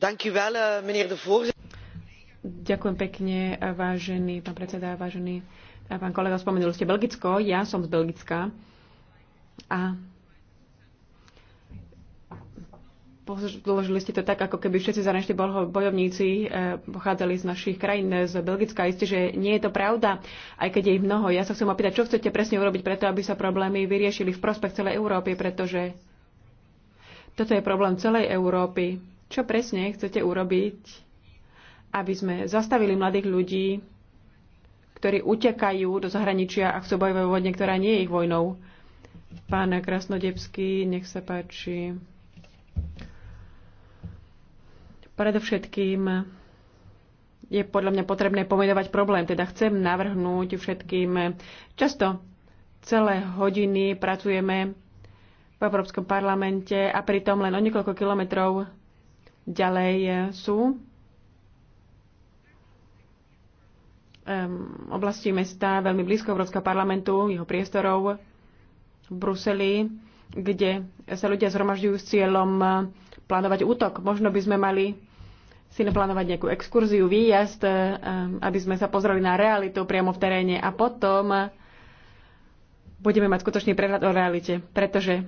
Eh, Ďakujem pekne, vážený pán predseda, vážený eh, pán kolega, spomenuli ste Belgicko, ja som z Belgicka a Položili ste to tak, ako keby všetci zahraniční bojovníci eh, pochádzali z našich krajín, z Belgicka. Isté, že nie je to pravda, aj keď je ich mnoho. Ja sa chcem opýtať, čo chcete presne urobiť preto, aby sa problémy vyriešili v prospech celej Európy, pretože toto je problém celej Európy. Čo presne chcete urobiť, aby sme zastavili mladých ľudí, ktorí utekajú do zahraničia a chcú bojovať vo ktorá nie je ich vojnou? Pán Krasnodebský, nech sa páči. Predovšetkým je podľa mňa potrebné pomenovať problém. Teda chcem navrhnúť všetkým. Často celé hodiny pracujeme v Európskom parlamente a pritom len o niekoľko kilometrov ďalej sú ehm, oblasti mesta veľmi blízko Európskeho parlamentu, jeho priestorov v Bruseli, kde sa ľudia zhromažďujú s cieľom plánovať útok. Možno by sme mali si naplánovať nejakú exkurziu, výjazd, ehm, aby sme sa pozreli na realitu priamo v teréne a potom budeme mať skutočný prehľad o realite, pretože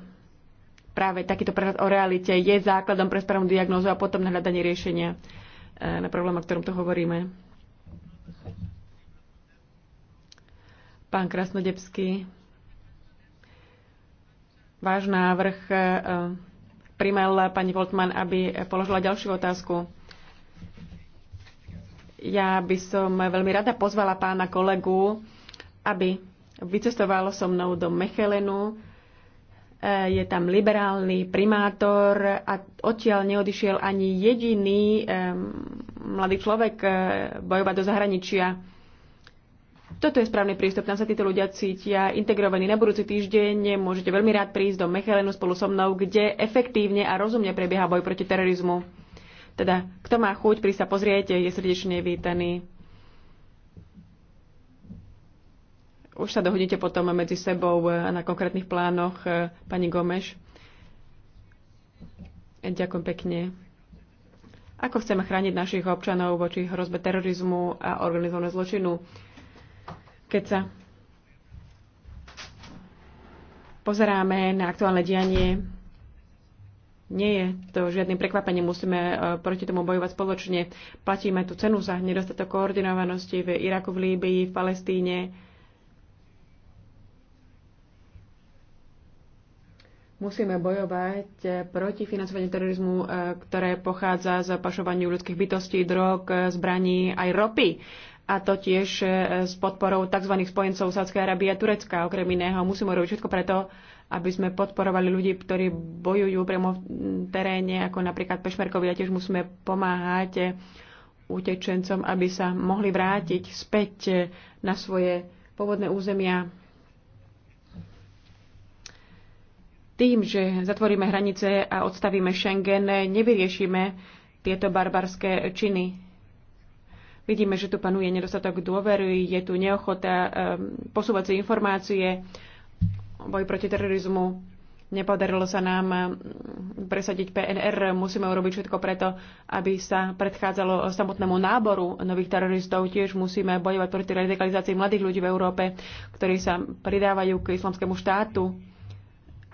práve takýto prehľad o realite je základom pre správnu diagnózu a potom na hľadanie riešenia e, na problém, o ktorom tu hovoríme. Pán Krasnodebský, váš návrh e, primel pani Voltman, aby položila ďalšiu otázku. Ja by som veľmi rada pozvala pána kolegu, aby vycestovalo so mnou do Mechelenu, je tam liberálny primátor a odtiaľ neodišiel ani jediný mladý človek eh, bojovať do zahraničia. Toto je správny prístup, tam sa títo ľudia cítia integrovaní. Na budúci týždeň môžete veľmi rád prísť do Mechelenu spolu so mnou, kde efektívne a rozumne prebieha boj proti terorizmu. Teda, kto má chuť, prísť sa pozriete, je srdečne vítaný. Už sa dohodnete potom medzi sebou e, na konkrétnych plánoch, e, pani Gomeš. E, ďakujem pekne. Ako chceme chrániť našich občanov voči hrozbe terorizmu a organizovaného zločinu? Keď sa pozeráme na aktuálne dianie, nie je to žiadnym prekvapením. Musíme proti tomu bojovať spoločne. Platíme tú cenu za nedostatok koordinovanosti v Iraku, v Líbii, v Palestíne Musíme bojovať eh, proti financovaniu terorizmu, eh, ktoré pochádza z pašovania ľudských bytostí, drog, eh, zbraní aj ropy a to tiež s podporou tzv. spojencov Sádskej Arábie a Turecka. Okrem iného musíme robiť všetko preto, aby sme podporovali ľudí, ktorí bojujú priamo v teréne, ako napríklad Pešmerkovi, a tiež musíme pomáhať utečencom, aby sa mohli vrátiť späť na svoje pôvodné územia. Tým, že zatvoríme hranice a odstavíme Schengen, nevyriešime tieto barbarské činy. Vidíme, že tu panuje nedostatok dôvery, je tu neochota um, posúvať si informácie, boj proti terorizmu. Nepodarilo sa nám um, presadiť PNR. Musíme urobiť všetko preto, aby sa predchádzalo samotnému náboru nových teroristov. Tiež musíme bojovať proti radikalizácii mladých ľudí v Európe, ktorí sa pridávajú k islamskému štátu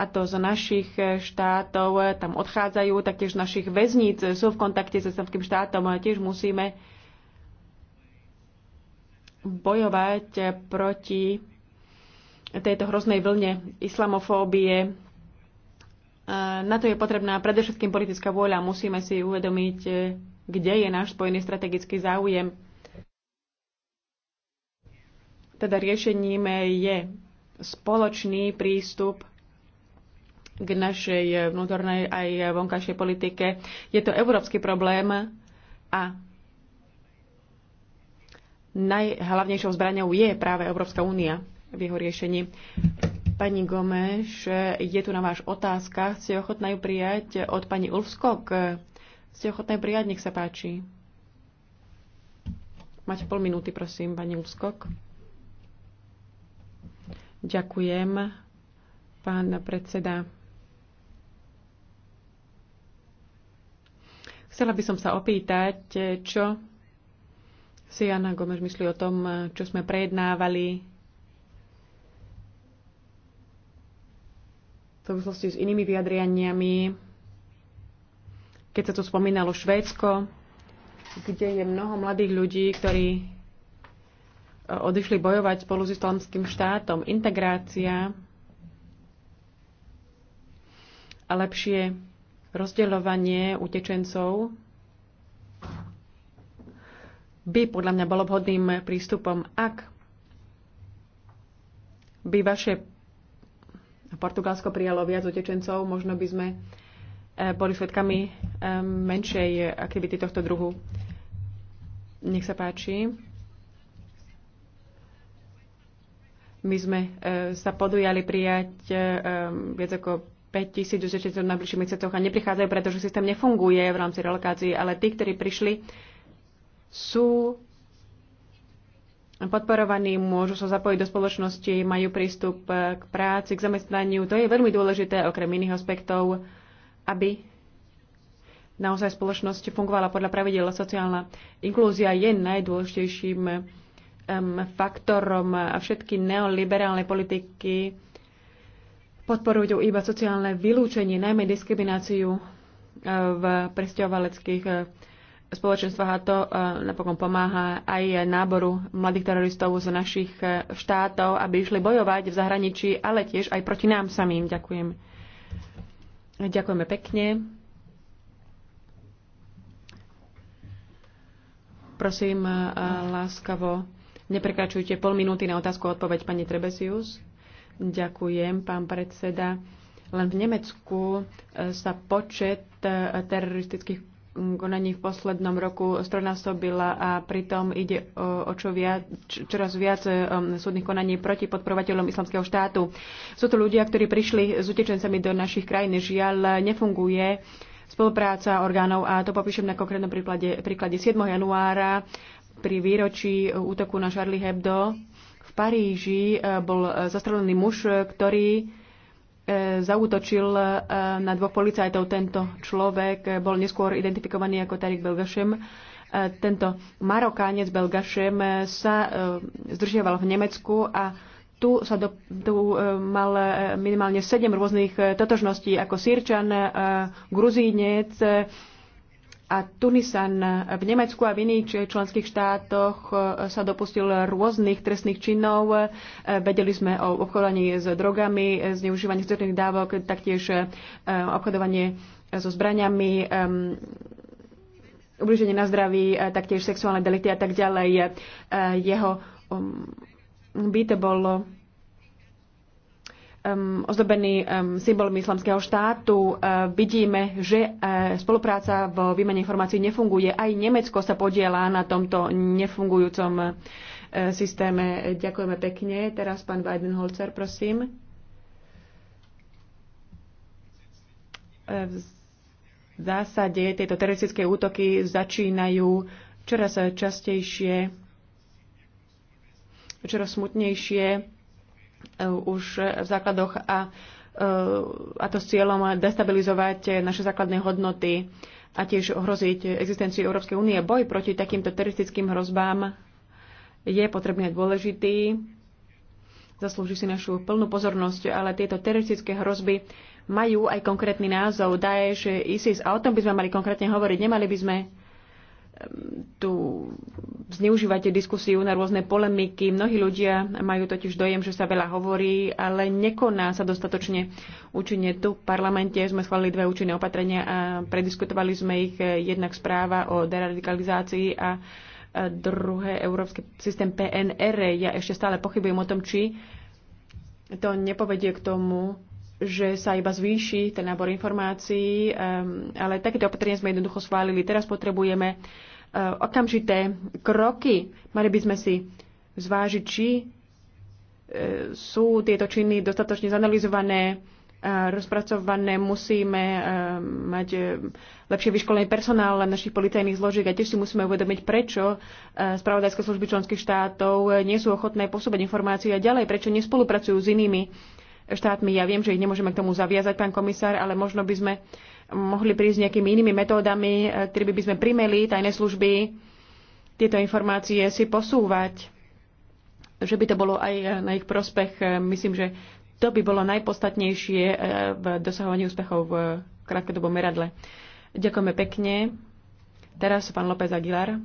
a to z našich eh, štátov eh, tam odchádzajú, taktiež z našich väzníc sú v kontakte so islamským štátom, a tiež musíme bojovať eh, proti tejto hroznej vlne islamofóbie. Na to je potrebná predovšetkým politická vôľa. Musíme si uvedomiť, kde je náš spojený strategický záujem. Teda riešením je spoločný prístup k našej vnútornej aj vonkajšej politike. Je to európsky problém a najhlavnejšou zbraňou je práve Európska únia v jeho riešení. Pani Gomeš, je tu na váš otázka. Ste ochotná ju prijať od pani Ulfskok? Ste ochotná ju prijať? Nech sa páči. Máte pol minúty, prosím, pani Ulfskok. Ďakujem, pán predseda. Chcela by som sa opýtať, čo si Jana Gomeš myslí o tom, čo sme prejednávali v súvislosti s inými vyjadrianiami, keď sa tu spomínalo Švédsko, kde je mnoho mladých ľudí, ktorí e, odišli bojovať spolu s islamským štátom. Integrácia a lepšie rozdeľovanie utečencov by podľa mňa bolo vhodným prístupom, ak by vaše Portugalsko prijalo viac utečencov, možno by sme eh, boli svetkami eh, menšej aktivity tohto druhu. Nech sa páči. My sme eh, sa podujali prijať viac ako 5 tisíc utečencov v najbližších mesiacoch a neprichádzajú, pretože systém nefunguje v rámci relokácií, ale tí, ktorí prišli, sú podporovaní, môžu sa zapojiť do spoločnosti, majú prístup k práci, k zamestnaniu. To je veľmi dôležité, okrem iných aspektov, aby naozaj spoločnosť fungovala podľa pravidel. Sociálna inklúzia je najdôležitejším faktorom a všetky neoliberálne politiky podporujú iba sociálne vylúčenie, najmä diskrimináciu e, v presťovaleckých e, spoločenstvách a to e, napokon pomáha aj náboru mladých teroristov z našich štátov, aby išli bojovať v zahraničí, ale tiež aj proti nám samým. Ďakujem. Ďakujeme pekne. Prosím, láskavo, neprekračujte pol minúty na otázku a odpoveď pani Trebesius. Ďakujem, pán predseda. Len v Nemecku e, sa počet e, teroristických konaní v poslednom roku stronásobila a pritom ide o, čo viac, čoraz viac e, um, súdnych konaní proti podporovateľom islamského štátu. Sú to ľudia, ktorí prišli s utečencami do našich krajín. Žiaľ, nefunguje spolupráca orgánov a to popíšem na konkrétnom príklade, príklade 7. januára pri výročí útoku na Charlie Hebdo v Paríži e, bol e, zastrelený muž, e, ktorý zautočil na dvoch policajtov. Tento človek bol neskôr identifikovaný ako Tarik Belgašem. Tento Marokánec Belgašem sa zdržiaval v Nemecku a tu, sa do, tu mal minimálne sedem rôznych totožností ako sírčan, gruzínec, a Tunisan v Nemecku a v iných členských štátoch e, sa dopustil rôznych trestných činov. E, vedeli sme o obchodovaní s drogami, zneužívaní zdrojných dávok, taktiež e, obchodovanie so zbraniami, ubliženie na zdraví, taktiež sexuálne delity a tak ďalej. Jeho byte bolo um, ozdobený um, symbolom islamského štátu. Uh, vidíme, že uh, spolupráca vo výmene informácií nefunguje. Aj Nemecko sa podiela na tomto nefungujúcom uh, systéme. Ďakujeme pekne. Teraz pán Weidenholzer, prosím. Uh, v zásade tieto teroristické útoky začínajú čoraz častejšie, čoraz smutnejšie Eh, už v základoch a, eh, a to s cieľom destabilizovať naše základné hodnoty a tiež ohroziť existenciu Európskej únie. Boj proti takýmto teroristickým hrozbám je potrebný a dôležitý. Zaslúži si našu plnú pozornosť, ale tieto teroristické hrozby majú aj konkrétny názov Daesh, ISIS a o tom by sme mali konkrétne hovoriť. Nemali by sme tu zneužívate diskusiu na rôzne polemiky. Mnohí ľudia majú totiž dojem, že sa veľa hovorí, ale nekoná sa dostatočne účinne. Tu v parlamente sme schválili dve účinné opatrenia a prediskutovali sme ich jednak správa o deradikalizácii a druhé európsky systém PNR. Ja ešte stále pochybujem o tom, či to nepovedie k tomu, že sa iba zvýši ten nábor informácií, ale takéto opatrenie sme jednoducho schválili. Teraz potrebujeme eh, okamžité kroky. Mali by sme si zvážiť, či eh, sú tieto činy dostatočne zanalizované, eh, rozpracované, musíme mať lepšie vyškolený personál našich policajných zložiek a tiež si musíme uvedomiť, prečo spravodajské služby členských štátov nie sú ochotné posúbať informácie a ďalej, prečo nespolupracujú s inými štátmi. Ja viem, že ich nemôžeme k tomu zaviazať, pán komisár, ale možno by sme mohli prísť nejakými inými metódami, eh, ktorými by sme primeli tajné služby tieto informácie si posúvať, že by to bolo aj eh, na ich prospech. Eh, myslím, že to by bolo najpostatnejšie v dosahovaní úspechov v krátkodobom meradle. Ďakujeme pekne. Teraz pán López Aguilar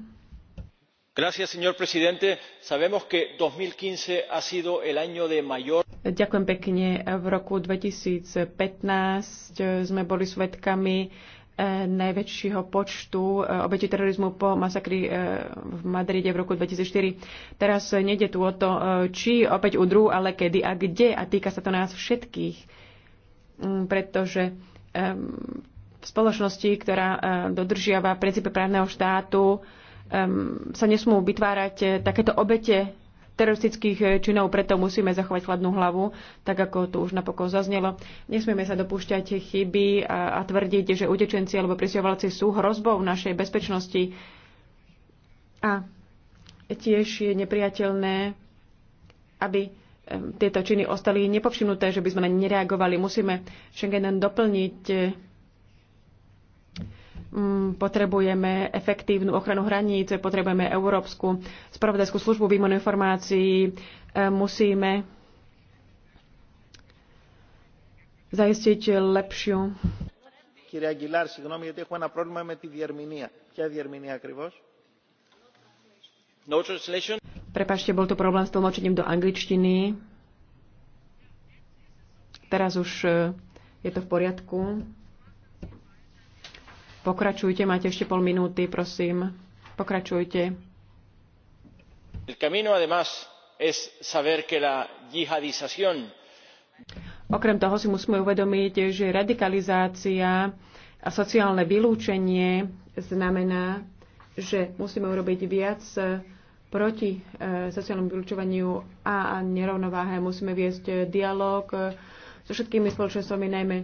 señor presidente sabemos que dos mil quince ha sido el año de mayor. ďakujem pekne v roku two thousand and fifteen sme boli svedkami eh, najväčšieho počtu eh, obetí terorizmu po masakri eh, v Madride v roku 2004. Teraz nejde tu o to, či opäť udrú, ale kedy a kde. A týka sa to nás všetkých, mm, pretože v spoločnosti, ktorá dodržiava princípe právneho štátu, sa nesmú vytvárať eh, takéto obete teroristických eh, činov, preto musíme zachovať chladnú hlavu, tak ako to už napokon zaznelo. Nesmieme sa dopúšťať chyby a, a tvrdiť, že utečenci alebo prisťovalci sú hrozbou našej bezpečnosti. A tiež je nepriateľné, aby tieto činy ostali nepovšimnuté, že by sme na ne nereagovali. Musíme Schengen doplniť eh, Mm, potrebujeme efektívnu ochranu hraníc, potrebujeme Európsku spravodajskú službu výmenu informácií, e, musíme zajistiť lepšiu. Κύριε Aguilar, συγγνώμη γιατί έχω ένα πρόβλημα με τη διερμηνία. Kia διερμηνία ακριβώς? No translation. Prepašte, bol tu problém s tlmočením do angličtiny. Teraz už e, je to v poriadku. Pokračujte, máte ešte pol minúty, prosím. Pokračujte. El camino además es saber que la Okrem toho si musíme uvedomiť, že radikalizácia a sociálne vylúčenie znamená, že musíme urobiť viac eh, proti eh, sociálnemu vylúčovaniu a nerovnováhe. Musíme viesť eh, dialog so všetkými spoločenstvami, najmä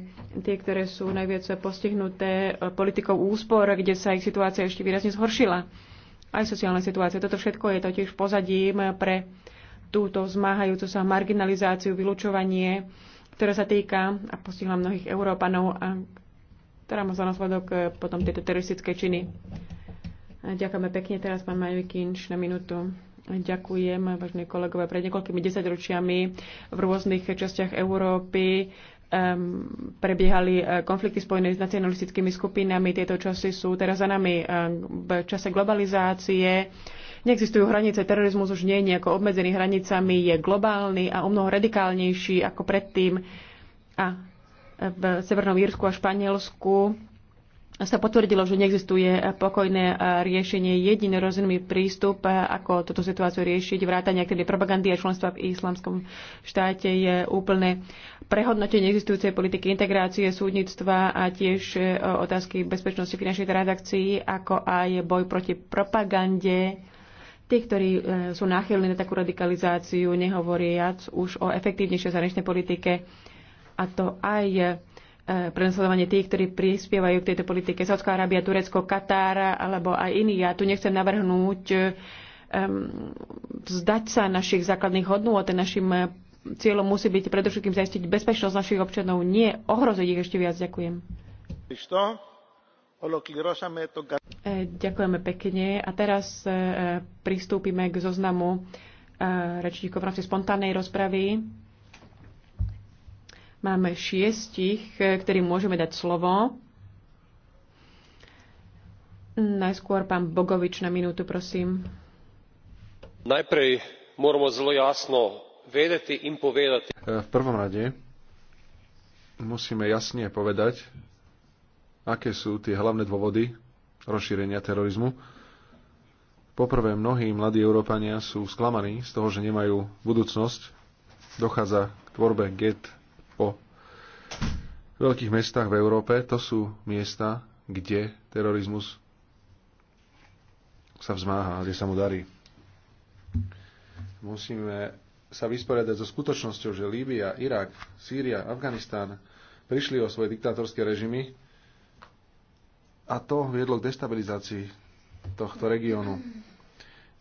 tie, ktoré sú najviac postihnuté e, politikou úspor, kde sa ich situácia ešte výrazne zhoršila. Aj sociálna situácia. Toto všetko je totiž pozadím pre túto zmáhajúcu sa marginalizáciu, vylúčovanie, ktoré sa týka a postihla mnohých Európanov a ktorá má za následok e, potom tieto teroristické činy. E, ďakujeme pekne. Teraz pán Majvikinč na minútu. Ďakujem, vážne kolegové. Pred niekoľkými desaťročiami v rôznych častiach Európy um, prebiehali eh, konflikty spojené s nacionalistickými skupinami. Tieto časy sú teraz za nami. Eh, v čase globalizácie neexistujú hranice. Terorizmus už nie je nejako obmedzený hranicami. Je globálny a o mnoho radikálnejší ako predtým. A v Severnom Írsku a Španielsku sa potvrdilo, že neexistuje pokojné riešenie. Jediný rozumný prístup, eh, ako túto situáciu riešiť, vrátanie aktívnej propagandy a členstva v islamskom štáte je úplné prehodnotenie existujúcej politiky integrácie, súdnictva a tiež eh, otázky bezpečnosti finančných transakcií, ako aj boj proti propagande. Tí, ktorí eh, sú náchylní na takú radikalizáciu, nehovoriac už o efektívnejšej zahraničnej politike, a to aj E, prenasledovanie tých, ktorí prispievajú k tejto politike. Saudská Arábia, Turecko, Katár alebo aj iní. Ja tu nechcem navrhnúť um, vzdať sa našich základných hodnôt a našim e, cieľom musí byť predovšetkým zaistiť bezpečnosť našich občanov, nie ohroziť ich ešte viac. Ďakujem. Ďakujeme pekne. A teraz pristúpime k zoznamu rečníkov v rámci spontánnej rozpravy. Máme šiestich, e, ktorým môžeme dať slovo. Najskôr pán Bogovič na minútu, prosím. Najprej môžeme zlo jasno vedeti im povedať. E, v prvom rade musíme jasne povedať, aké sú tie hlavné dôvody rozšírenia terorizmu. Poprvé, mnohí mladí Európania sú sklamaní z toho, že nemajú budúcnosť. Dochádza k tvorbe get po veľkých mestách v Európe. To sú miesta, kde terorizmus sa vzmáha, kde sa mu darí. Musíme sa vysporiadať so skutočnosťou, že Líbia, Irak, Sýria, Afganistán prišli o svoje diktátorské režimy a to viedlo k destabilizácii tohto regiónu.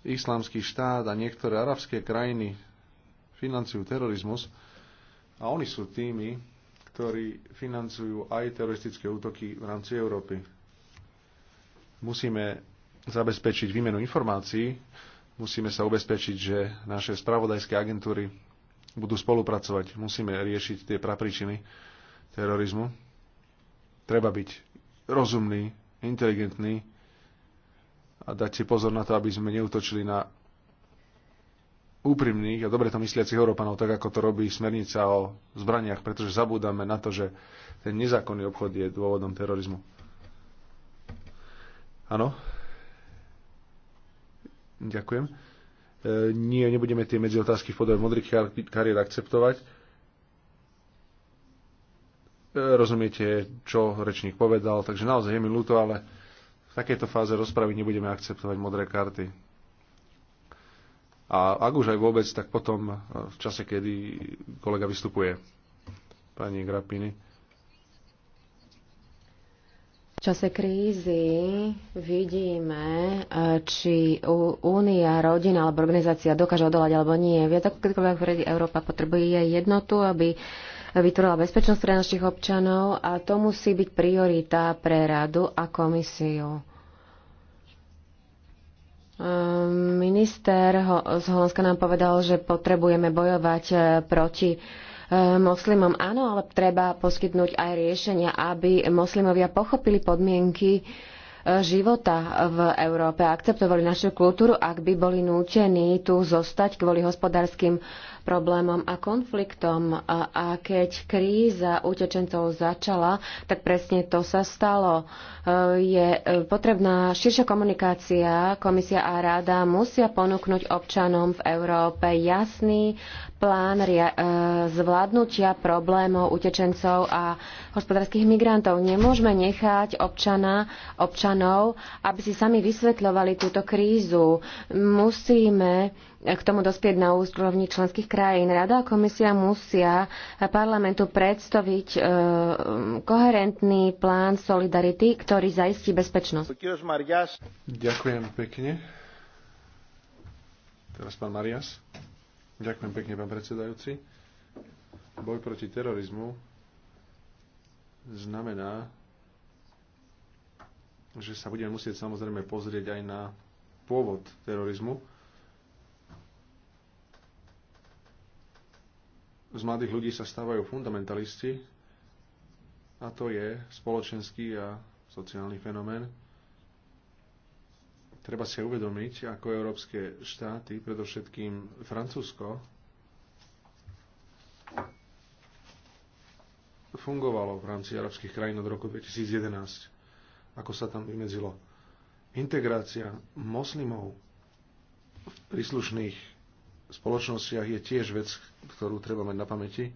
Islamský štát a niektoré arabské krajiny financujú terorizmus, a oni sú tými, ktorí financujú aj teroristické útoky v rámci Európy. Musíme zabezpečiť výmenu informácií, musíme sa ubezpečiť, že naše spravodajské agentúry budú spolupracovať. Musíme riešiť tie prapríčiny terorizmu. Treba byť rozumný, inteligentný a dať si pozor na to, aby sme neutočili na úprimných a dobre to mysliacich Európanov, tak ako to robí smernica o zbraniach, pretože zabúdame na to, že ten nezákonný obchod je dôvodom terorizmu. Áno? Ďakujem. E, nie, nebudeme tie medzi otázky v podobe modrých kariet akceptovať. E, rozumiete, čo rečník povedal, takže naozaj je mi ľúto, ale v takejto fáze rozpravy nebudeme akceptovať modré karty. A ak už aj vôbec, tak potom e, v čase, kedy kolega vystupuje. Pani Grapini. V čase krízy vidíme, e, či únia, rodina alebo organizácia dokáže odolať alebo nie. Viac ako kedykoľvek Európa potrebuje jednotu, aby vytvorila bezpečnosť pre našich občanov a to musí byť priorita pre radu a komisiu. Minister z Holandska nám povedal, že potrebujeme bojovať e, proti e, moslimom. Áno, ale treba poskytnúť aj riešenia, aby moslimovia pochopili podmienky e, života v Európe a akceptovali našu kultúru, ak by boli nútení tu zostať kvôli hospodárskym problémom a konfliktom. A, a keď kríza utečencov začala, tak presne to sa stalo. E, je e, potrebná širšia komunikácia. Komisia a ráda musia ponúknuť občanom v Európe jasný plán e, zvládnutia problémov utečencov a hospodárskych migrantov. Nemôžeme nechať občana, občanov, aby si sami vysvetľovali túto krízu. Musíme k tomu dospieť na úrovni členských krajín. Rada a komisia musia parlamentu predstaviť e, koherentný plán solidarity, ktorý zaistí bezpečnosť. Ďakujem pekne. Teraz pán Marias. Ďakujem pekne, pán predsedajúci. Boj proti terorizmu znamená, že sa budeme musieť samozrejme pozrieť aj na pôvod terorizmu z mladých ľudí sa stávajú fundamentalisti a to je spoločenský a sociálny fenomén. Treba si uvedomiť, ako európske štáty, predovšetkým Francúzsko, fungovalo v rámci arabských krajín od roku 2011. Ako sa tam vymedzilo integrácia moslimov v príslušných spoločnostiach je tiež vec, ktorú treba mať na pamäti.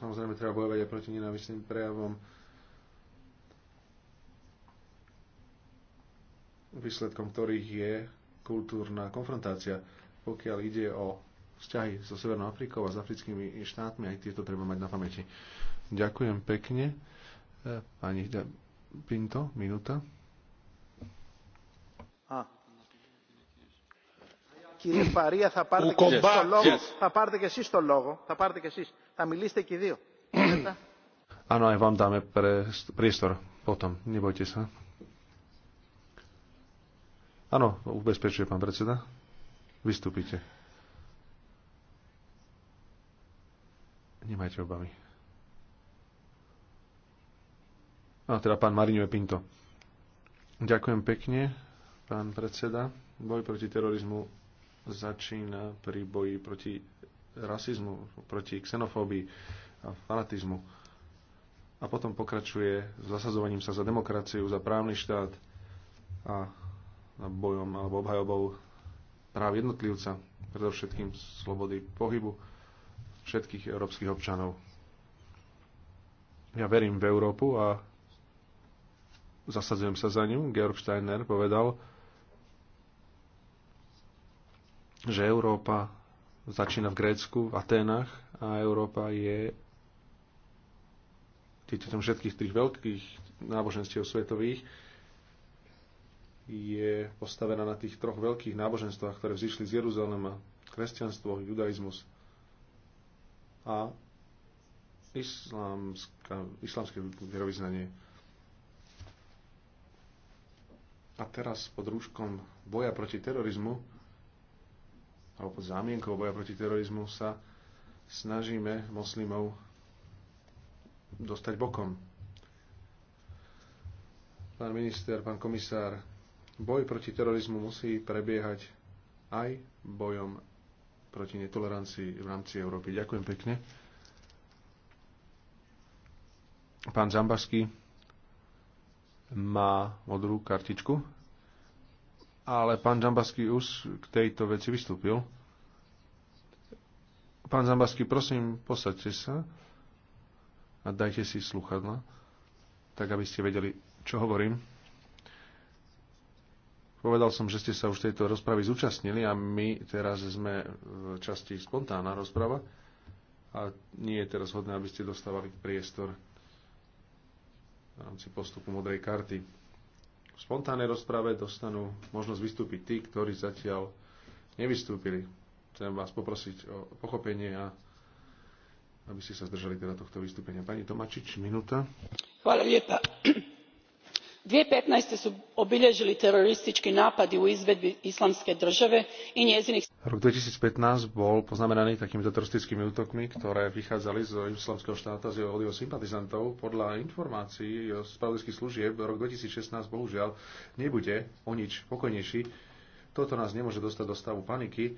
Samozrejme, treba bojovať aj proti nenávistným prejavom. výsledkom ktorých je kultúrna konfrontácia. Pokiaľ ide o vzťahy so Severnou Afrikou a s africkými štátmi, aj tieto treba mať na pamäti. Ďakujem pekne. E, pani Pinto, minúta. Κύριε Φαρία, θα πάρετε και εσείς το λόγο. Θα πάρετε και εσείς το λόγο. Θα πάρετε και εσείς. Θα μιλήσετε και οι δύο. Áno, aj vám dáme pre, priestor potom. Nebojte sa. Áno, ubezpečuje pán predseda. Vystúpite. Nemajte obavy. A teda pán Marinuje Pinto. Ďakujem pekne. Pán predseda, boj proti terorizmu začína pri boji proti rasizmu, proti xenofóbii a fanatizmu. A potom pokračuje s zasadzovaním sa za demokraciu, za právny štát a bojom alebo obhajobou práv jednotlivca, predovšetkým slobody pohybu všetkých európskych občanov. Ja verím v Európu a zasadzujem sa za ňu. Georg Steiner povedal, že Európa začína v Grécku, v Aténach a Európa je dieťaťom všetkých tých veľkých náboženstiev svetových je postavená na tých troch veľkých náboženstvách, ktoré vzýšli z Jeruzalema. Kresťanstvo, judaizmus a islámska, islámske vierovýznanie. A teraz pod rúškom boja proti terorizmu alebo pod zámienkou boja proti terorizmu sa snažíme moslimov dostať bokom. Pán minister, pán komisár, boj proti terorizmu musí prebiehať aj bojom proti netolerancii v rámci Európy. Ďakujem pekne. Pán Zambarský má modrú kartičku ale pán Džambasky už k tejto veci vystúpil. Pán Zambasky, prosím, posaďte sa a dajte si sluchadla, tak aby ste vedeli, čo hovorím. Povedal som, že ste sa už tejto rozpravy zúčastnili a my teraz sme v časti spontánna rozprava a nie je teraz hodné, aby ste dostávali priestor v rámci postupu modrej karty. V spontánnej rozprave dostanú možnosť vystúpiť tí, ktorí zatiaľ nevystúpili. Chcem vás poprosiť o pochopenie a aby ste sa zdržali teda tohto vystúpenia. Pani Tomačič, minúta. Hvala lieta two thousand and fifteen su obiljeili teroristiki napadi u izvedbi islamske drave i njezinih. rok. two thousand and fifteen bol poznamenaný takýmito teroristickými útokmi ktoré vychádzali z islamského štáta z jeho sympatizantov. podľa informácií spravodajských služieb rok two thousand and sixteen bohužiaľ nebude o nič pokojnejší. toto nás nemôže dostať do stavu paniky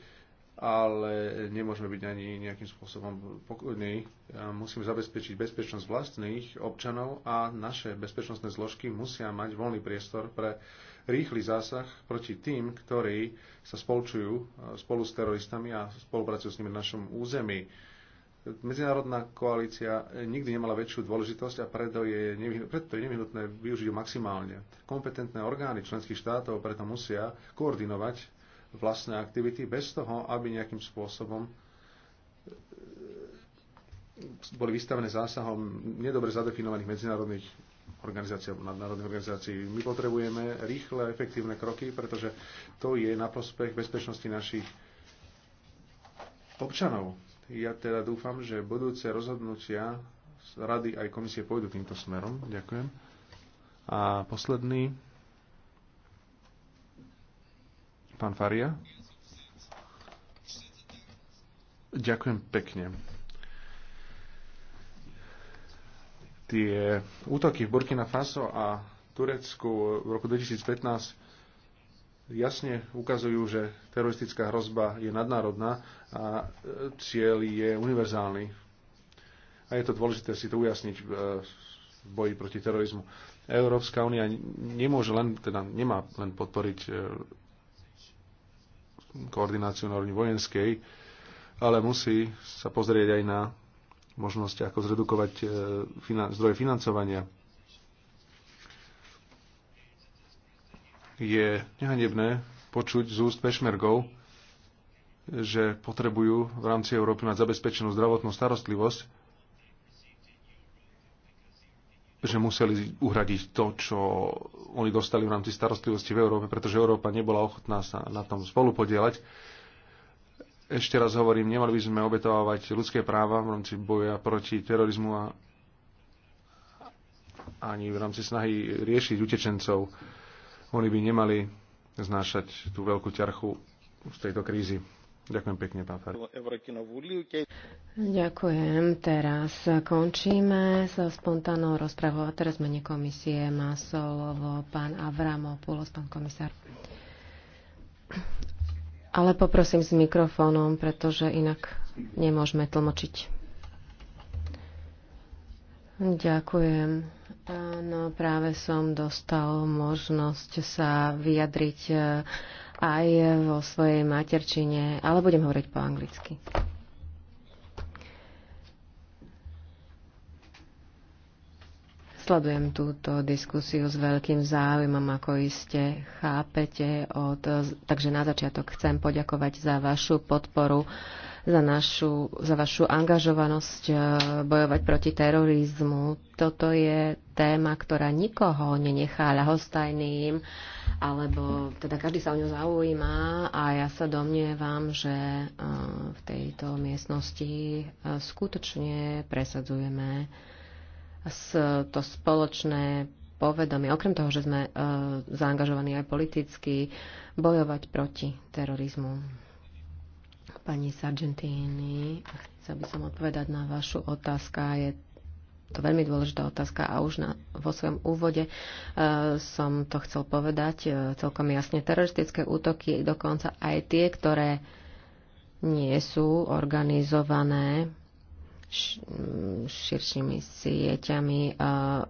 ale nemôžeme byť ani nejakým spôsobom pokojní. Musíme zabezpečiť bezpečnosť vlastných občanov a naše bezpečnostné zložky musia mať voľný priestor pre rýchly zásah proti tým, ktorí sa spolčujú e, spolu s teroristami a spolupracujú s nimi na našom území. Medzinárodná koalícia e, nikdy nemala väčšiu dôležitosť a preto je, preto je nevyhnutné využiť ju maximálne. Kompetentné orgány členských štátov preto musia koordinovať vlastné aktivity bez toho, aby nejakým spôsobom eh, boli vystavené zásahom nedobre zadefinovaných medzinárodných organizácií alebo nadnárodných organizácií. My potrebujeme rýchle, efektívne kroky, pretože to je na prospech bezpečnosti našich občanov. Ja teda dúfam, že budúce rozhodnutia rady aj komisie pôjdu týmto smerom. Ďakujem. A posledný Pán Faria? Ďakujem pekne. Tie útoky v Burkina Faso a Turecku v roku 2015 jasne ukazujú, že teroristická hrozba je nadnárodná a cieľ je univerzálny. A je to dôležité si to ujasniť e, v boji proti terorizmu. Európska únia nemôže len, teda nemá len podporiť e, koordináciu na úrovni vojenskej, ale musí sa pozrieť aj na možnosť, ako zredukovať e, finan- zdroje financovania. Je nehanebné počuť z úst pešmergov, že potrebujú v rámci Európy mať zabezpečenú zdravotnú starostlivosť, že museli uhradiť to, čo oni dostali v rámci starostlivosti v Európe, pretože Európa nebola ochotná sa na tom spolupodielať. Ešte raz hovorím, nemali by sme obetovávať ľudské práva v rámci boja proti terorizmu a ani v rámci snahy riešiť utečencov. Oni by nemali znášať tú veľkú ťarchu z tejto krízy. Ďakujem pekne, pán Fer. Ďakujem. Teraz končíme so spontánnou rozprávou. A teraz menej komisie má slovo pán Avramopoulos, pán komisár. Ale poprosím s mikrofónom, pretože inak nemôžeme tlmočiť. Ďakujem. No práve som dostal možnosť sa vyjadriť aj vo svojej materčine, ale budem hovoriť po anglicky. Sledujem túto diskusiu s veľkým záujmom, ako iste chápete. Od, takže na začiatok chcem poďakovať za vašu podporu uh, za, našu, za vašu angažovanosť eh, bojovať proti terorizmu. Toto je téma, ktorá nikoho nenechá ľahostajným, alebo teda každý sa o ňu zaujíma a ja sa domnievam, že eh, v tejto miestnosti eh, skutočne presadzujeme to spoločné povedomie, okrem toho, že sme zaangažovaní aj politicky, bojovať proti terorizmu pani Sargentini. Chcel by som odpovedať na vašu otázku. Je to veľmi dôležitá otázka a už na, vo svojom úvode uh, som to chcel povedať uh, celkom jasne. Teroristické útoky, dokonca aj tie, ktoré nie sú organizované širšími sieťami, uh,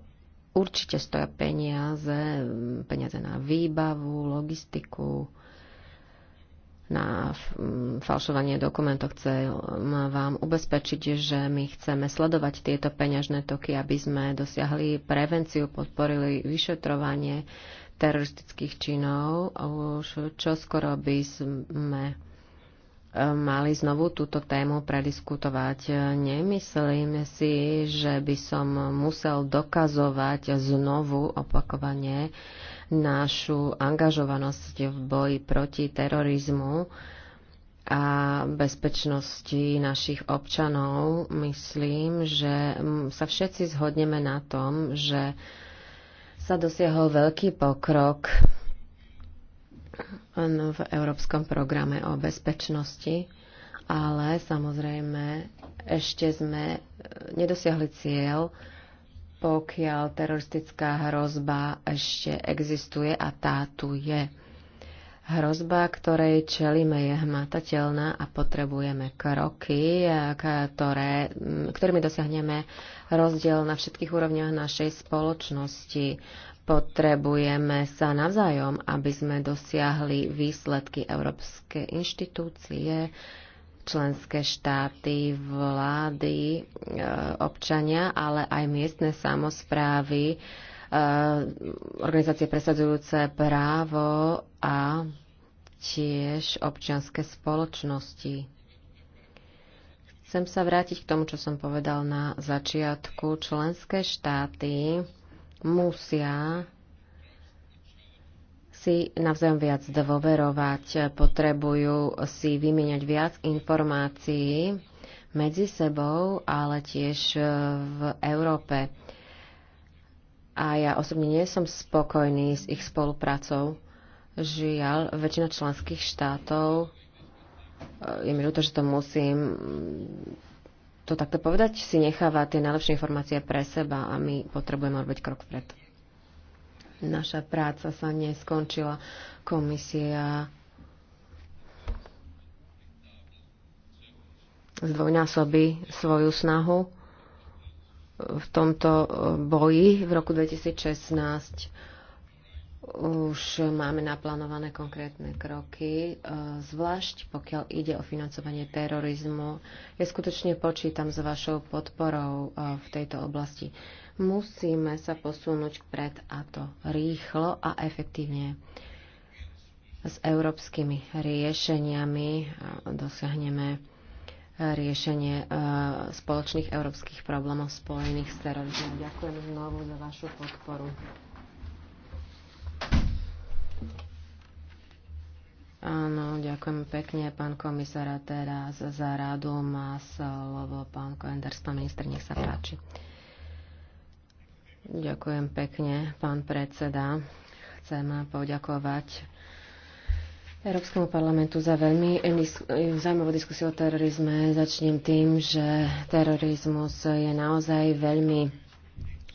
určite stoja peniaze, peniaze na výbavu, logistiku, na falšovanie dokumentov. Chcem vám ubezpečiť, že my chceme sledovať tieto peňažné toky, aby sme dosiahli prevenciu, podporili vyšetrovanie teroristických činov. Už čo skoro by sme e, mali znovu túto tému prediskutovať. Nemyslím si, že by som musel dokazovať znovu opakovanie našu angažovanosť v boji proti terorizmu a bezpečnosti našich občanov, myslím, že sa všetci zhodneme na tom, že sa dosiahol veľký pokrok v Európskom programe o bezpečnosti, ale samozrejme ešte sme e, nedosiahli cieľ, pokiaľ teroristická hrozba ešte existuje a tá tu je. Hrozba, ktorej čelíme, je hmatateľná a potrebujeme kroky, ktoré, ktorými dosiahneme rozdiel na všetkých úrovniach našej spoločnosti. Potrebujeme sa navzájom, aby sme dosiahli výsledky európske inštitúcie, členské štáty, vlády, e, občania, ale aj miestne samozprávy, e, organizácie presadzujúce právo a tiež občianske spoločnosti. Chcem sa vrátiť k tomu, čo som povedal na začiatku. Členské štáty musia si navzájom viac dôverovať, potrebujú si vymieňať viac informácií medzi sebou, ale tiež v Európe. A ja osobne nie som spokojný s ich spoluprácou. Žiaľ, väčšina členských štátov, eh, je mi ľúto, že to musím to takto povedať, si necháva tie najlepšie informácie pre seba a my potrebujeme robiť krok vpred. Naša práca sa neskončila. Komisia zdvojnásobí svoju snahu v tomto eh, boji v roku 2016 už máme naplánované konkrétne kroky, eh, zvlášť pokiaľ ide o financovanie terorizmu. Ja skutočne počítam s vašou podporou eh, v tejto oblasti. Musíme sa posunúť pred a to rýchlo a efektívne. S európskymi riešeniami e, dosiahneme e, riešenie e, spoločných európskych problémov spojených s terorizmom. Ďakujem znovu za vašu podporu. Áno, ďakujem pekne, pán komisár. teraz za radu má slovo pán Koenders, pán minister, nech sa páči. Ďakujem pekne, pán predseda. Chcem poďakovať Európskemu parlamentu za veľmi zaujímavú diskusiu o terorizme. Začnem tým, že terorizmus je naozaj veľmi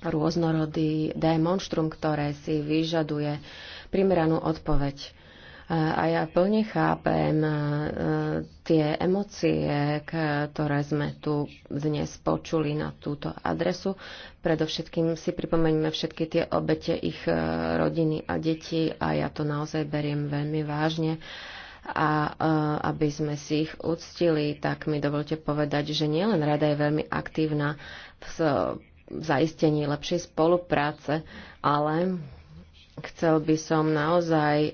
rôznorodý démonštrum, ktoré si vyžaduje primeranú odpoveď. A ja plne chápem e, tie emócie, ktoré sme tu dnes počuli na túto adresu. Predovšetkým si pripomeňme všetky tie obete, ich e, rodiny a deti a ja to naozaj beriem veľmi vážne a e, aby sme si ich uctili, tak mi dovolte povedať, že nielen rada je veľmi aktívna v zaistení lepšej spolupráce, ale Chcel by som naozaj e,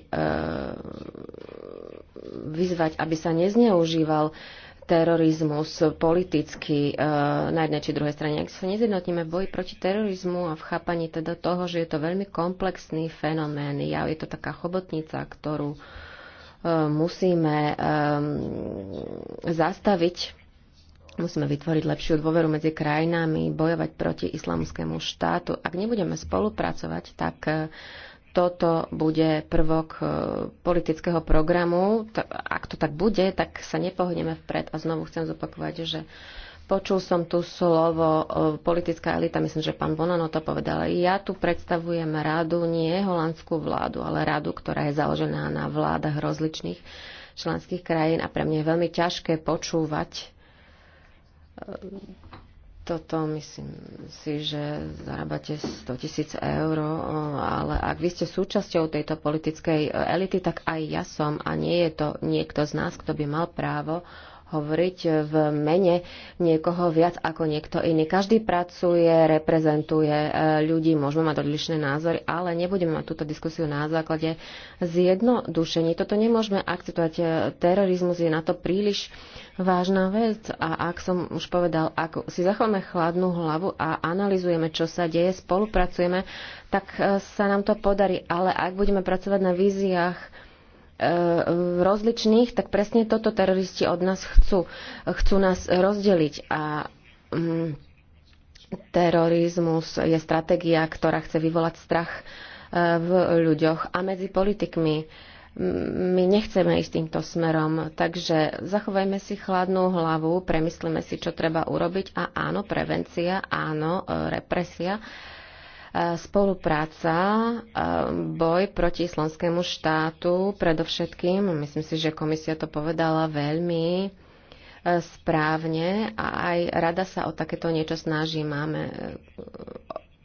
vyzvať, aby sa nezneužíval terorizmus politicky e, na jednej či druhej strane. Ak sa nezjednotíme v boji proti terorizmu a v chápaní teda toho, že je to veľmi komplexný fenomén, ja, je to taká chobotnica, ktorú e, musíme zastaviť, musíme vytvoriť lepšiu dôveru medzi krajinami, bojovať proti islamskému štátu. Ak nebudeme spolupracovať, tak toto bude prvok e, politického programu. Ak to tak bude, tak sa nepohneme vpred. A znovu chcem zopakovať, že počul som tu slovo e, politická elita, myslím, že pán Bonano to povedal. Ja tu predstavujem radu, nie holandskú vládu, ale radu, ktorá je založená na vládach rozličných členských krajín a pre mňa je veľmi ťažké počúvať e, toto myslím si, že zarábate 100 tisíc eur, ale ak vy ste súčasťou tejto politickej elity, tak aj ja som a nie je to niekto z nás, kto by mal právo uh, hovoriť v mene niekoho viac ako niekto iný. Každý pracuje, reprezentuje e, ľudí, môžeme mať odlišné názory, ale nebudeme mať túto diskusiu na základe zjednodušení. Toto nemôžeme akceptovať. E, terorizmus je na to príliš vážna vec a ak som už povedal, ak si zachováme chladnú hlavu a analizujeme, čo sa deje, spolupracujeme, tak e, sa nám to podarí. Ale ak budeme pracovať na víziách, rozličných, tak presne toto teroristi od nás chcú. Chcú nás rozdeliť a mm, terorizmus je stratégia, ktorá chce vyvolať strach e, v ľuďoch a medzi politikmi. My nechceme ísť týmto smerom, takže zachovajme si chladnú hlavu, premyslíme si, čo treba urobiť a áno, prevencia, áno, e, represia, Spolupráca, eh, boj proti islamskému štátu predovšetkým, myslím si, že komisia to povedala veľmi eh, správne a aj rada sa o takéto niečo snaží. Máme eh,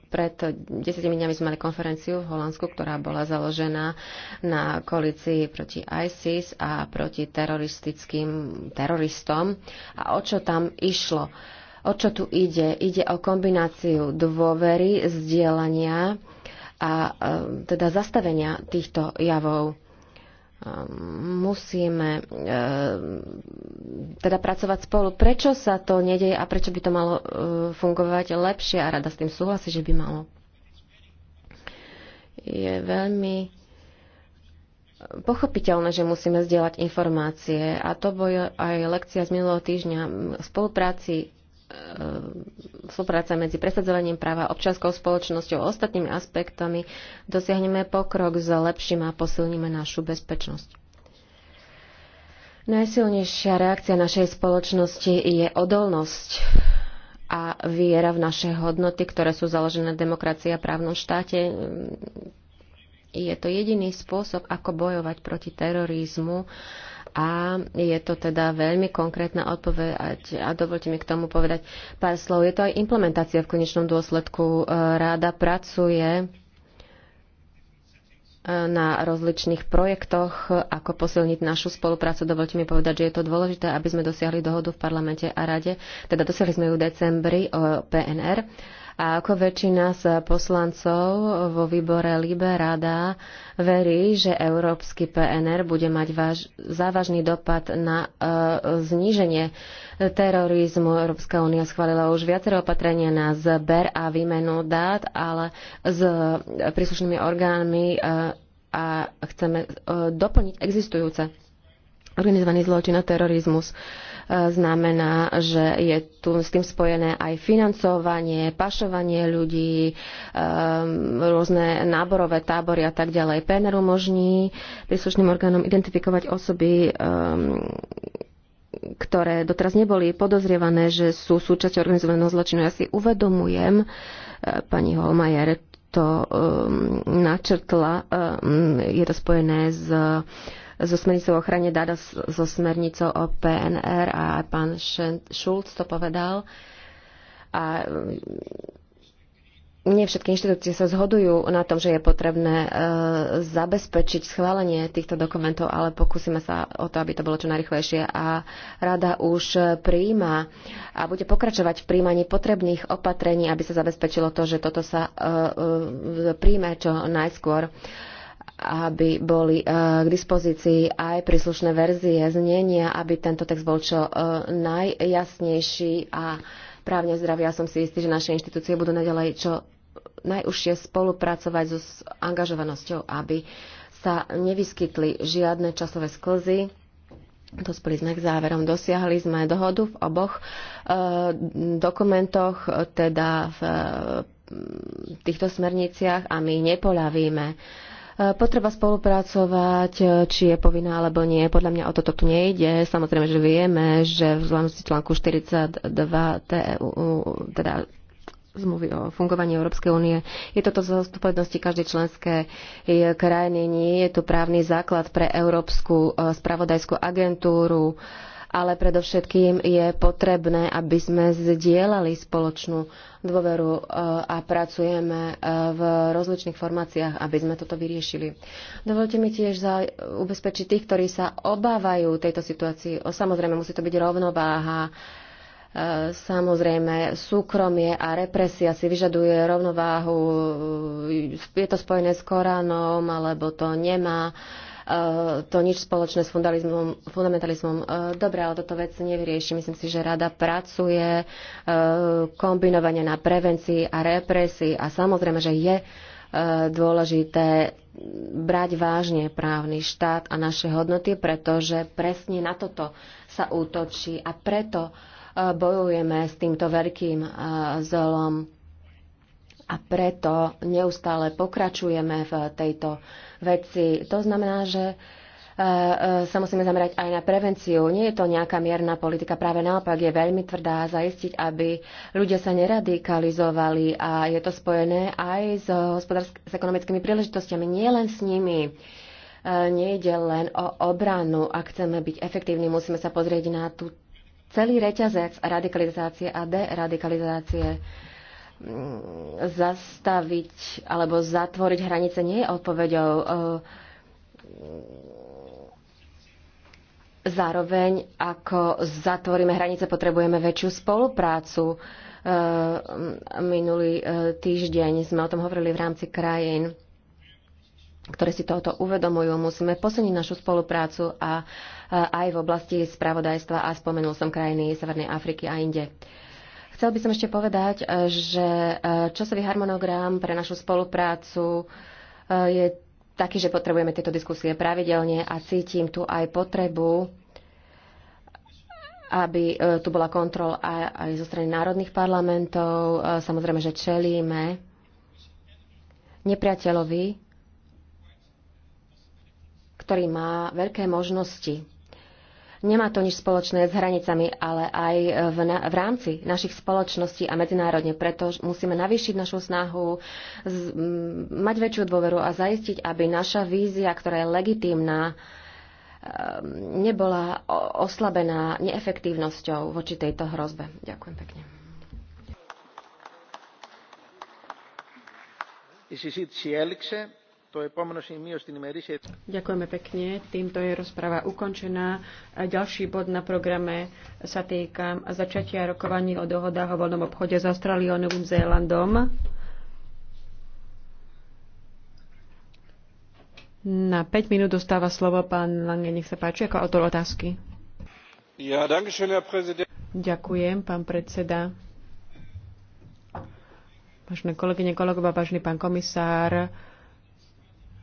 pred desetimi dňami sme mali konferenciu v Holandsku, ktorá bola založená na koalícii proti ISIS a proti teroristickým teroristom. A o čo tam išlo? Uh, O čo tu ide? Ide o kombináciu dôvery, zdieľania a e, teda zastavenia týchto javov e, musíme e, teda pracovať spolu. Prečo sa to nedeje a prečo by to malo fungovať lepšie a rada s tým súhlasí, že by malo? Je veľmi pochopiteľné, že musíme zdieľať informácie a to bolo aj lekcia z minulého týždňa spolupráci E, spolupráca medzi presadzovaním práva občianskou spoločnosťou a ostatnými aspektami dosiahneme pokrok, s lepším a posilníme našu bezpečnosť. Najsilnejšia reakcia našej spoločnosti je odolnosť a viera v naše hodnoty, ktoré sú založené na demokracii a právnom štáte. Je to jediný spôsob, ako bojovať proti terorizmu a je to teda veľmi konkrétna odpoveď a dovolte mi k tomu povedať pár slov. Je to aj implementácia v konečnom dôsledku. E, Ráda pracuje e, na rozličných projektoch, ako posilniť našu spoluprácu. Dovolte mi povedať, že je to dôležité, aby sme dosiahli dohodu v parlamente a rade. Teda dosiahli sme ju v decembri o PNR a ako väčšina z poslancov vo výbore Libe rada verí, že európsky PNR bude mať váž, závažný dopad na uh, zníženie terorizmu. Európska únia schválila už viaceré opatrenia na zber a výmenu dát, ale s príslušnými orgánmi uh, a chceme uh, doplniť existujúce organizovaný zločin a terorizmus. Uh, Znamená, že je tu s tým spojené aj financovanie, pašovanie ľudí, ehm, rôzne náborové tábory a tak ďalej. PNR umožní príslušným orgánom identifikovať osoby, ehm, ktoré doteraz neboli podozrievané, že sú súčasťou organizovaného zločinu. Ja si uvedomujem, e, pani Holmajer to um, načrtla, um, je to spojené s so smernicou o ochrane dáda so smernicou o PNR a aj pán Schulz to povedal. A mm, nie všetky inštitúcie sa zhodujú na tom, že je potrebné e, zabezpečiť schválenie týchto dokumentov, ale pokúsime sa o to, aby to bolo čo najrychlejšie. A rada už príjma a bude pokračovať v príjmaní potrebných opatrení, aby sa zabezpečilo to, že toto sa e, e, príjme čo najskôr. E, aby boli e, k dispozícii aj príslušné verzie znenia, aby tento text bol čo e, najjasnejší a právne zdravý. Ja som si istý, že naše inštitúcie budú nadalej čo najúžšie spolupracovať so s angažovanosťou, aby sa nevyskytli žiadne časové sklzy. Dospeli sme k záverom, dosiahli sme dohodu v oboch e, dokumentoch, teda v e, týchto smerniciach a my nepoľavíme. E, potreba spolupracovať, či je povinná alebo nie. Podľa mňa o toto tu nejde. Samozrejme, že vieme, že v zlámci článku 42 TEU, teda zmluvy o fungovaní Európskej únie. Je toto z každej členské e, krajiny. Nie je tu právny základ pre Európsku e, spravodajskú agentúru. Uh, ale predovšetkým je potrebné, aby sme zdieľali spoločnú dôveru e, a pracujeme e, v rozličných formáciách, aby sme toto vyriešili. Dovolte mi tiež za, ubezpečiť tých, ktorí sa obávajú tejto situácii. samozrejme, musí to byť rovnováha e, samozrejme súkromie a represia si vyžaduje rovnováhu, je to spojené s Koránom, alebo to nemá to nič spoločné s fundamentalizmom. E, dobre, ale toto vec nevyrieši. Myslím si, že rada pracuje e, kombinovanie na prevencii a represii a samozrejme, že je e, dôležité brať vážne právny štát a naše hodnoty, pretože presne na toto sa útočí a preto bojujeme s týmto veľkým zolom. A preto neustále pokračujeme v tejto veci. To znamená, že e, e, sa musíme zamerať aj na prevenciu. Nie je to nejaká mierna politika, práve naopak je veľmi tvrdá zaistiť, aby ľudia sa neradikalizovali a je to spojené aj s, s ekonomickými príležitostiami, nie len s nimi. E, nejde len o obranu. Ak chceme byť efektívni, musíme sa pozrieť na tú celý reťazec radikalizácie a deradikalizácie zastaviť alebo zatvoriť hranice nie je odpoveďou. E, zároveň, ako zatvoríme hranice, potrebujeme väčšiu spoluprácu. E, minulý e, týždeň sme o tom hovorili v rámci krajín, ktoré si toto uvedomujú. Musíme posilniť našu spoluprácu a aj v oblasti spravodajstva a spomenul som krajiny Severnej Afriky a inde. Uh, Chcel by som ešte povedať, e, že e, časový harmonogram pre našu spoluprácu e, je taký, že potrebujeme tieto diskusie pravidelne a cítim tu aj potrebu, aby tu bola kontrola aj, aj zo strany národných parlamentov. Samozrejme, že čelíme nepriateľovi, ktorý má veľké možnosti Nemá to nič spoločné s hranicami, ale aj v, na, v rámci našich spoločností a medzinárodne. Preto musíme navýšiť našu snahu, z, m, mať väčšiu dôveru a zaistiť, aby naša vízia, ktorá je legitímna, e, nebola oslabená neefektívnosťou voči tejto hrozbe. Ďakujem pekne. Η συζήτηση έληξε. Ďakujeme pekne. Týmto je rozprava ukončená. Ďalší bod na programe sa týka začatia rokovaní o dohodách o voľnom obchode s Austráliou a Novým Zélandom. Na 5 minút dostáva slovo pán Lange, nech sa páči, ako autor otázky. Ja, dankeschön, Herr Präsident. Ďakujem, pán predseda. Vážne kolegyne, kolegova, vážny pán komisár,